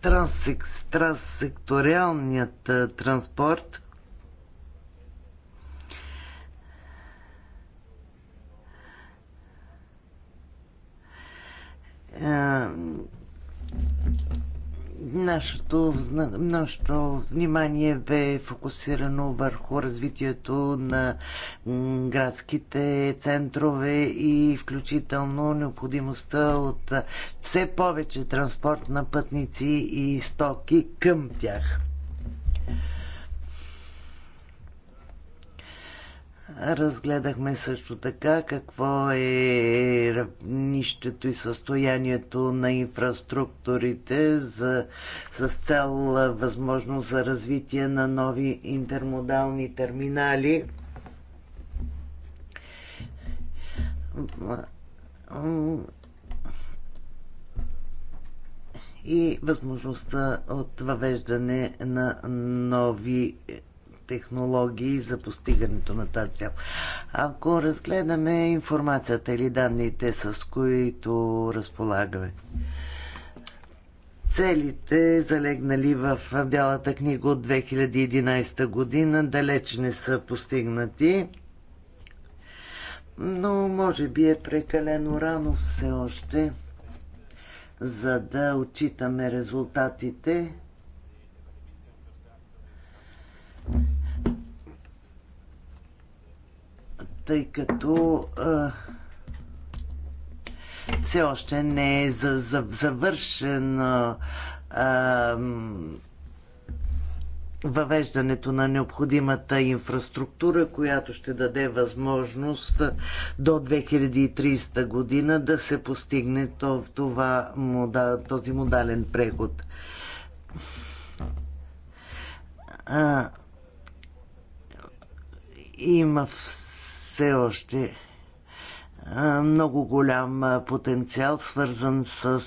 транссек, транссекториалният а, транспорт, а, Нашето, нашето внимание бе фокусирано върху развитието на градските центрове и включително необходимостта от все повече транспорт на пътници и стоки към тях. Разгледахме също така какво е равнището и състоянието на инфраструктурите за, с цел възможност за развитие на нови интермодални терминали и възможността от въвеждане на нови технологии за постигането на тази цел. Ако разгледаме информацията или данните, с които разполагаме, целите, залегнали в Бялата книга от 2011 година, далеч не са постигнати но може би е прекалено рано все още, за да отчитаме резултатите. тъй като а, все още не е за, за, завършен а, а, въвеждането на необходимата инфраструктура, която ще даде възможност до 2030 година да се постигне това, този модален преход. А, има в все още много голям потенциал, свързан с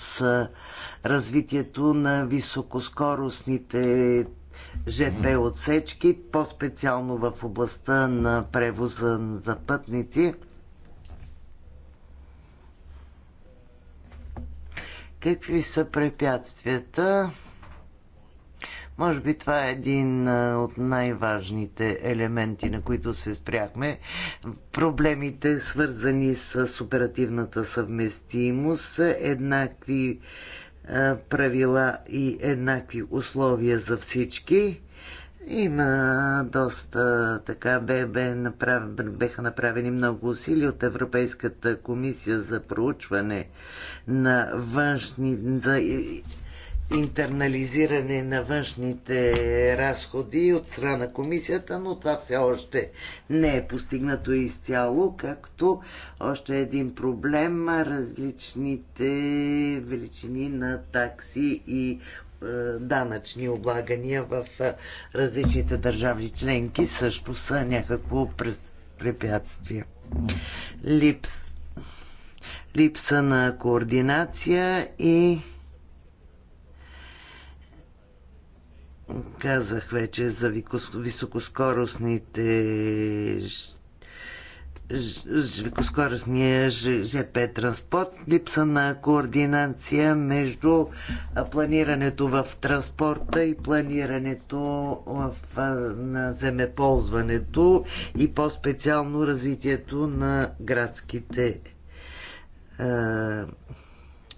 развитието на високоскоростните ЖП отсечки, по-специално в областта на превоза за пътници. Какви са препятствията? Може би това е един от най-важните елементи, на които се спряхме. Проблемите, свързани с оперативната съвместимост, еднакви правила и еднакви условия за всички. Има доста така, бе, бе направ... беха направени много усилия от Европейската комисия за проучване на външни, за интернализиране на външните разходи от страна на комисията, но това все още не е постигнато изцяло, както още един проблем различните величини на такси и е, данъчни облагания в е, различните държави членки също са някакво препятствие. Липс, липса на координация и Казах вече за високоскоростните високоскоростния ЖП транспорт, липса на координация между планирането в транспорта и планирането в, на земеползването и по-специално развитието на градските е,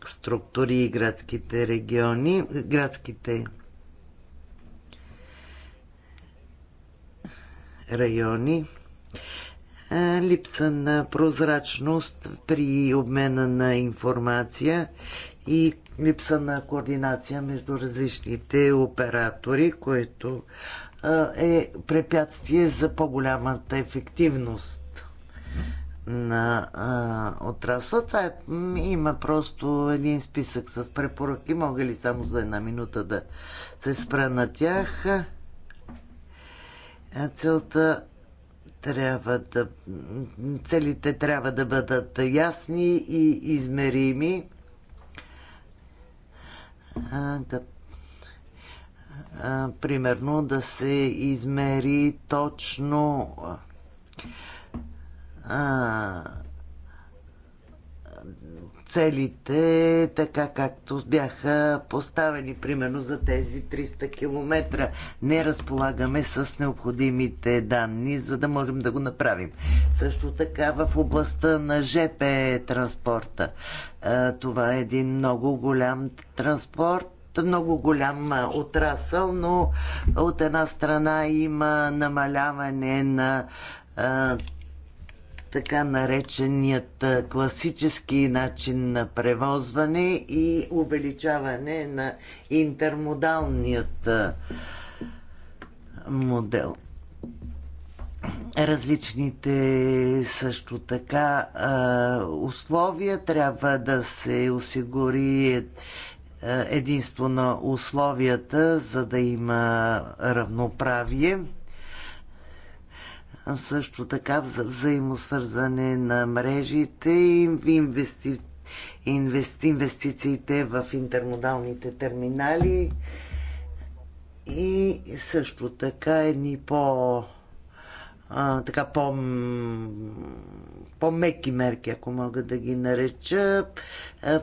структури и градските региони, градските райони, липса на прозрачност при обмена на информация и липса на координация между различните оператори, което е препятствие за по-голямата ефективност на отрасла. Това е, има просто един списък с препоръки. Мога ли само за една минута да се спра на тях? Целта трябва да. Целите трябва да бъдат ясни и измерими. примерно да се измери точно а, целите, така както бяха поставени, примерно за тези 300 км. Не разполагаме с необходимите данни, за да можем да го направим. Също така в областта на ЖП транспорта. Това е един много голям транспорт, много голям отрасъл, но от една страна има намаляване на така нареченият класически начин на превозване и увеличаване на интермодалният модел. Различните също така условия трябва да се осигури е, единство на условията, за да има равноправие също така за взаимосвързане на мрежите и инвести... Инвести... инвестициите в интермодалните терминали и също така едни по а, така по по-меки мерки, ако мога да ги нареча,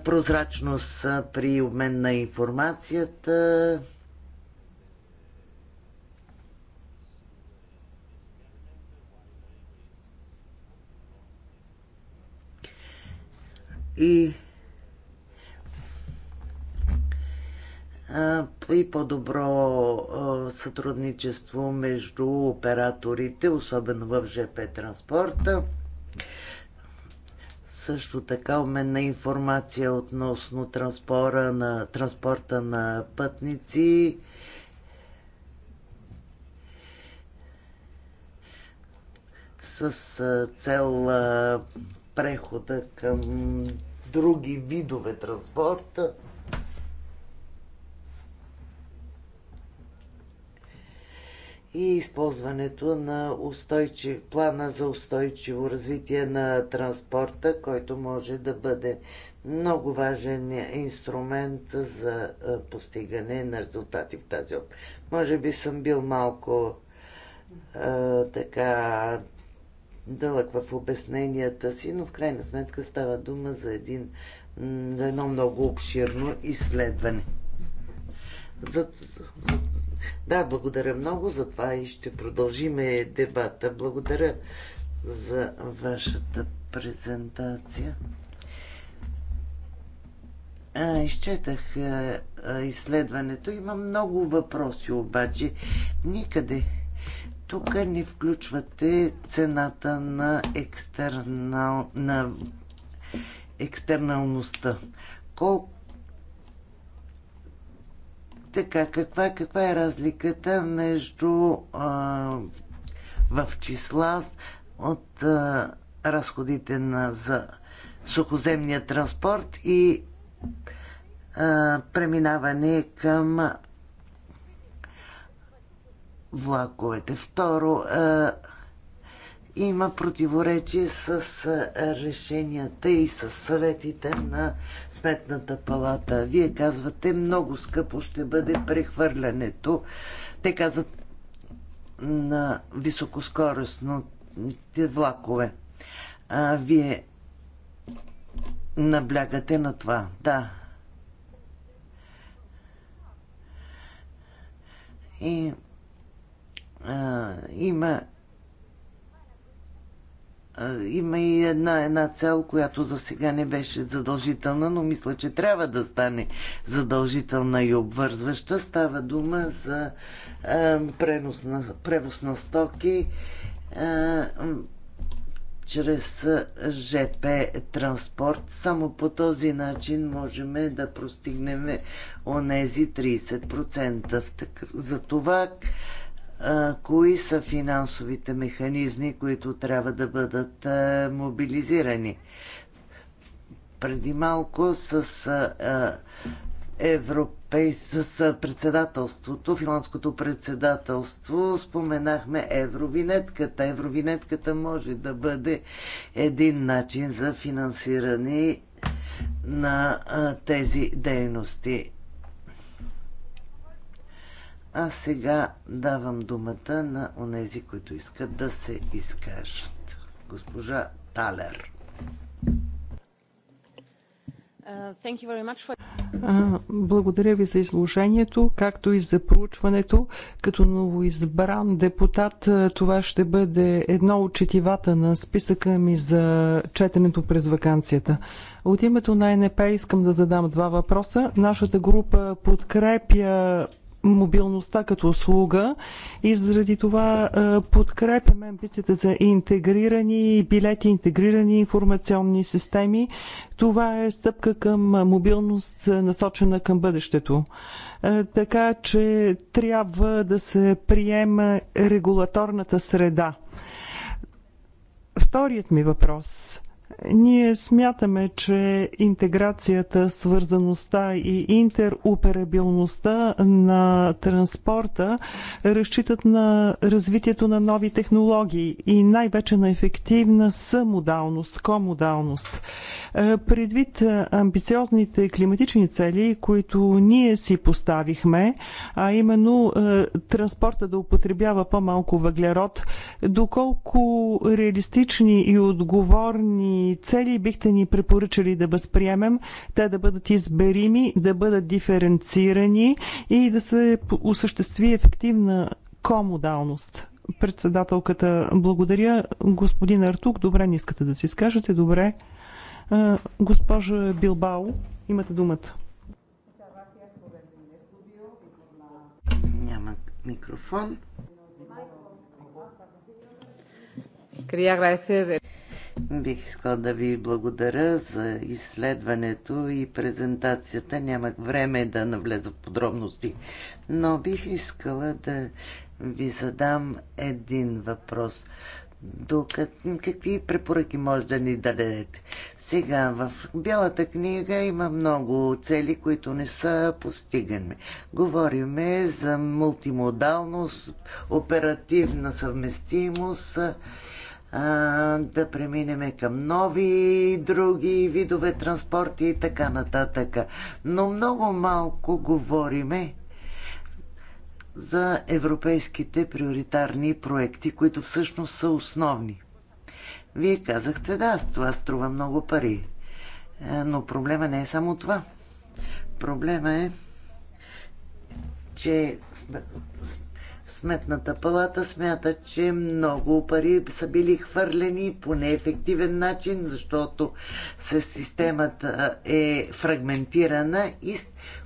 прозрачност при обмен на информацията, и и по-добро сътрудничество между операторите, особено в ЖП транспорта. Също така обмен на информация относно транспорта на, транспорта на пътници. с цел прехода към други видове транспорт. и използването на устойчив, плана за устойчиво развитие на транспорта, който може да бъде много важен инструмент за постигане на резултати в тази област. Може би съм бил малко а, така дълъг в обясненията си, но в крайна сметка става дума за, един, за едно много обширно изследване. За, за, за, да, благодаря много за това и ще продължиме дебата. Благодаря за вашата презентация. А, изчетах а, изследването. Има много въпроси, обаче никъде тук не включвате цената на, екстернал, на екстерналността. Колко така, каква, каква е разликата между а, в числа от а, разходите на, за сухоземния транспорт и а, преминаване към влаковете. Второ, а, е, има противоречие с е, решенията и с съветите на Сметната палата. Вие казвате, много скъпо ще бъде прехвърлянето. Те казват на високоскоростните влакове. А, вие наблягате на това. Да. И а, има има и една, една цел, която за сега не беше задължителна, но мисля, че трябва да стане задължителна и обвързваща. Става дума за е, пренос, на, превоз на стоки е, чрез ЖП транспорт. Само по този начин можем да простигнем онези 30%. За това кои са финансовите механизми, които трябва да бъдат мобилизирани. Преди малко с Европей, с председателството, финландското председателство, споменахме евровинетката. Евровинетката може да бъде един начин за финансиране на тези дейности. А сега давам думата на онези, които искат да се изкажат. Госпожа Талер. Uh, благодаря ви за изложението, както и за проучването. Като новоизбран депутат, това ще бъде едно от четивата на списъка ми за четенето през вакансията. От името на НП искам да задам два въпроса. Нашата група подкрепя мобилността като услуга и заради това подкрепяме амбицията за интегрирани билети, интегрирани информационни системи. Това е стъпка към мобилност, насочена към бъдещето. Така че трябва да се приема регулаторната среда. Вторият ми въпрос – ние смятаме, че интеграцията, свързаността и интероперабилността на транспорта разчитат на развитието на нови технологии и най-вече на ефективна самодалност, комодалност. Е, предвид амбициозните климатични цели, които ние си поставихме, а именно е, транспорта да употребява по-малко въглерод, доколко реалистични и отговорни цели бихте ни препоръчали да възприемем, те да бъдат изберими, да бъдат диференцирани и да се осъществи ефективна комодалност? Председателката, благодаря. Господин Артук, добре, не искате да си скажете, добре. Госпожа Билбао, имате думата. Няма микрофон. Quería agradecer. Бих искала да ви благодаря за изследването и презентацията. Нямах време да навлеза в подробности, но бих искала да ви задам един въпрос. Докът, какви препоръки може да ни дадете? Сега, в Бялата книга има много цели, които не са постигани. Говориме за мултимодалност, оперативна съвместимост да преминеме към нови други видове транспорти и така нататък. Но много малко говориме за европейските приоритарни проекти, които всъщност са основни. Вие казахте, да, това струва много пари. Е, но проблема не е само това. Проблема е, че Сметната палата смята, че много пари са били хвърлени по неефективен начин, защото системата е фрагментирана и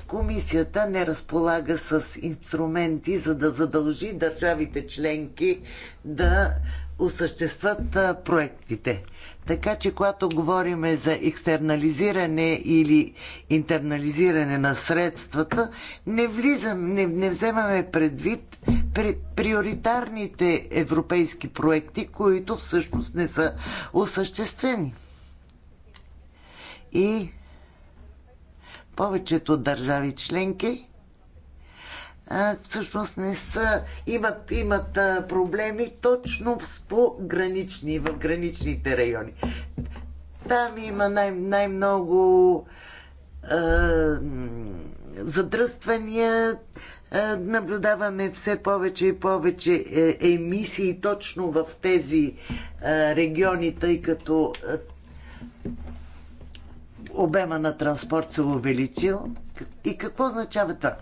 комисията не разполага с инструменти, за да задължи държавите членки да осъществат проектите. Така че когато говорим за екстернализиране или интернализиране на средствата, не, влизам, не, не вземаме предвид при приоритарните европейски проекти, които всъщност не са осъществени. И повечето държави членки всъщност не са, имат, имат проблеми точно с погранични в граничните райони. Там има най- най-много е, задръствания, а, наблюдаваме все повече и повече е, емисии точно в тези а, региони, тъй като обема на транспорт се увеличил. И какво означава това?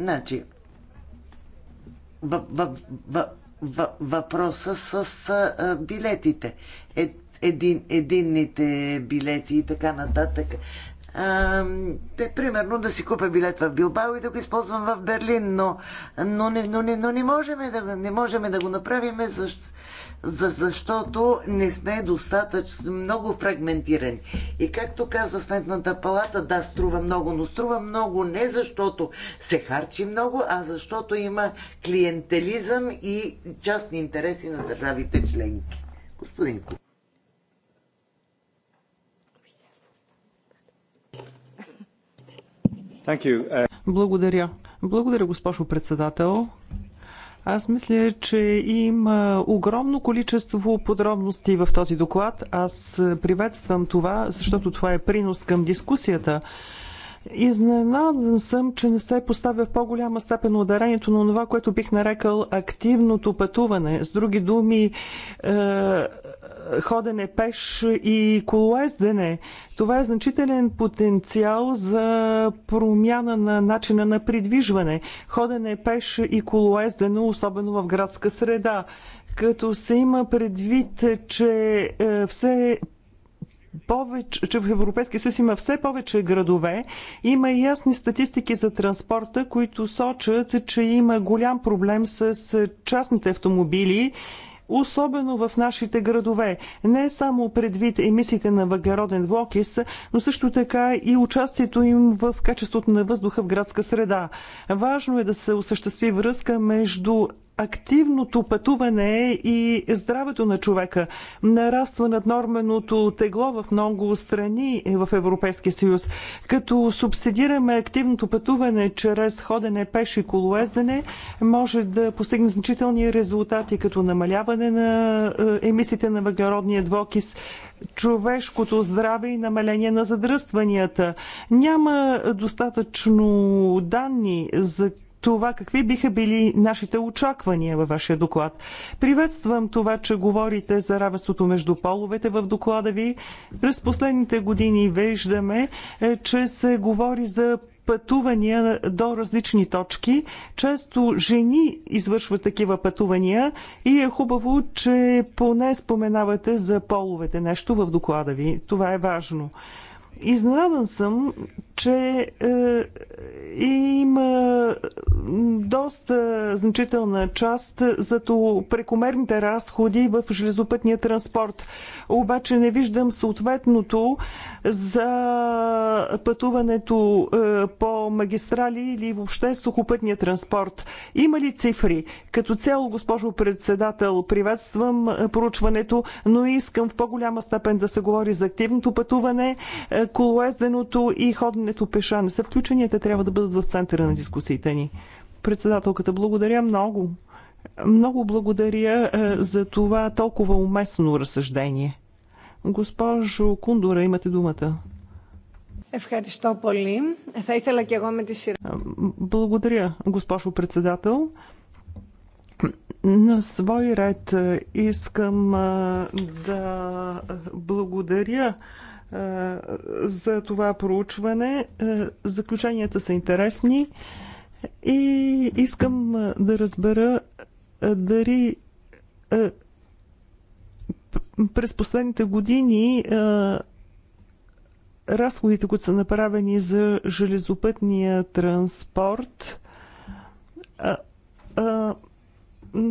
Значи, въпроса с а, билетите, е, един, единните билети и така нататък. А, те, примерно да си купя билет в Билбао и да го използвам в Берлин, но, но, не, но, не, но не, можем да, не можем да го направим, защото за, защото не сме достатъчно много фрагментирани. И както казва Сметната палата, да, струва много, но струва много не защото се харчи много, а защото има клиентелизъм и частни интереси на държавите членки. Господин Ку. Благодаря. Благодаря, госпожо председател. Аз мисля, че има огромно количество подробности в този доклад. Аз приветствам това, защото това е принос към дискусията. Изненадан съм, че не се поставя в по-голяма степен ударението на това, което бих нарекал активното пътуване. С други думи, е, ходене пеш и колоездене. Това е значителен потенциал за промяна на начина на придвижване. Ходене пеш и колоездене, особено в градска среда като се има предвид, че е, все повече, че в Европейския съюз има все повече градове. Има и ясни статистики за транспорта, които сочат, че има голям проблем с частните автомобили особено в нашите градове. Не само предвид емисиите на въглероден двуокис, но също така и участието им в качеството на въздуха в градска среда. Важно е да се осъществи връзка между активното пътуване и здравето на човека. Нараства наднорменото тегло в много страни в Европейския съюз. Като субсидираме активното пътуване чрез ходене пеш и колоездене, може да постигне значителни резултати, като намаляване на е, емисиите на въглеродния двокис, човешкото здраве и намаление на задръстванията. Няма достатъчно данни за това какви биха били нашите очаквания във вашия доклад. Приветствам това, че говорите за равенството между половете в доклада ви. През последните години виждаме, е, че се говори за пътувания до различни точки. Често жени извършват такива пътувания и е хубаво, че поне споменавате за половете нещо в доклада ви. Това е важно. Изнадан съм, че е, и има доста значителна част за прекомерните разходи в железопътния транспорт. Обаче не виждам съответното за пътуването е, по магистрали или въобще сухопътния транспорт. Има ли цифри? Като цяло, госпожо председател, приветствам е, проучването, но искам в по-голяма степен да се говори за активното пътуване, е, колоезденото и ходенето пеша. Не са включени, те трябва да бъдат бъдат в центъра на дискусиите ни. Председателката, благодаря много. Много благодаря е, за това толкова уместно разсъждение. Госпожо Кундура, имате думата. Ευχαριστώ πολύ. Θα ήθελα και εγώ με τη σειρά. Е, благодаря, госпожо председател. На свой ред е, искам да благодаря е, за това проучване. Е, заключенията са интересни и искам е, да разбера дали през последните години разходите, които са направени за железопътния транспорт,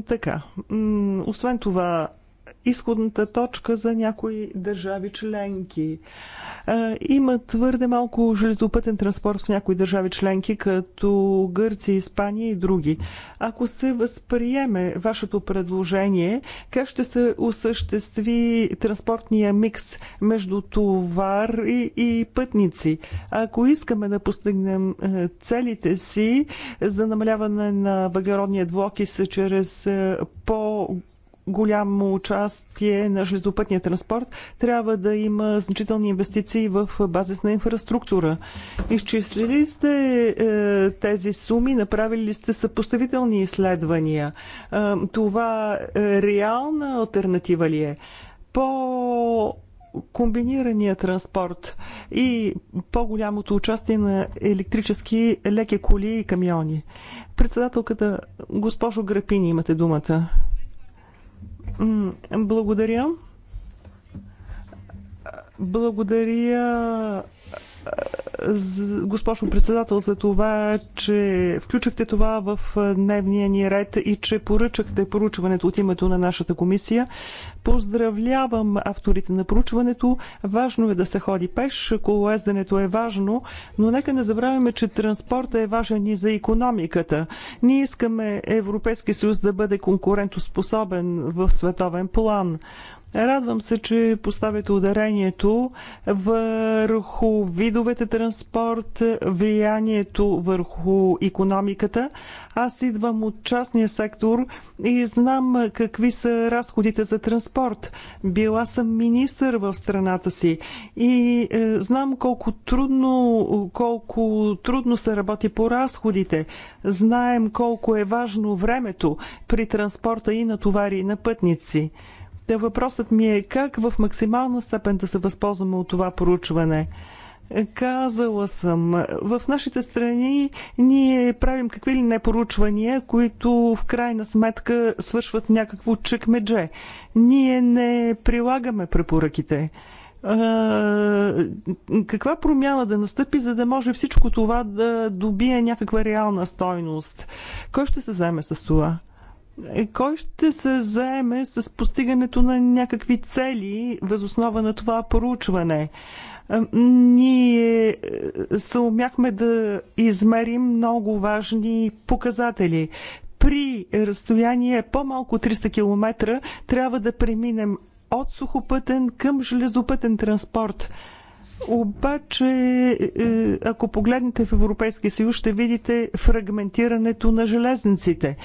така. Освен това, изходната точка за някои държави членки. Е, има твърде малко железопътен транспорт в някои държави членки, като Гърция, Испания и други. Ако се възприеме вашето предложение, как ще се осъществи транспортния микс между товар и, и пътници? Ако искаме да постигнем е, целите си за намаляване на въглеродния двуокис чрез е, по голямо участие на железопътния транспорт, трябва да има значителни инвестиции в базисна инфраструктура. Изчислили сте е, тези суми, направили ли сте съпоставителни изследвания? Е, това е реална альтернатива ли е? По комбинирания транспорт и по-голямото участие на електрически леки коли и камиони. Председателката, госпожо Грапини, имате думата. Благодаря. Благодаря госпожо председател, за това, че включихте това в дневния ни ред и че поръчахте поручването от името на нашата комисия. Поздравлявам авторите на поручването. Важно е да се ходи пеш, колоезденето е важно, но нека не забравяме, че транспорта е важен и за економиката. Ние искаме Европейския съюз да бъде конкурентоспособен в световен план. Радвам се, че поставяте ударението върху видовете транспорт, влиянието върху економиката. Аз идвам от частния сектор и знам какви са разходите за транспорт. Била съм министър в страната си и е, знам колко трудно, колко трудно се работи по разходите. Знаем колко е важно времето при транспорта и на товари и на пътници. Та въпросът ми е как в максимална степен да се възползваме от това проучване. Казала съм, в нашите страни ние правим какви ли не поручвания, които в крайна сметка свършват някакво чекмедже. Ние не прилагаме препоръките. Каква промяна да настъпи, за да може всичко това да добие някаква реална стойност? Кой ще се заеме с това? Е, кой ще се заеме с постигането на някакви цели възоснова на това проучване? Е, ние се умяхме да измерим много важни показатели. При разстояние по-малко 300 км трябва да преминем от сухопътен към железопътен транспорт. Обаче, е, ако погледнете в Европейския съюз, ще видите фрагментирането на железниците.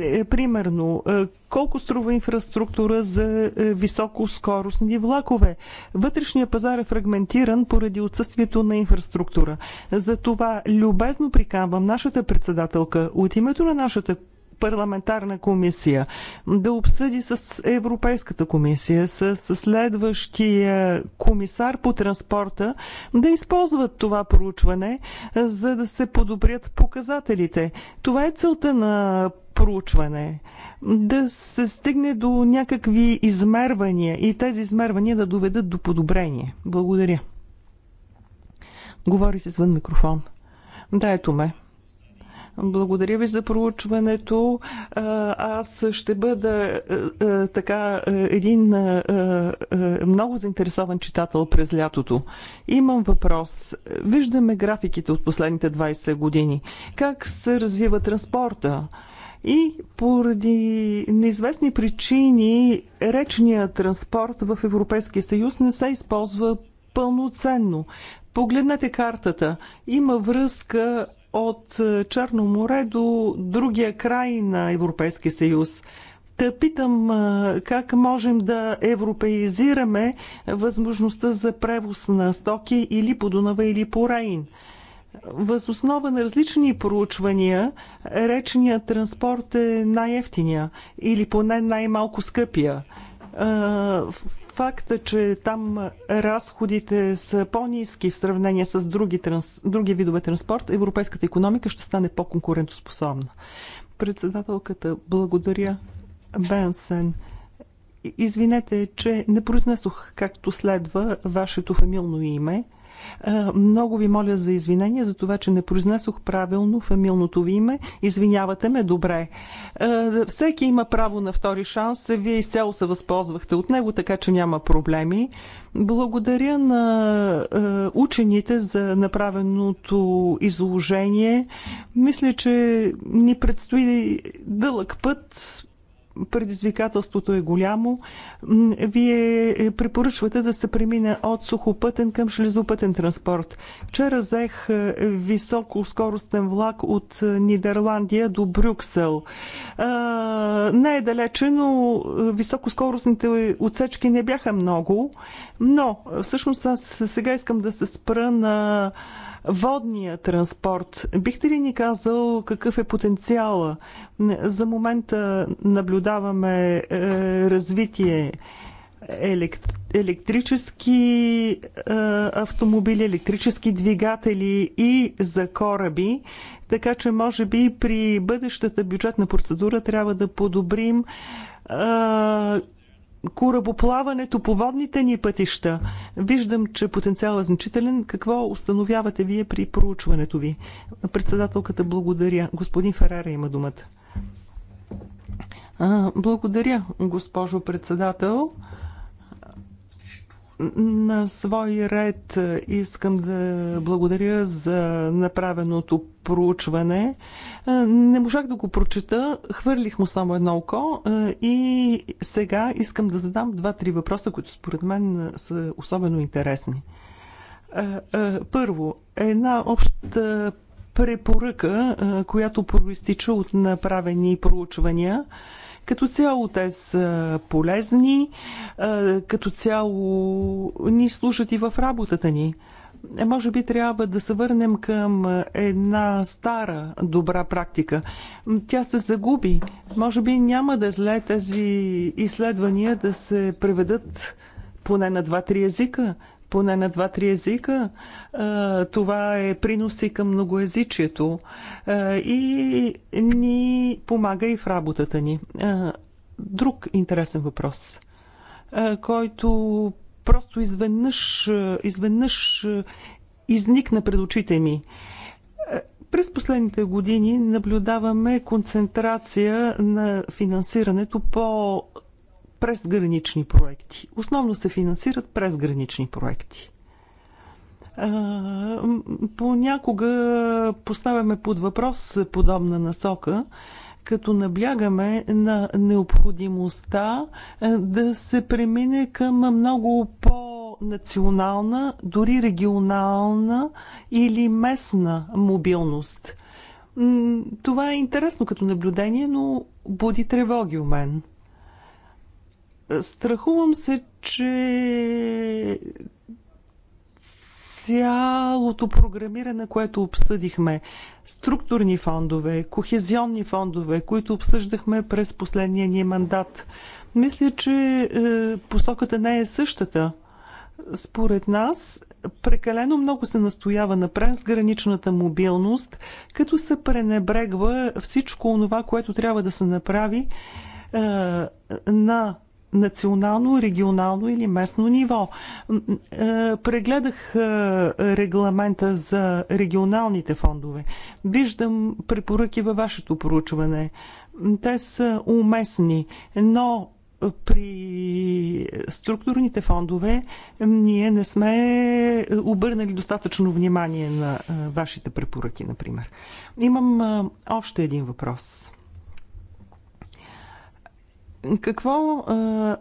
Е, примерно, е, колко струва инфраструктура за високоскоростни влакове? Вътрешният пазар е фрагментиран поради отсъствието на инфраструктура. Затова любезно приканвам нашата председателка от името на нашата парламентарна комисия, да обсъди с Европейската комисия, с следващия комисар по транспорта, да използват това проучване, за да се подобрят показателите. Това е целта на проучване. Да се стигне до някакви измервания и тези измервания да доведат до подобрение. Благодаря. Говори се звън микрофон. Да, ето ме. Благодаря ви за проучването. Аз ще бъда така един много заинтересован читател през лятото. Имам въпрос. Виждаме графиките от последните 20 години. Как се развива транспорта? И поради неизвестни причини речният транспорт в Европейския съюз не се използва пълноценно. Погледнете картата. Има връзка от е, Черно море до другия край на Европейския съюз. Та питам е, как можем да европеизираме възможността за превоз на стоки или по Дунава или по Рейн. основа на различни проучвания, речният транспорт е най-ефтиния или поне най-малко скъпия. Факта, е, че там разходите са по-низки в сравнение с други, транс, други видове транспорт, европейската економика ще стане по-конкурентоспособна. Председателката, благодаря. Бенсен. Извинете, че не произнесох както следва вашето фамилно име – е, много ви моля за извинение за това, че не произнесох правилно фамилното ви име. Извинявате ме, добре. Е, всеки има право на втори шанс. Вие изцяло се възползвахте от него, така че няма проблеми. Благодаря на е, учените за направеното изложение. Мисля, че ни предстои дълъг път предизвикателството е голямо. Вие е, препоръчвате да се премине от сухопътен към железопътен транспорт. Вчера взех е, високоскоростен влак от е, Нидерландия до Брюксел. Не е далече, но високоскоростните отсечки не бяха много. Но всъщност аз сега искам да се спра на водния транспорт. Бихте ли ни казал какъв е потенциала? За момента наблюдаваме е, развитие електрически е, автомобили, електрически двигатели и за кораби. Така че, може би, при бъдещата бюджетна процедура трябва да подобрим е, корабоплаването по водните ни пътища. Виждам, че потенциалът е значителен. Какво установявате вие при проучването ви? Председателката благодаря. Господин Ферара има думата. Благодаря, госпожо председател. На свой ред искам да благодаря за направеното проучване. Не можах да го прочета, хвърлих му само едно око и сега искам да задам два-три въпроса, които според мен са особено интересни. Първо, една обща препоръка, която проистича от направени проучвания – като цяло те са полезни, като цяло ни слушат и в работата ни. Е, може би трябва да се върнем към една стара добра практика. Тя се загуби. Може би няма да е зле тези изследвания да се преведат поне на два-три езика, поне на два-три езика. Това е принос и към многоязичието и ни помага и в работата ни. Друг интересен въпрос, който просто изведнъж, изведнъж изникна пред очите ми. През последните години наблюдаваме концентрация на финансирането по през гранични проекти. Основно се финансират през гранични проекти. Понякога поставяме под въпрос подобна насока, като наблягаме на необходимостта е, да се премине към много по-национална, дори регионална или местна мобилност. Това е интересно като наблюдение, но буди тревоги у мен – Страхувам се, че цялото програмиране, което обсъдихме, структурни фондове, кохезионни фондове, които обсъждахме през последния ни мандат, мисля, че е, посоката не е същата. Според нас, прекалено много се настоява на презграничната мобилност, като се пренебрегва всичко това, което трябва да се направи е, на национално, регионално или местно ниво. Е, прегледах е, регламента за регионалните фондове. Виждам препоръки във вашето проучване. Те са уместни, но при структурните фондове ние не сме обърнали достатъчно внимание на е, вашите препоръки, например. Имам още един въпрос. Какво а,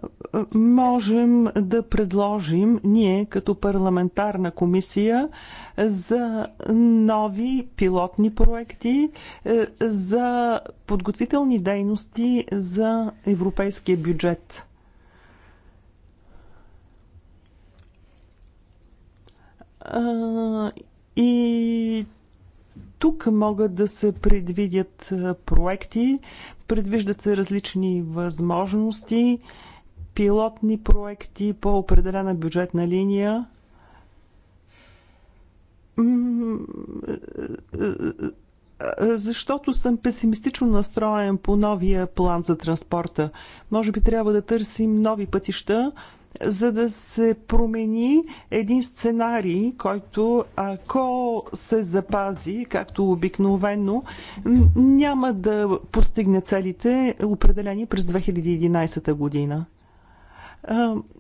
можем да предложим ние като парламентарна комисия за нови пилотни проекти, е, за подготвителни дейности за европейския бюджет? А, и тук могат да се предвидят проекти, Предвиждат се различни възможности, пилотни проекти по определена бюджетна линия. Защото съм песимистично настроен по новия план за транспорта. Може би трябва да търсим нови пътища, за да се промени един сценарий, който ако се запази, както обикновено, няма да постигне целите, определени през 2011 година.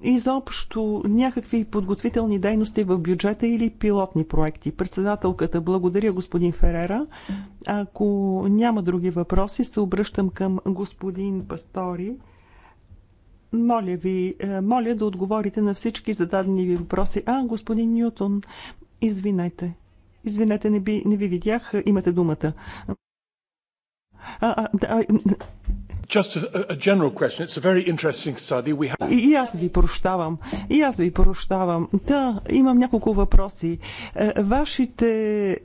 Изобщо някакви подготвителни дейности в бюджета или пилотни проекти. Председателката, благодаря господин Ферера. Ако няма други въпроси, се обръщам към господин Пастори. Моля ви, е, моля да отговорите на всички зададени ви въпроси. А, господин Ньютон, извинете. Извинете, не, би, не ви видях. Имате думата. А, а, да, и аз ви прощавам. И аз ви прощавам. Да, имам няколко въпроси. Е, вашите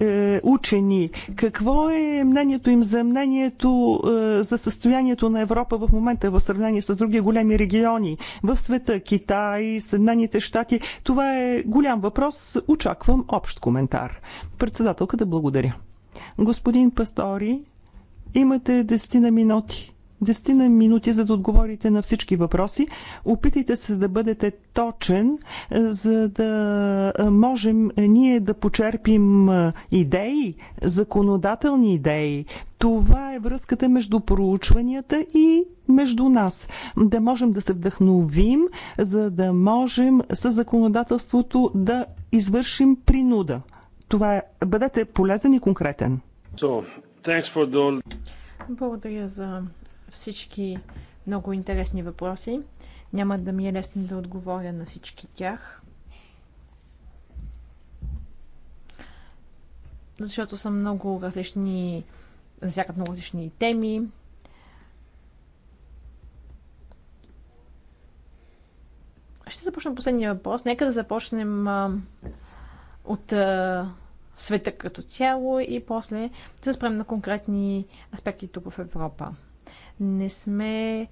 е, учени, какво е мнението им за мнението е, за състоянието на Европа в момента в сравнение с други големи региони в света, Китай, Съединените щати? Това е голям въпрос. Очаквам общ коментар. Председателката, благодаря. Господин Пастори, имате 10 на минути десетина минути, за да отговорите на всички въпроси. Опитайте се да бъдете точен, е, за да е, можем е, ние да почерпим идеи, законодателни идеи. Това е връзката между проучванията и между нас. Да можем да се вдъхновим, за да можем със законодателството да извършим принуда. Това е. Бъдете полезен и конкретен. So, thanks for the... Благодаря за всички много интересни въпроси. Няма да ми е лесно да отговоря на всички тях. Защото са много различни, засягат много различни теми. Ще започна последния въпрос. Нека да започнем а, от а, света като цяло и после да спрем на конкретни аспекти тук в Европа не сме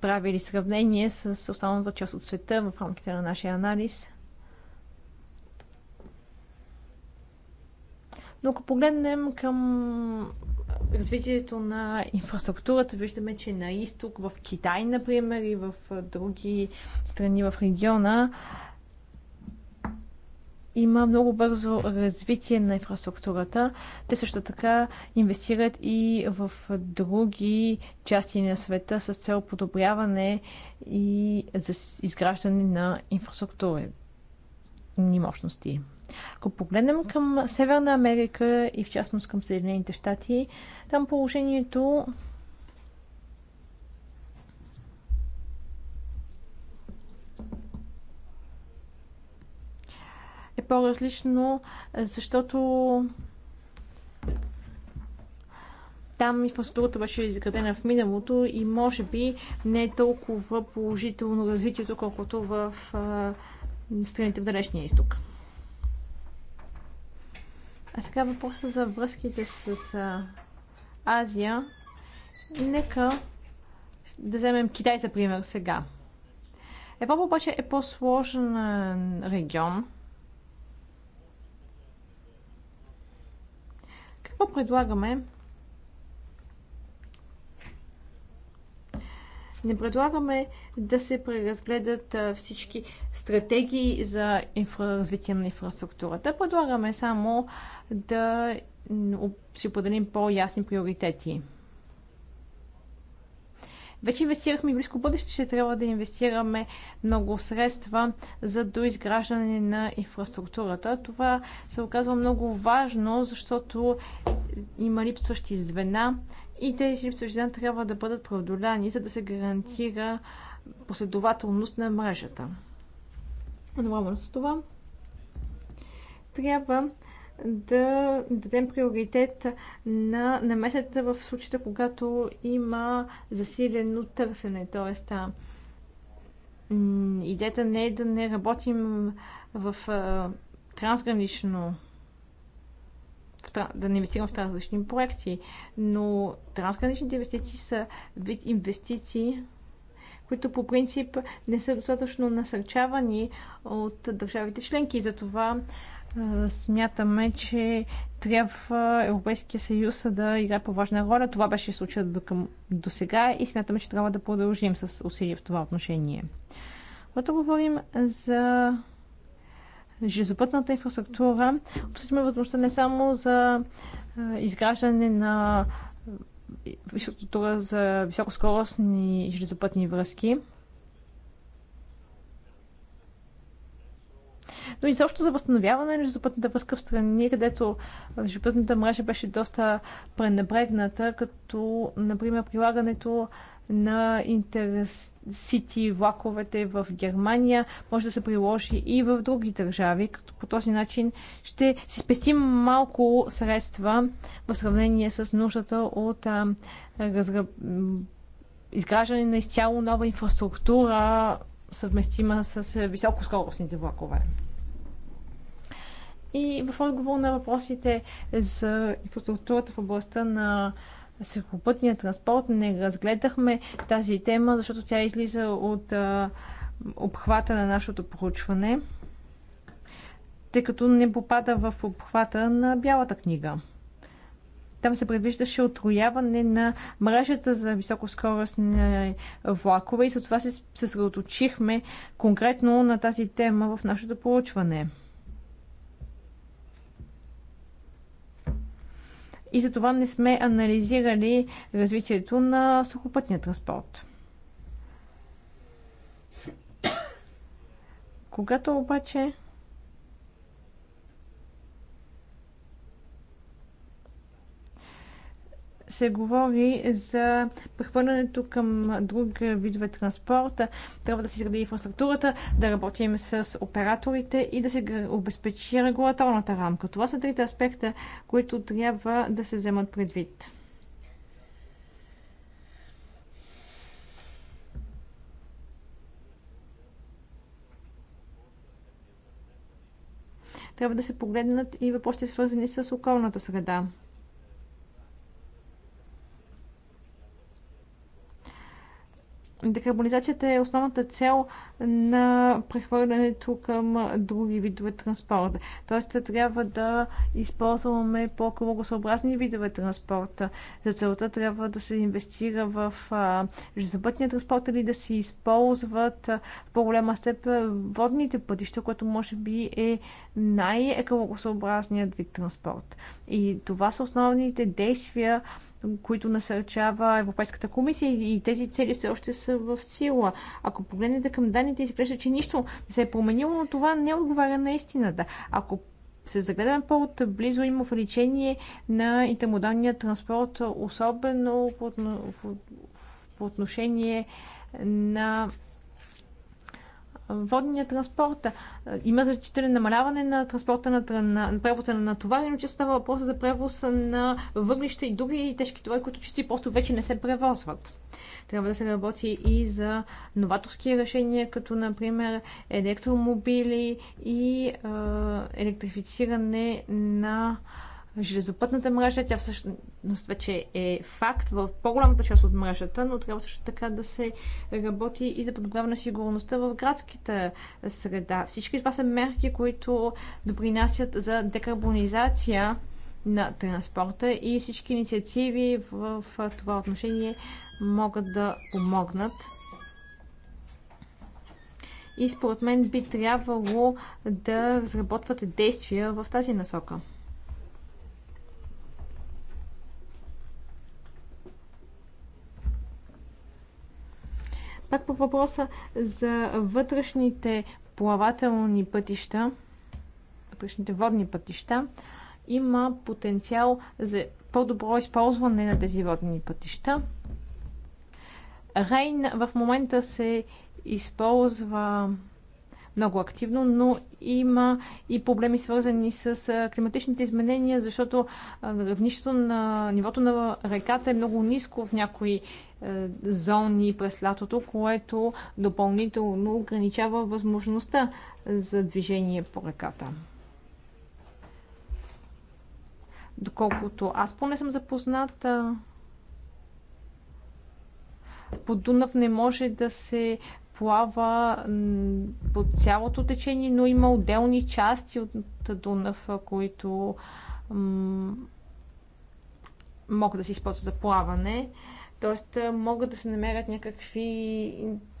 правили сравнение с останалата част от света в рамките на нашия анализ. Но ако погледнем към развитието на инфраструктурата, виждаме, че на изток, в Китай, например, и в други страни в региона, има много бързо развитие на инфраструктурата. Те също така инвестират и в други части на света с цел подобряване и за изграждане на инфраструктурни мощности. Ако погледнем към Северна Америка и в частност към Съединените щати, там положението е по-различно, защото там инфраструктурата беше изградена в миналото и може би не е толкова положително развитието, колкото в страните в Далечния изток. А сега въпроса за връзките с а, Азия. Нека да вземем Китай за пример сега. Европа обаче е по-сложен регион. Какво предлагаме? Не предлагаме да се преразгледат всички стратегии за инфра... развитие на инфраструктурата. Предлагаме само да си определим по-ясни приоритети. Вече инвестирахме близко бъдеще, ще трябва да инвестираме много средства за доизграждане на инфраструктурата. Това се оказва много важно, защото има липсващи звена и тези липсващи звена трябва да бъдат преодоляни, за да се гарантира последователност на мрежата. Едновременно с това трябва да дадем приоритет на намесата в случаите, когато има засилено търсене. Тоест, а, идеята не е да не работим в а, трансгранично да не инвестирам в трансгранични проекти, но трансграничните инвестиции са вид инвестиции, които по принцип не са достатъчно насърчавани от държавите членки. И затова смятаме, че трябва Европейския съюз да играе по-важна роля. Това беше случая до, към, до сега и смятаме, че трябва да продължим с усилия в това отношение. Когато говорим за железопътната инфраструктура, обсъдиме възможността не само за изграждане на инфраструктура за високоскоростни железопътни връзки, но и също за възстановяване на железопътната връзка в страни, където железопътната мрежа беше доста пренебрегната, като, например, прилагането на интерсити влаковете в Германия може да се приложи и в други държави, като по този начин ще си спестим малко средства в сравнение с нуждата от а, разгръб... изграждане на изцяло нова инфраструктура, съвместима с високоскоростните влакове. И в отговор на въпросите за инфраструктурата в областта на сухопътния транспорт не разгледахме тази тема, защото тя излиза от а, обхвата на нашето проучване, тъй като не попада в обхвата на Бялата книга. Там се предвиждаше отрояване на мрежата за високоскоростни влакове и това се съсредоточихме конкретно на тази тема в нашето проучване. и затова не сме анализирали развитието на сухопътния транспорт. Когато обаче се говори за прехвърлянето към друг видове транспорт. Трябва да се изгради инфраструктурата, да работим с операторите и да се обезпечи регулаторната рамка. Това са трите аспекта, които трябва да се вземат предвид. трябва да се погледнат и въпросите свързани с околната среда. Декарбонизацията е основната цел на прехвърлянето към други видове транспорт. Тоест, трябва да използваме по-кръгосъобразни видове транспорта. За целта трябва да се инвестира в железопътния транспорт или да се използват в по-голяма степен водните пътища, което може би е най-екологосъобразният вид транспорт. И това са основните действия, които насърчава Европейската комисия и тези цели все още са в сила. Ако погледнете към данните, изглежда, че нищо не се е променило, но това не отговаря на истината. Ако се загледаме по-отблизо, има увеличение на интермодалния транспорт, особено по, по, по отношение на водния транспорт. Има значително намаляване на транспорта на, на, на превоза на товари, но че става въпрос за превоз на въглища и други тежки товари, които чисти просто вече не се превозват. Трябва да се работи и за новаторски решения, като например електромобили и е, електрифициране на железопътната мрежа. Тя всъщност вече е факт в по-голямата част от мрежата, но трябва също така да се работи и за подобряване на сигурността в градската среда. Всички това са мерки, които допринасят за декарбонизация на транспорта и всички инициативи в това отношение могат да помогнат. И според мен би трябвало да разработвате действия в тази насока. Пак по въпроса за вътрешните плавателни пътища, вътрешните водни пътища, има потенциал за по-добро използване на тези водни пътища. Рейн в момента се използва много активно, но има и проблеми свързани с климатичните изменения, защото равнището на нивото на реката е много ниско в някои е, зони през лятото, което допълнително ограничава възможността за движение по реката. Доколкото аз поне съм запозната, по Дунав не може да се плава по цялото течение, но има отделни части от Дунав, които могат да се използват за плаване. Тоест, могат да се намерят някакви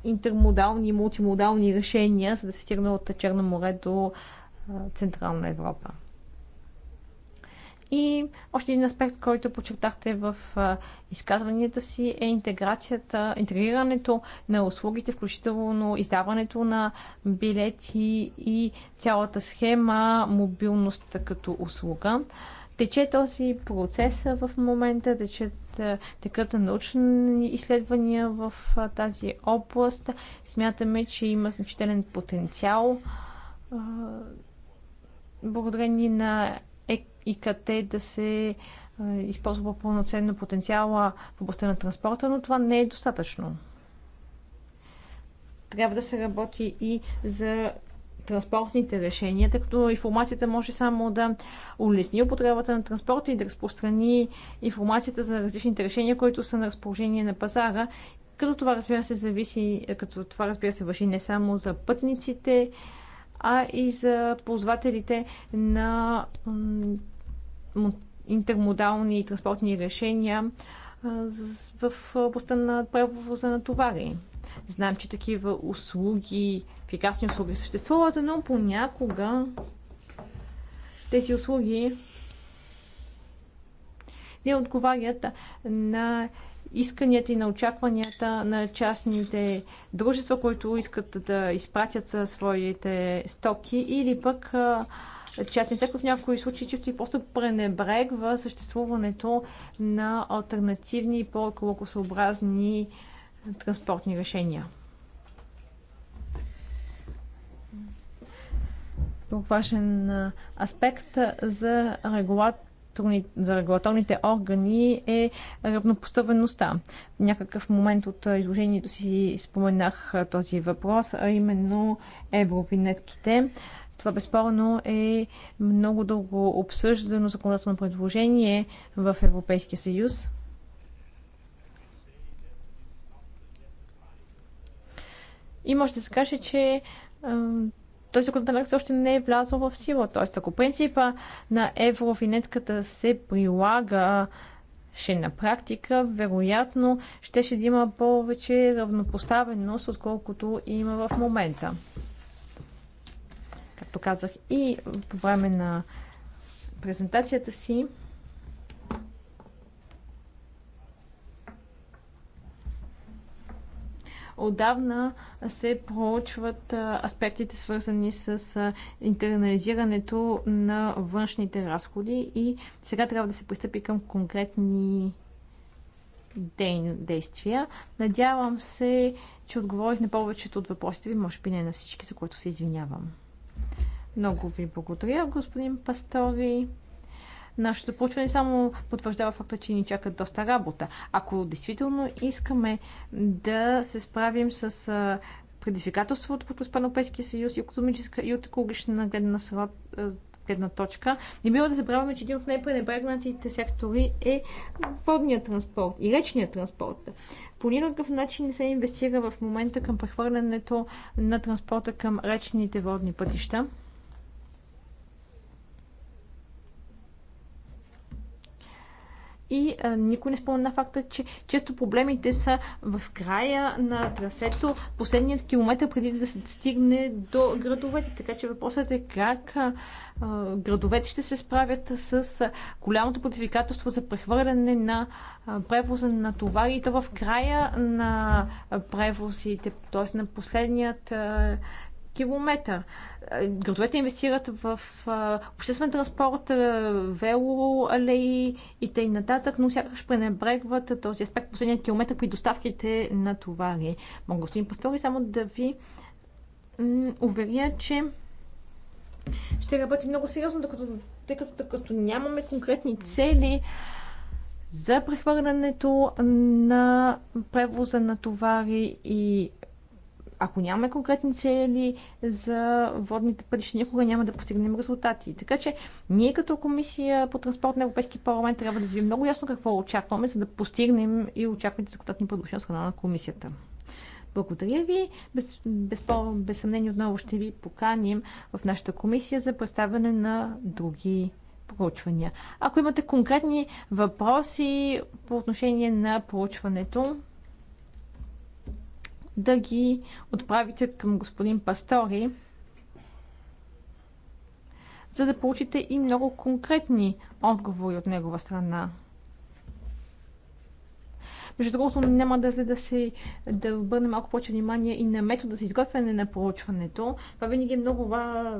интермодални и мултимодални решения, за да се стигне от Черно море до Централна Европа. И още един аспект, който подчертахте в изказванията си е интеграцията, интегрирането на услугите, включително издаването на билети и цялата схема мобилност като услуга. Тече този процес в момента, течат, текат научни изследвания в тази област. Смятаме, че има значителен потенциал благодарение на ИКТ да се използва пълноценно потенциала в областта на транспорта, но това не е достатъчно. Трябва да се работи и за транспортните решения, тъй като информацията може само да улесни употребата на транспорта и да разпространи информацията за различните решения, които са на разположение на пазара. Като това, разбира се, зависи, като това, разбира се, въжи не само за пътниците, а и за ползвателите на интермодални транспортни решения в областта на превоза на товари. Знам, че такива услуги, ефикасни услуги съществуват, но понякога тези услуги не отговарят на исканията и на очакванията на частните дружества, които искат да изпратят своите стоки или пък частен сектор в някои случаи чисто и просто пренебрегва съществуването на альтернативни по-екологосъобразни транспортни решения. Друг важен аспект за регулат за регулаторните органи е равнопоставеността. В някакъв момент от изложението си споменах този въпрос, а именно евровинетките. Това безспорно е много дълго обсъждано законодателно предложение в Европейския съюз. И може да се каже, че този законодателство още не е влязъл в сила. Тоест, ако принципа на евровинетката се прилага ще на практика, вероятно, ще, ще има повече равнопоставеност, отколкото има в момента. Както казах и по време на презентацията си, отдавна се проучват аспектите свързани с интернализирането на външните разходи и сега трябва да се пристъпи към конкретни действия. Надявам се, че отговорих на повечето от въпросите ви, може би не на всички, за които се извинявам. Много ви благодаря, господин Пастови. Нашето проучване само потвърждава факта, че ни чакат доста работа. Ако действително искаме да се справим с предизвикателството, от Европейския съюз и економическа и от екологична гледна срод, гледна точка. Не бива да забравяме, че един от най-пренебрегнатите сектори е водният транспорт и речният транспорт. По никакъв начин не се инвестира в момента към прехвърлянето на транспорта към речните водни пътища. и а, никой не спомена факта, че често проблемите са в края на трасето, последният километър преди да се стигне до градовете. Така че въпросът е как а, а, градовете ще се справят с а, голямото предизвикателство за прехвърляне на а, превоза на товари и то в края на превозите, т.е. на последният а, километър градовете инвестират в обществен транспорт, велоалеи и т.н. нататък, но сякаш пренебрегват този аспект последния километър при доставките на товари. Мога, господин Пастори, само да ви уверя, че ще работи много сериозно, докато, тъй като, докато нямаме конкретни цели за прехвърлянето на превоза на товари и ако нямаме конкретни цели за водните пътища, никога няма да постигнем резултати. Така че ние като комисия по транспорт на Европейски парламент трябва да заявим много ясно какво очакваме, за да постигнем и очакваните закутатни предложения от страна на комисията. Благодаря ви. Без, без, без съмнение отново ще ви поканим в нашата комисия за представяне на други проучвания. Ако имате конкретни въпроси по отношение на проучването, да ги отправите към господин Пастори, за да получите и много конкретни отговори от негова страна. Между другото, няма да е зле да се да обърне малко повече внимание и на метода за изготвяне на проучването. Това винаги е много,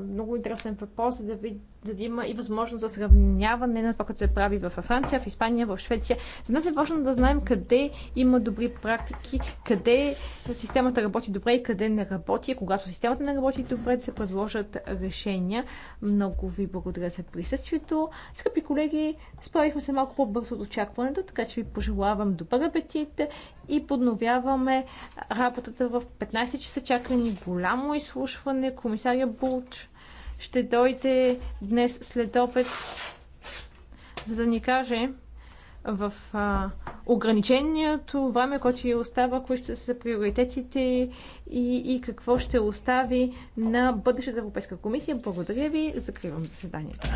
много интересен въпрос, за да, ви, за да има и възможност за сравняване на това, което се прави в Франция, в Испания, в Швеция. За нас е важно да знаем къде има добри практики, къде системата работи добре и къде не работи. Когато системата не работи добре, да се предложат решения. Много ви благодаря за присъствието. Скъпи колеги, справихме се малко по-бързо от очакването, така че ви пожелавам добър апетит и подновяваме работата в 15 часа. чакани, голямо изслушване. Комисария Булч ще дойде днес след обед, за да ни каже в а, ограничението време, което ви остава, кои ще са приоритетите и, и какво ще остави на бъдещата Европейска комисия. Благодаря ви. Закривам заседанието.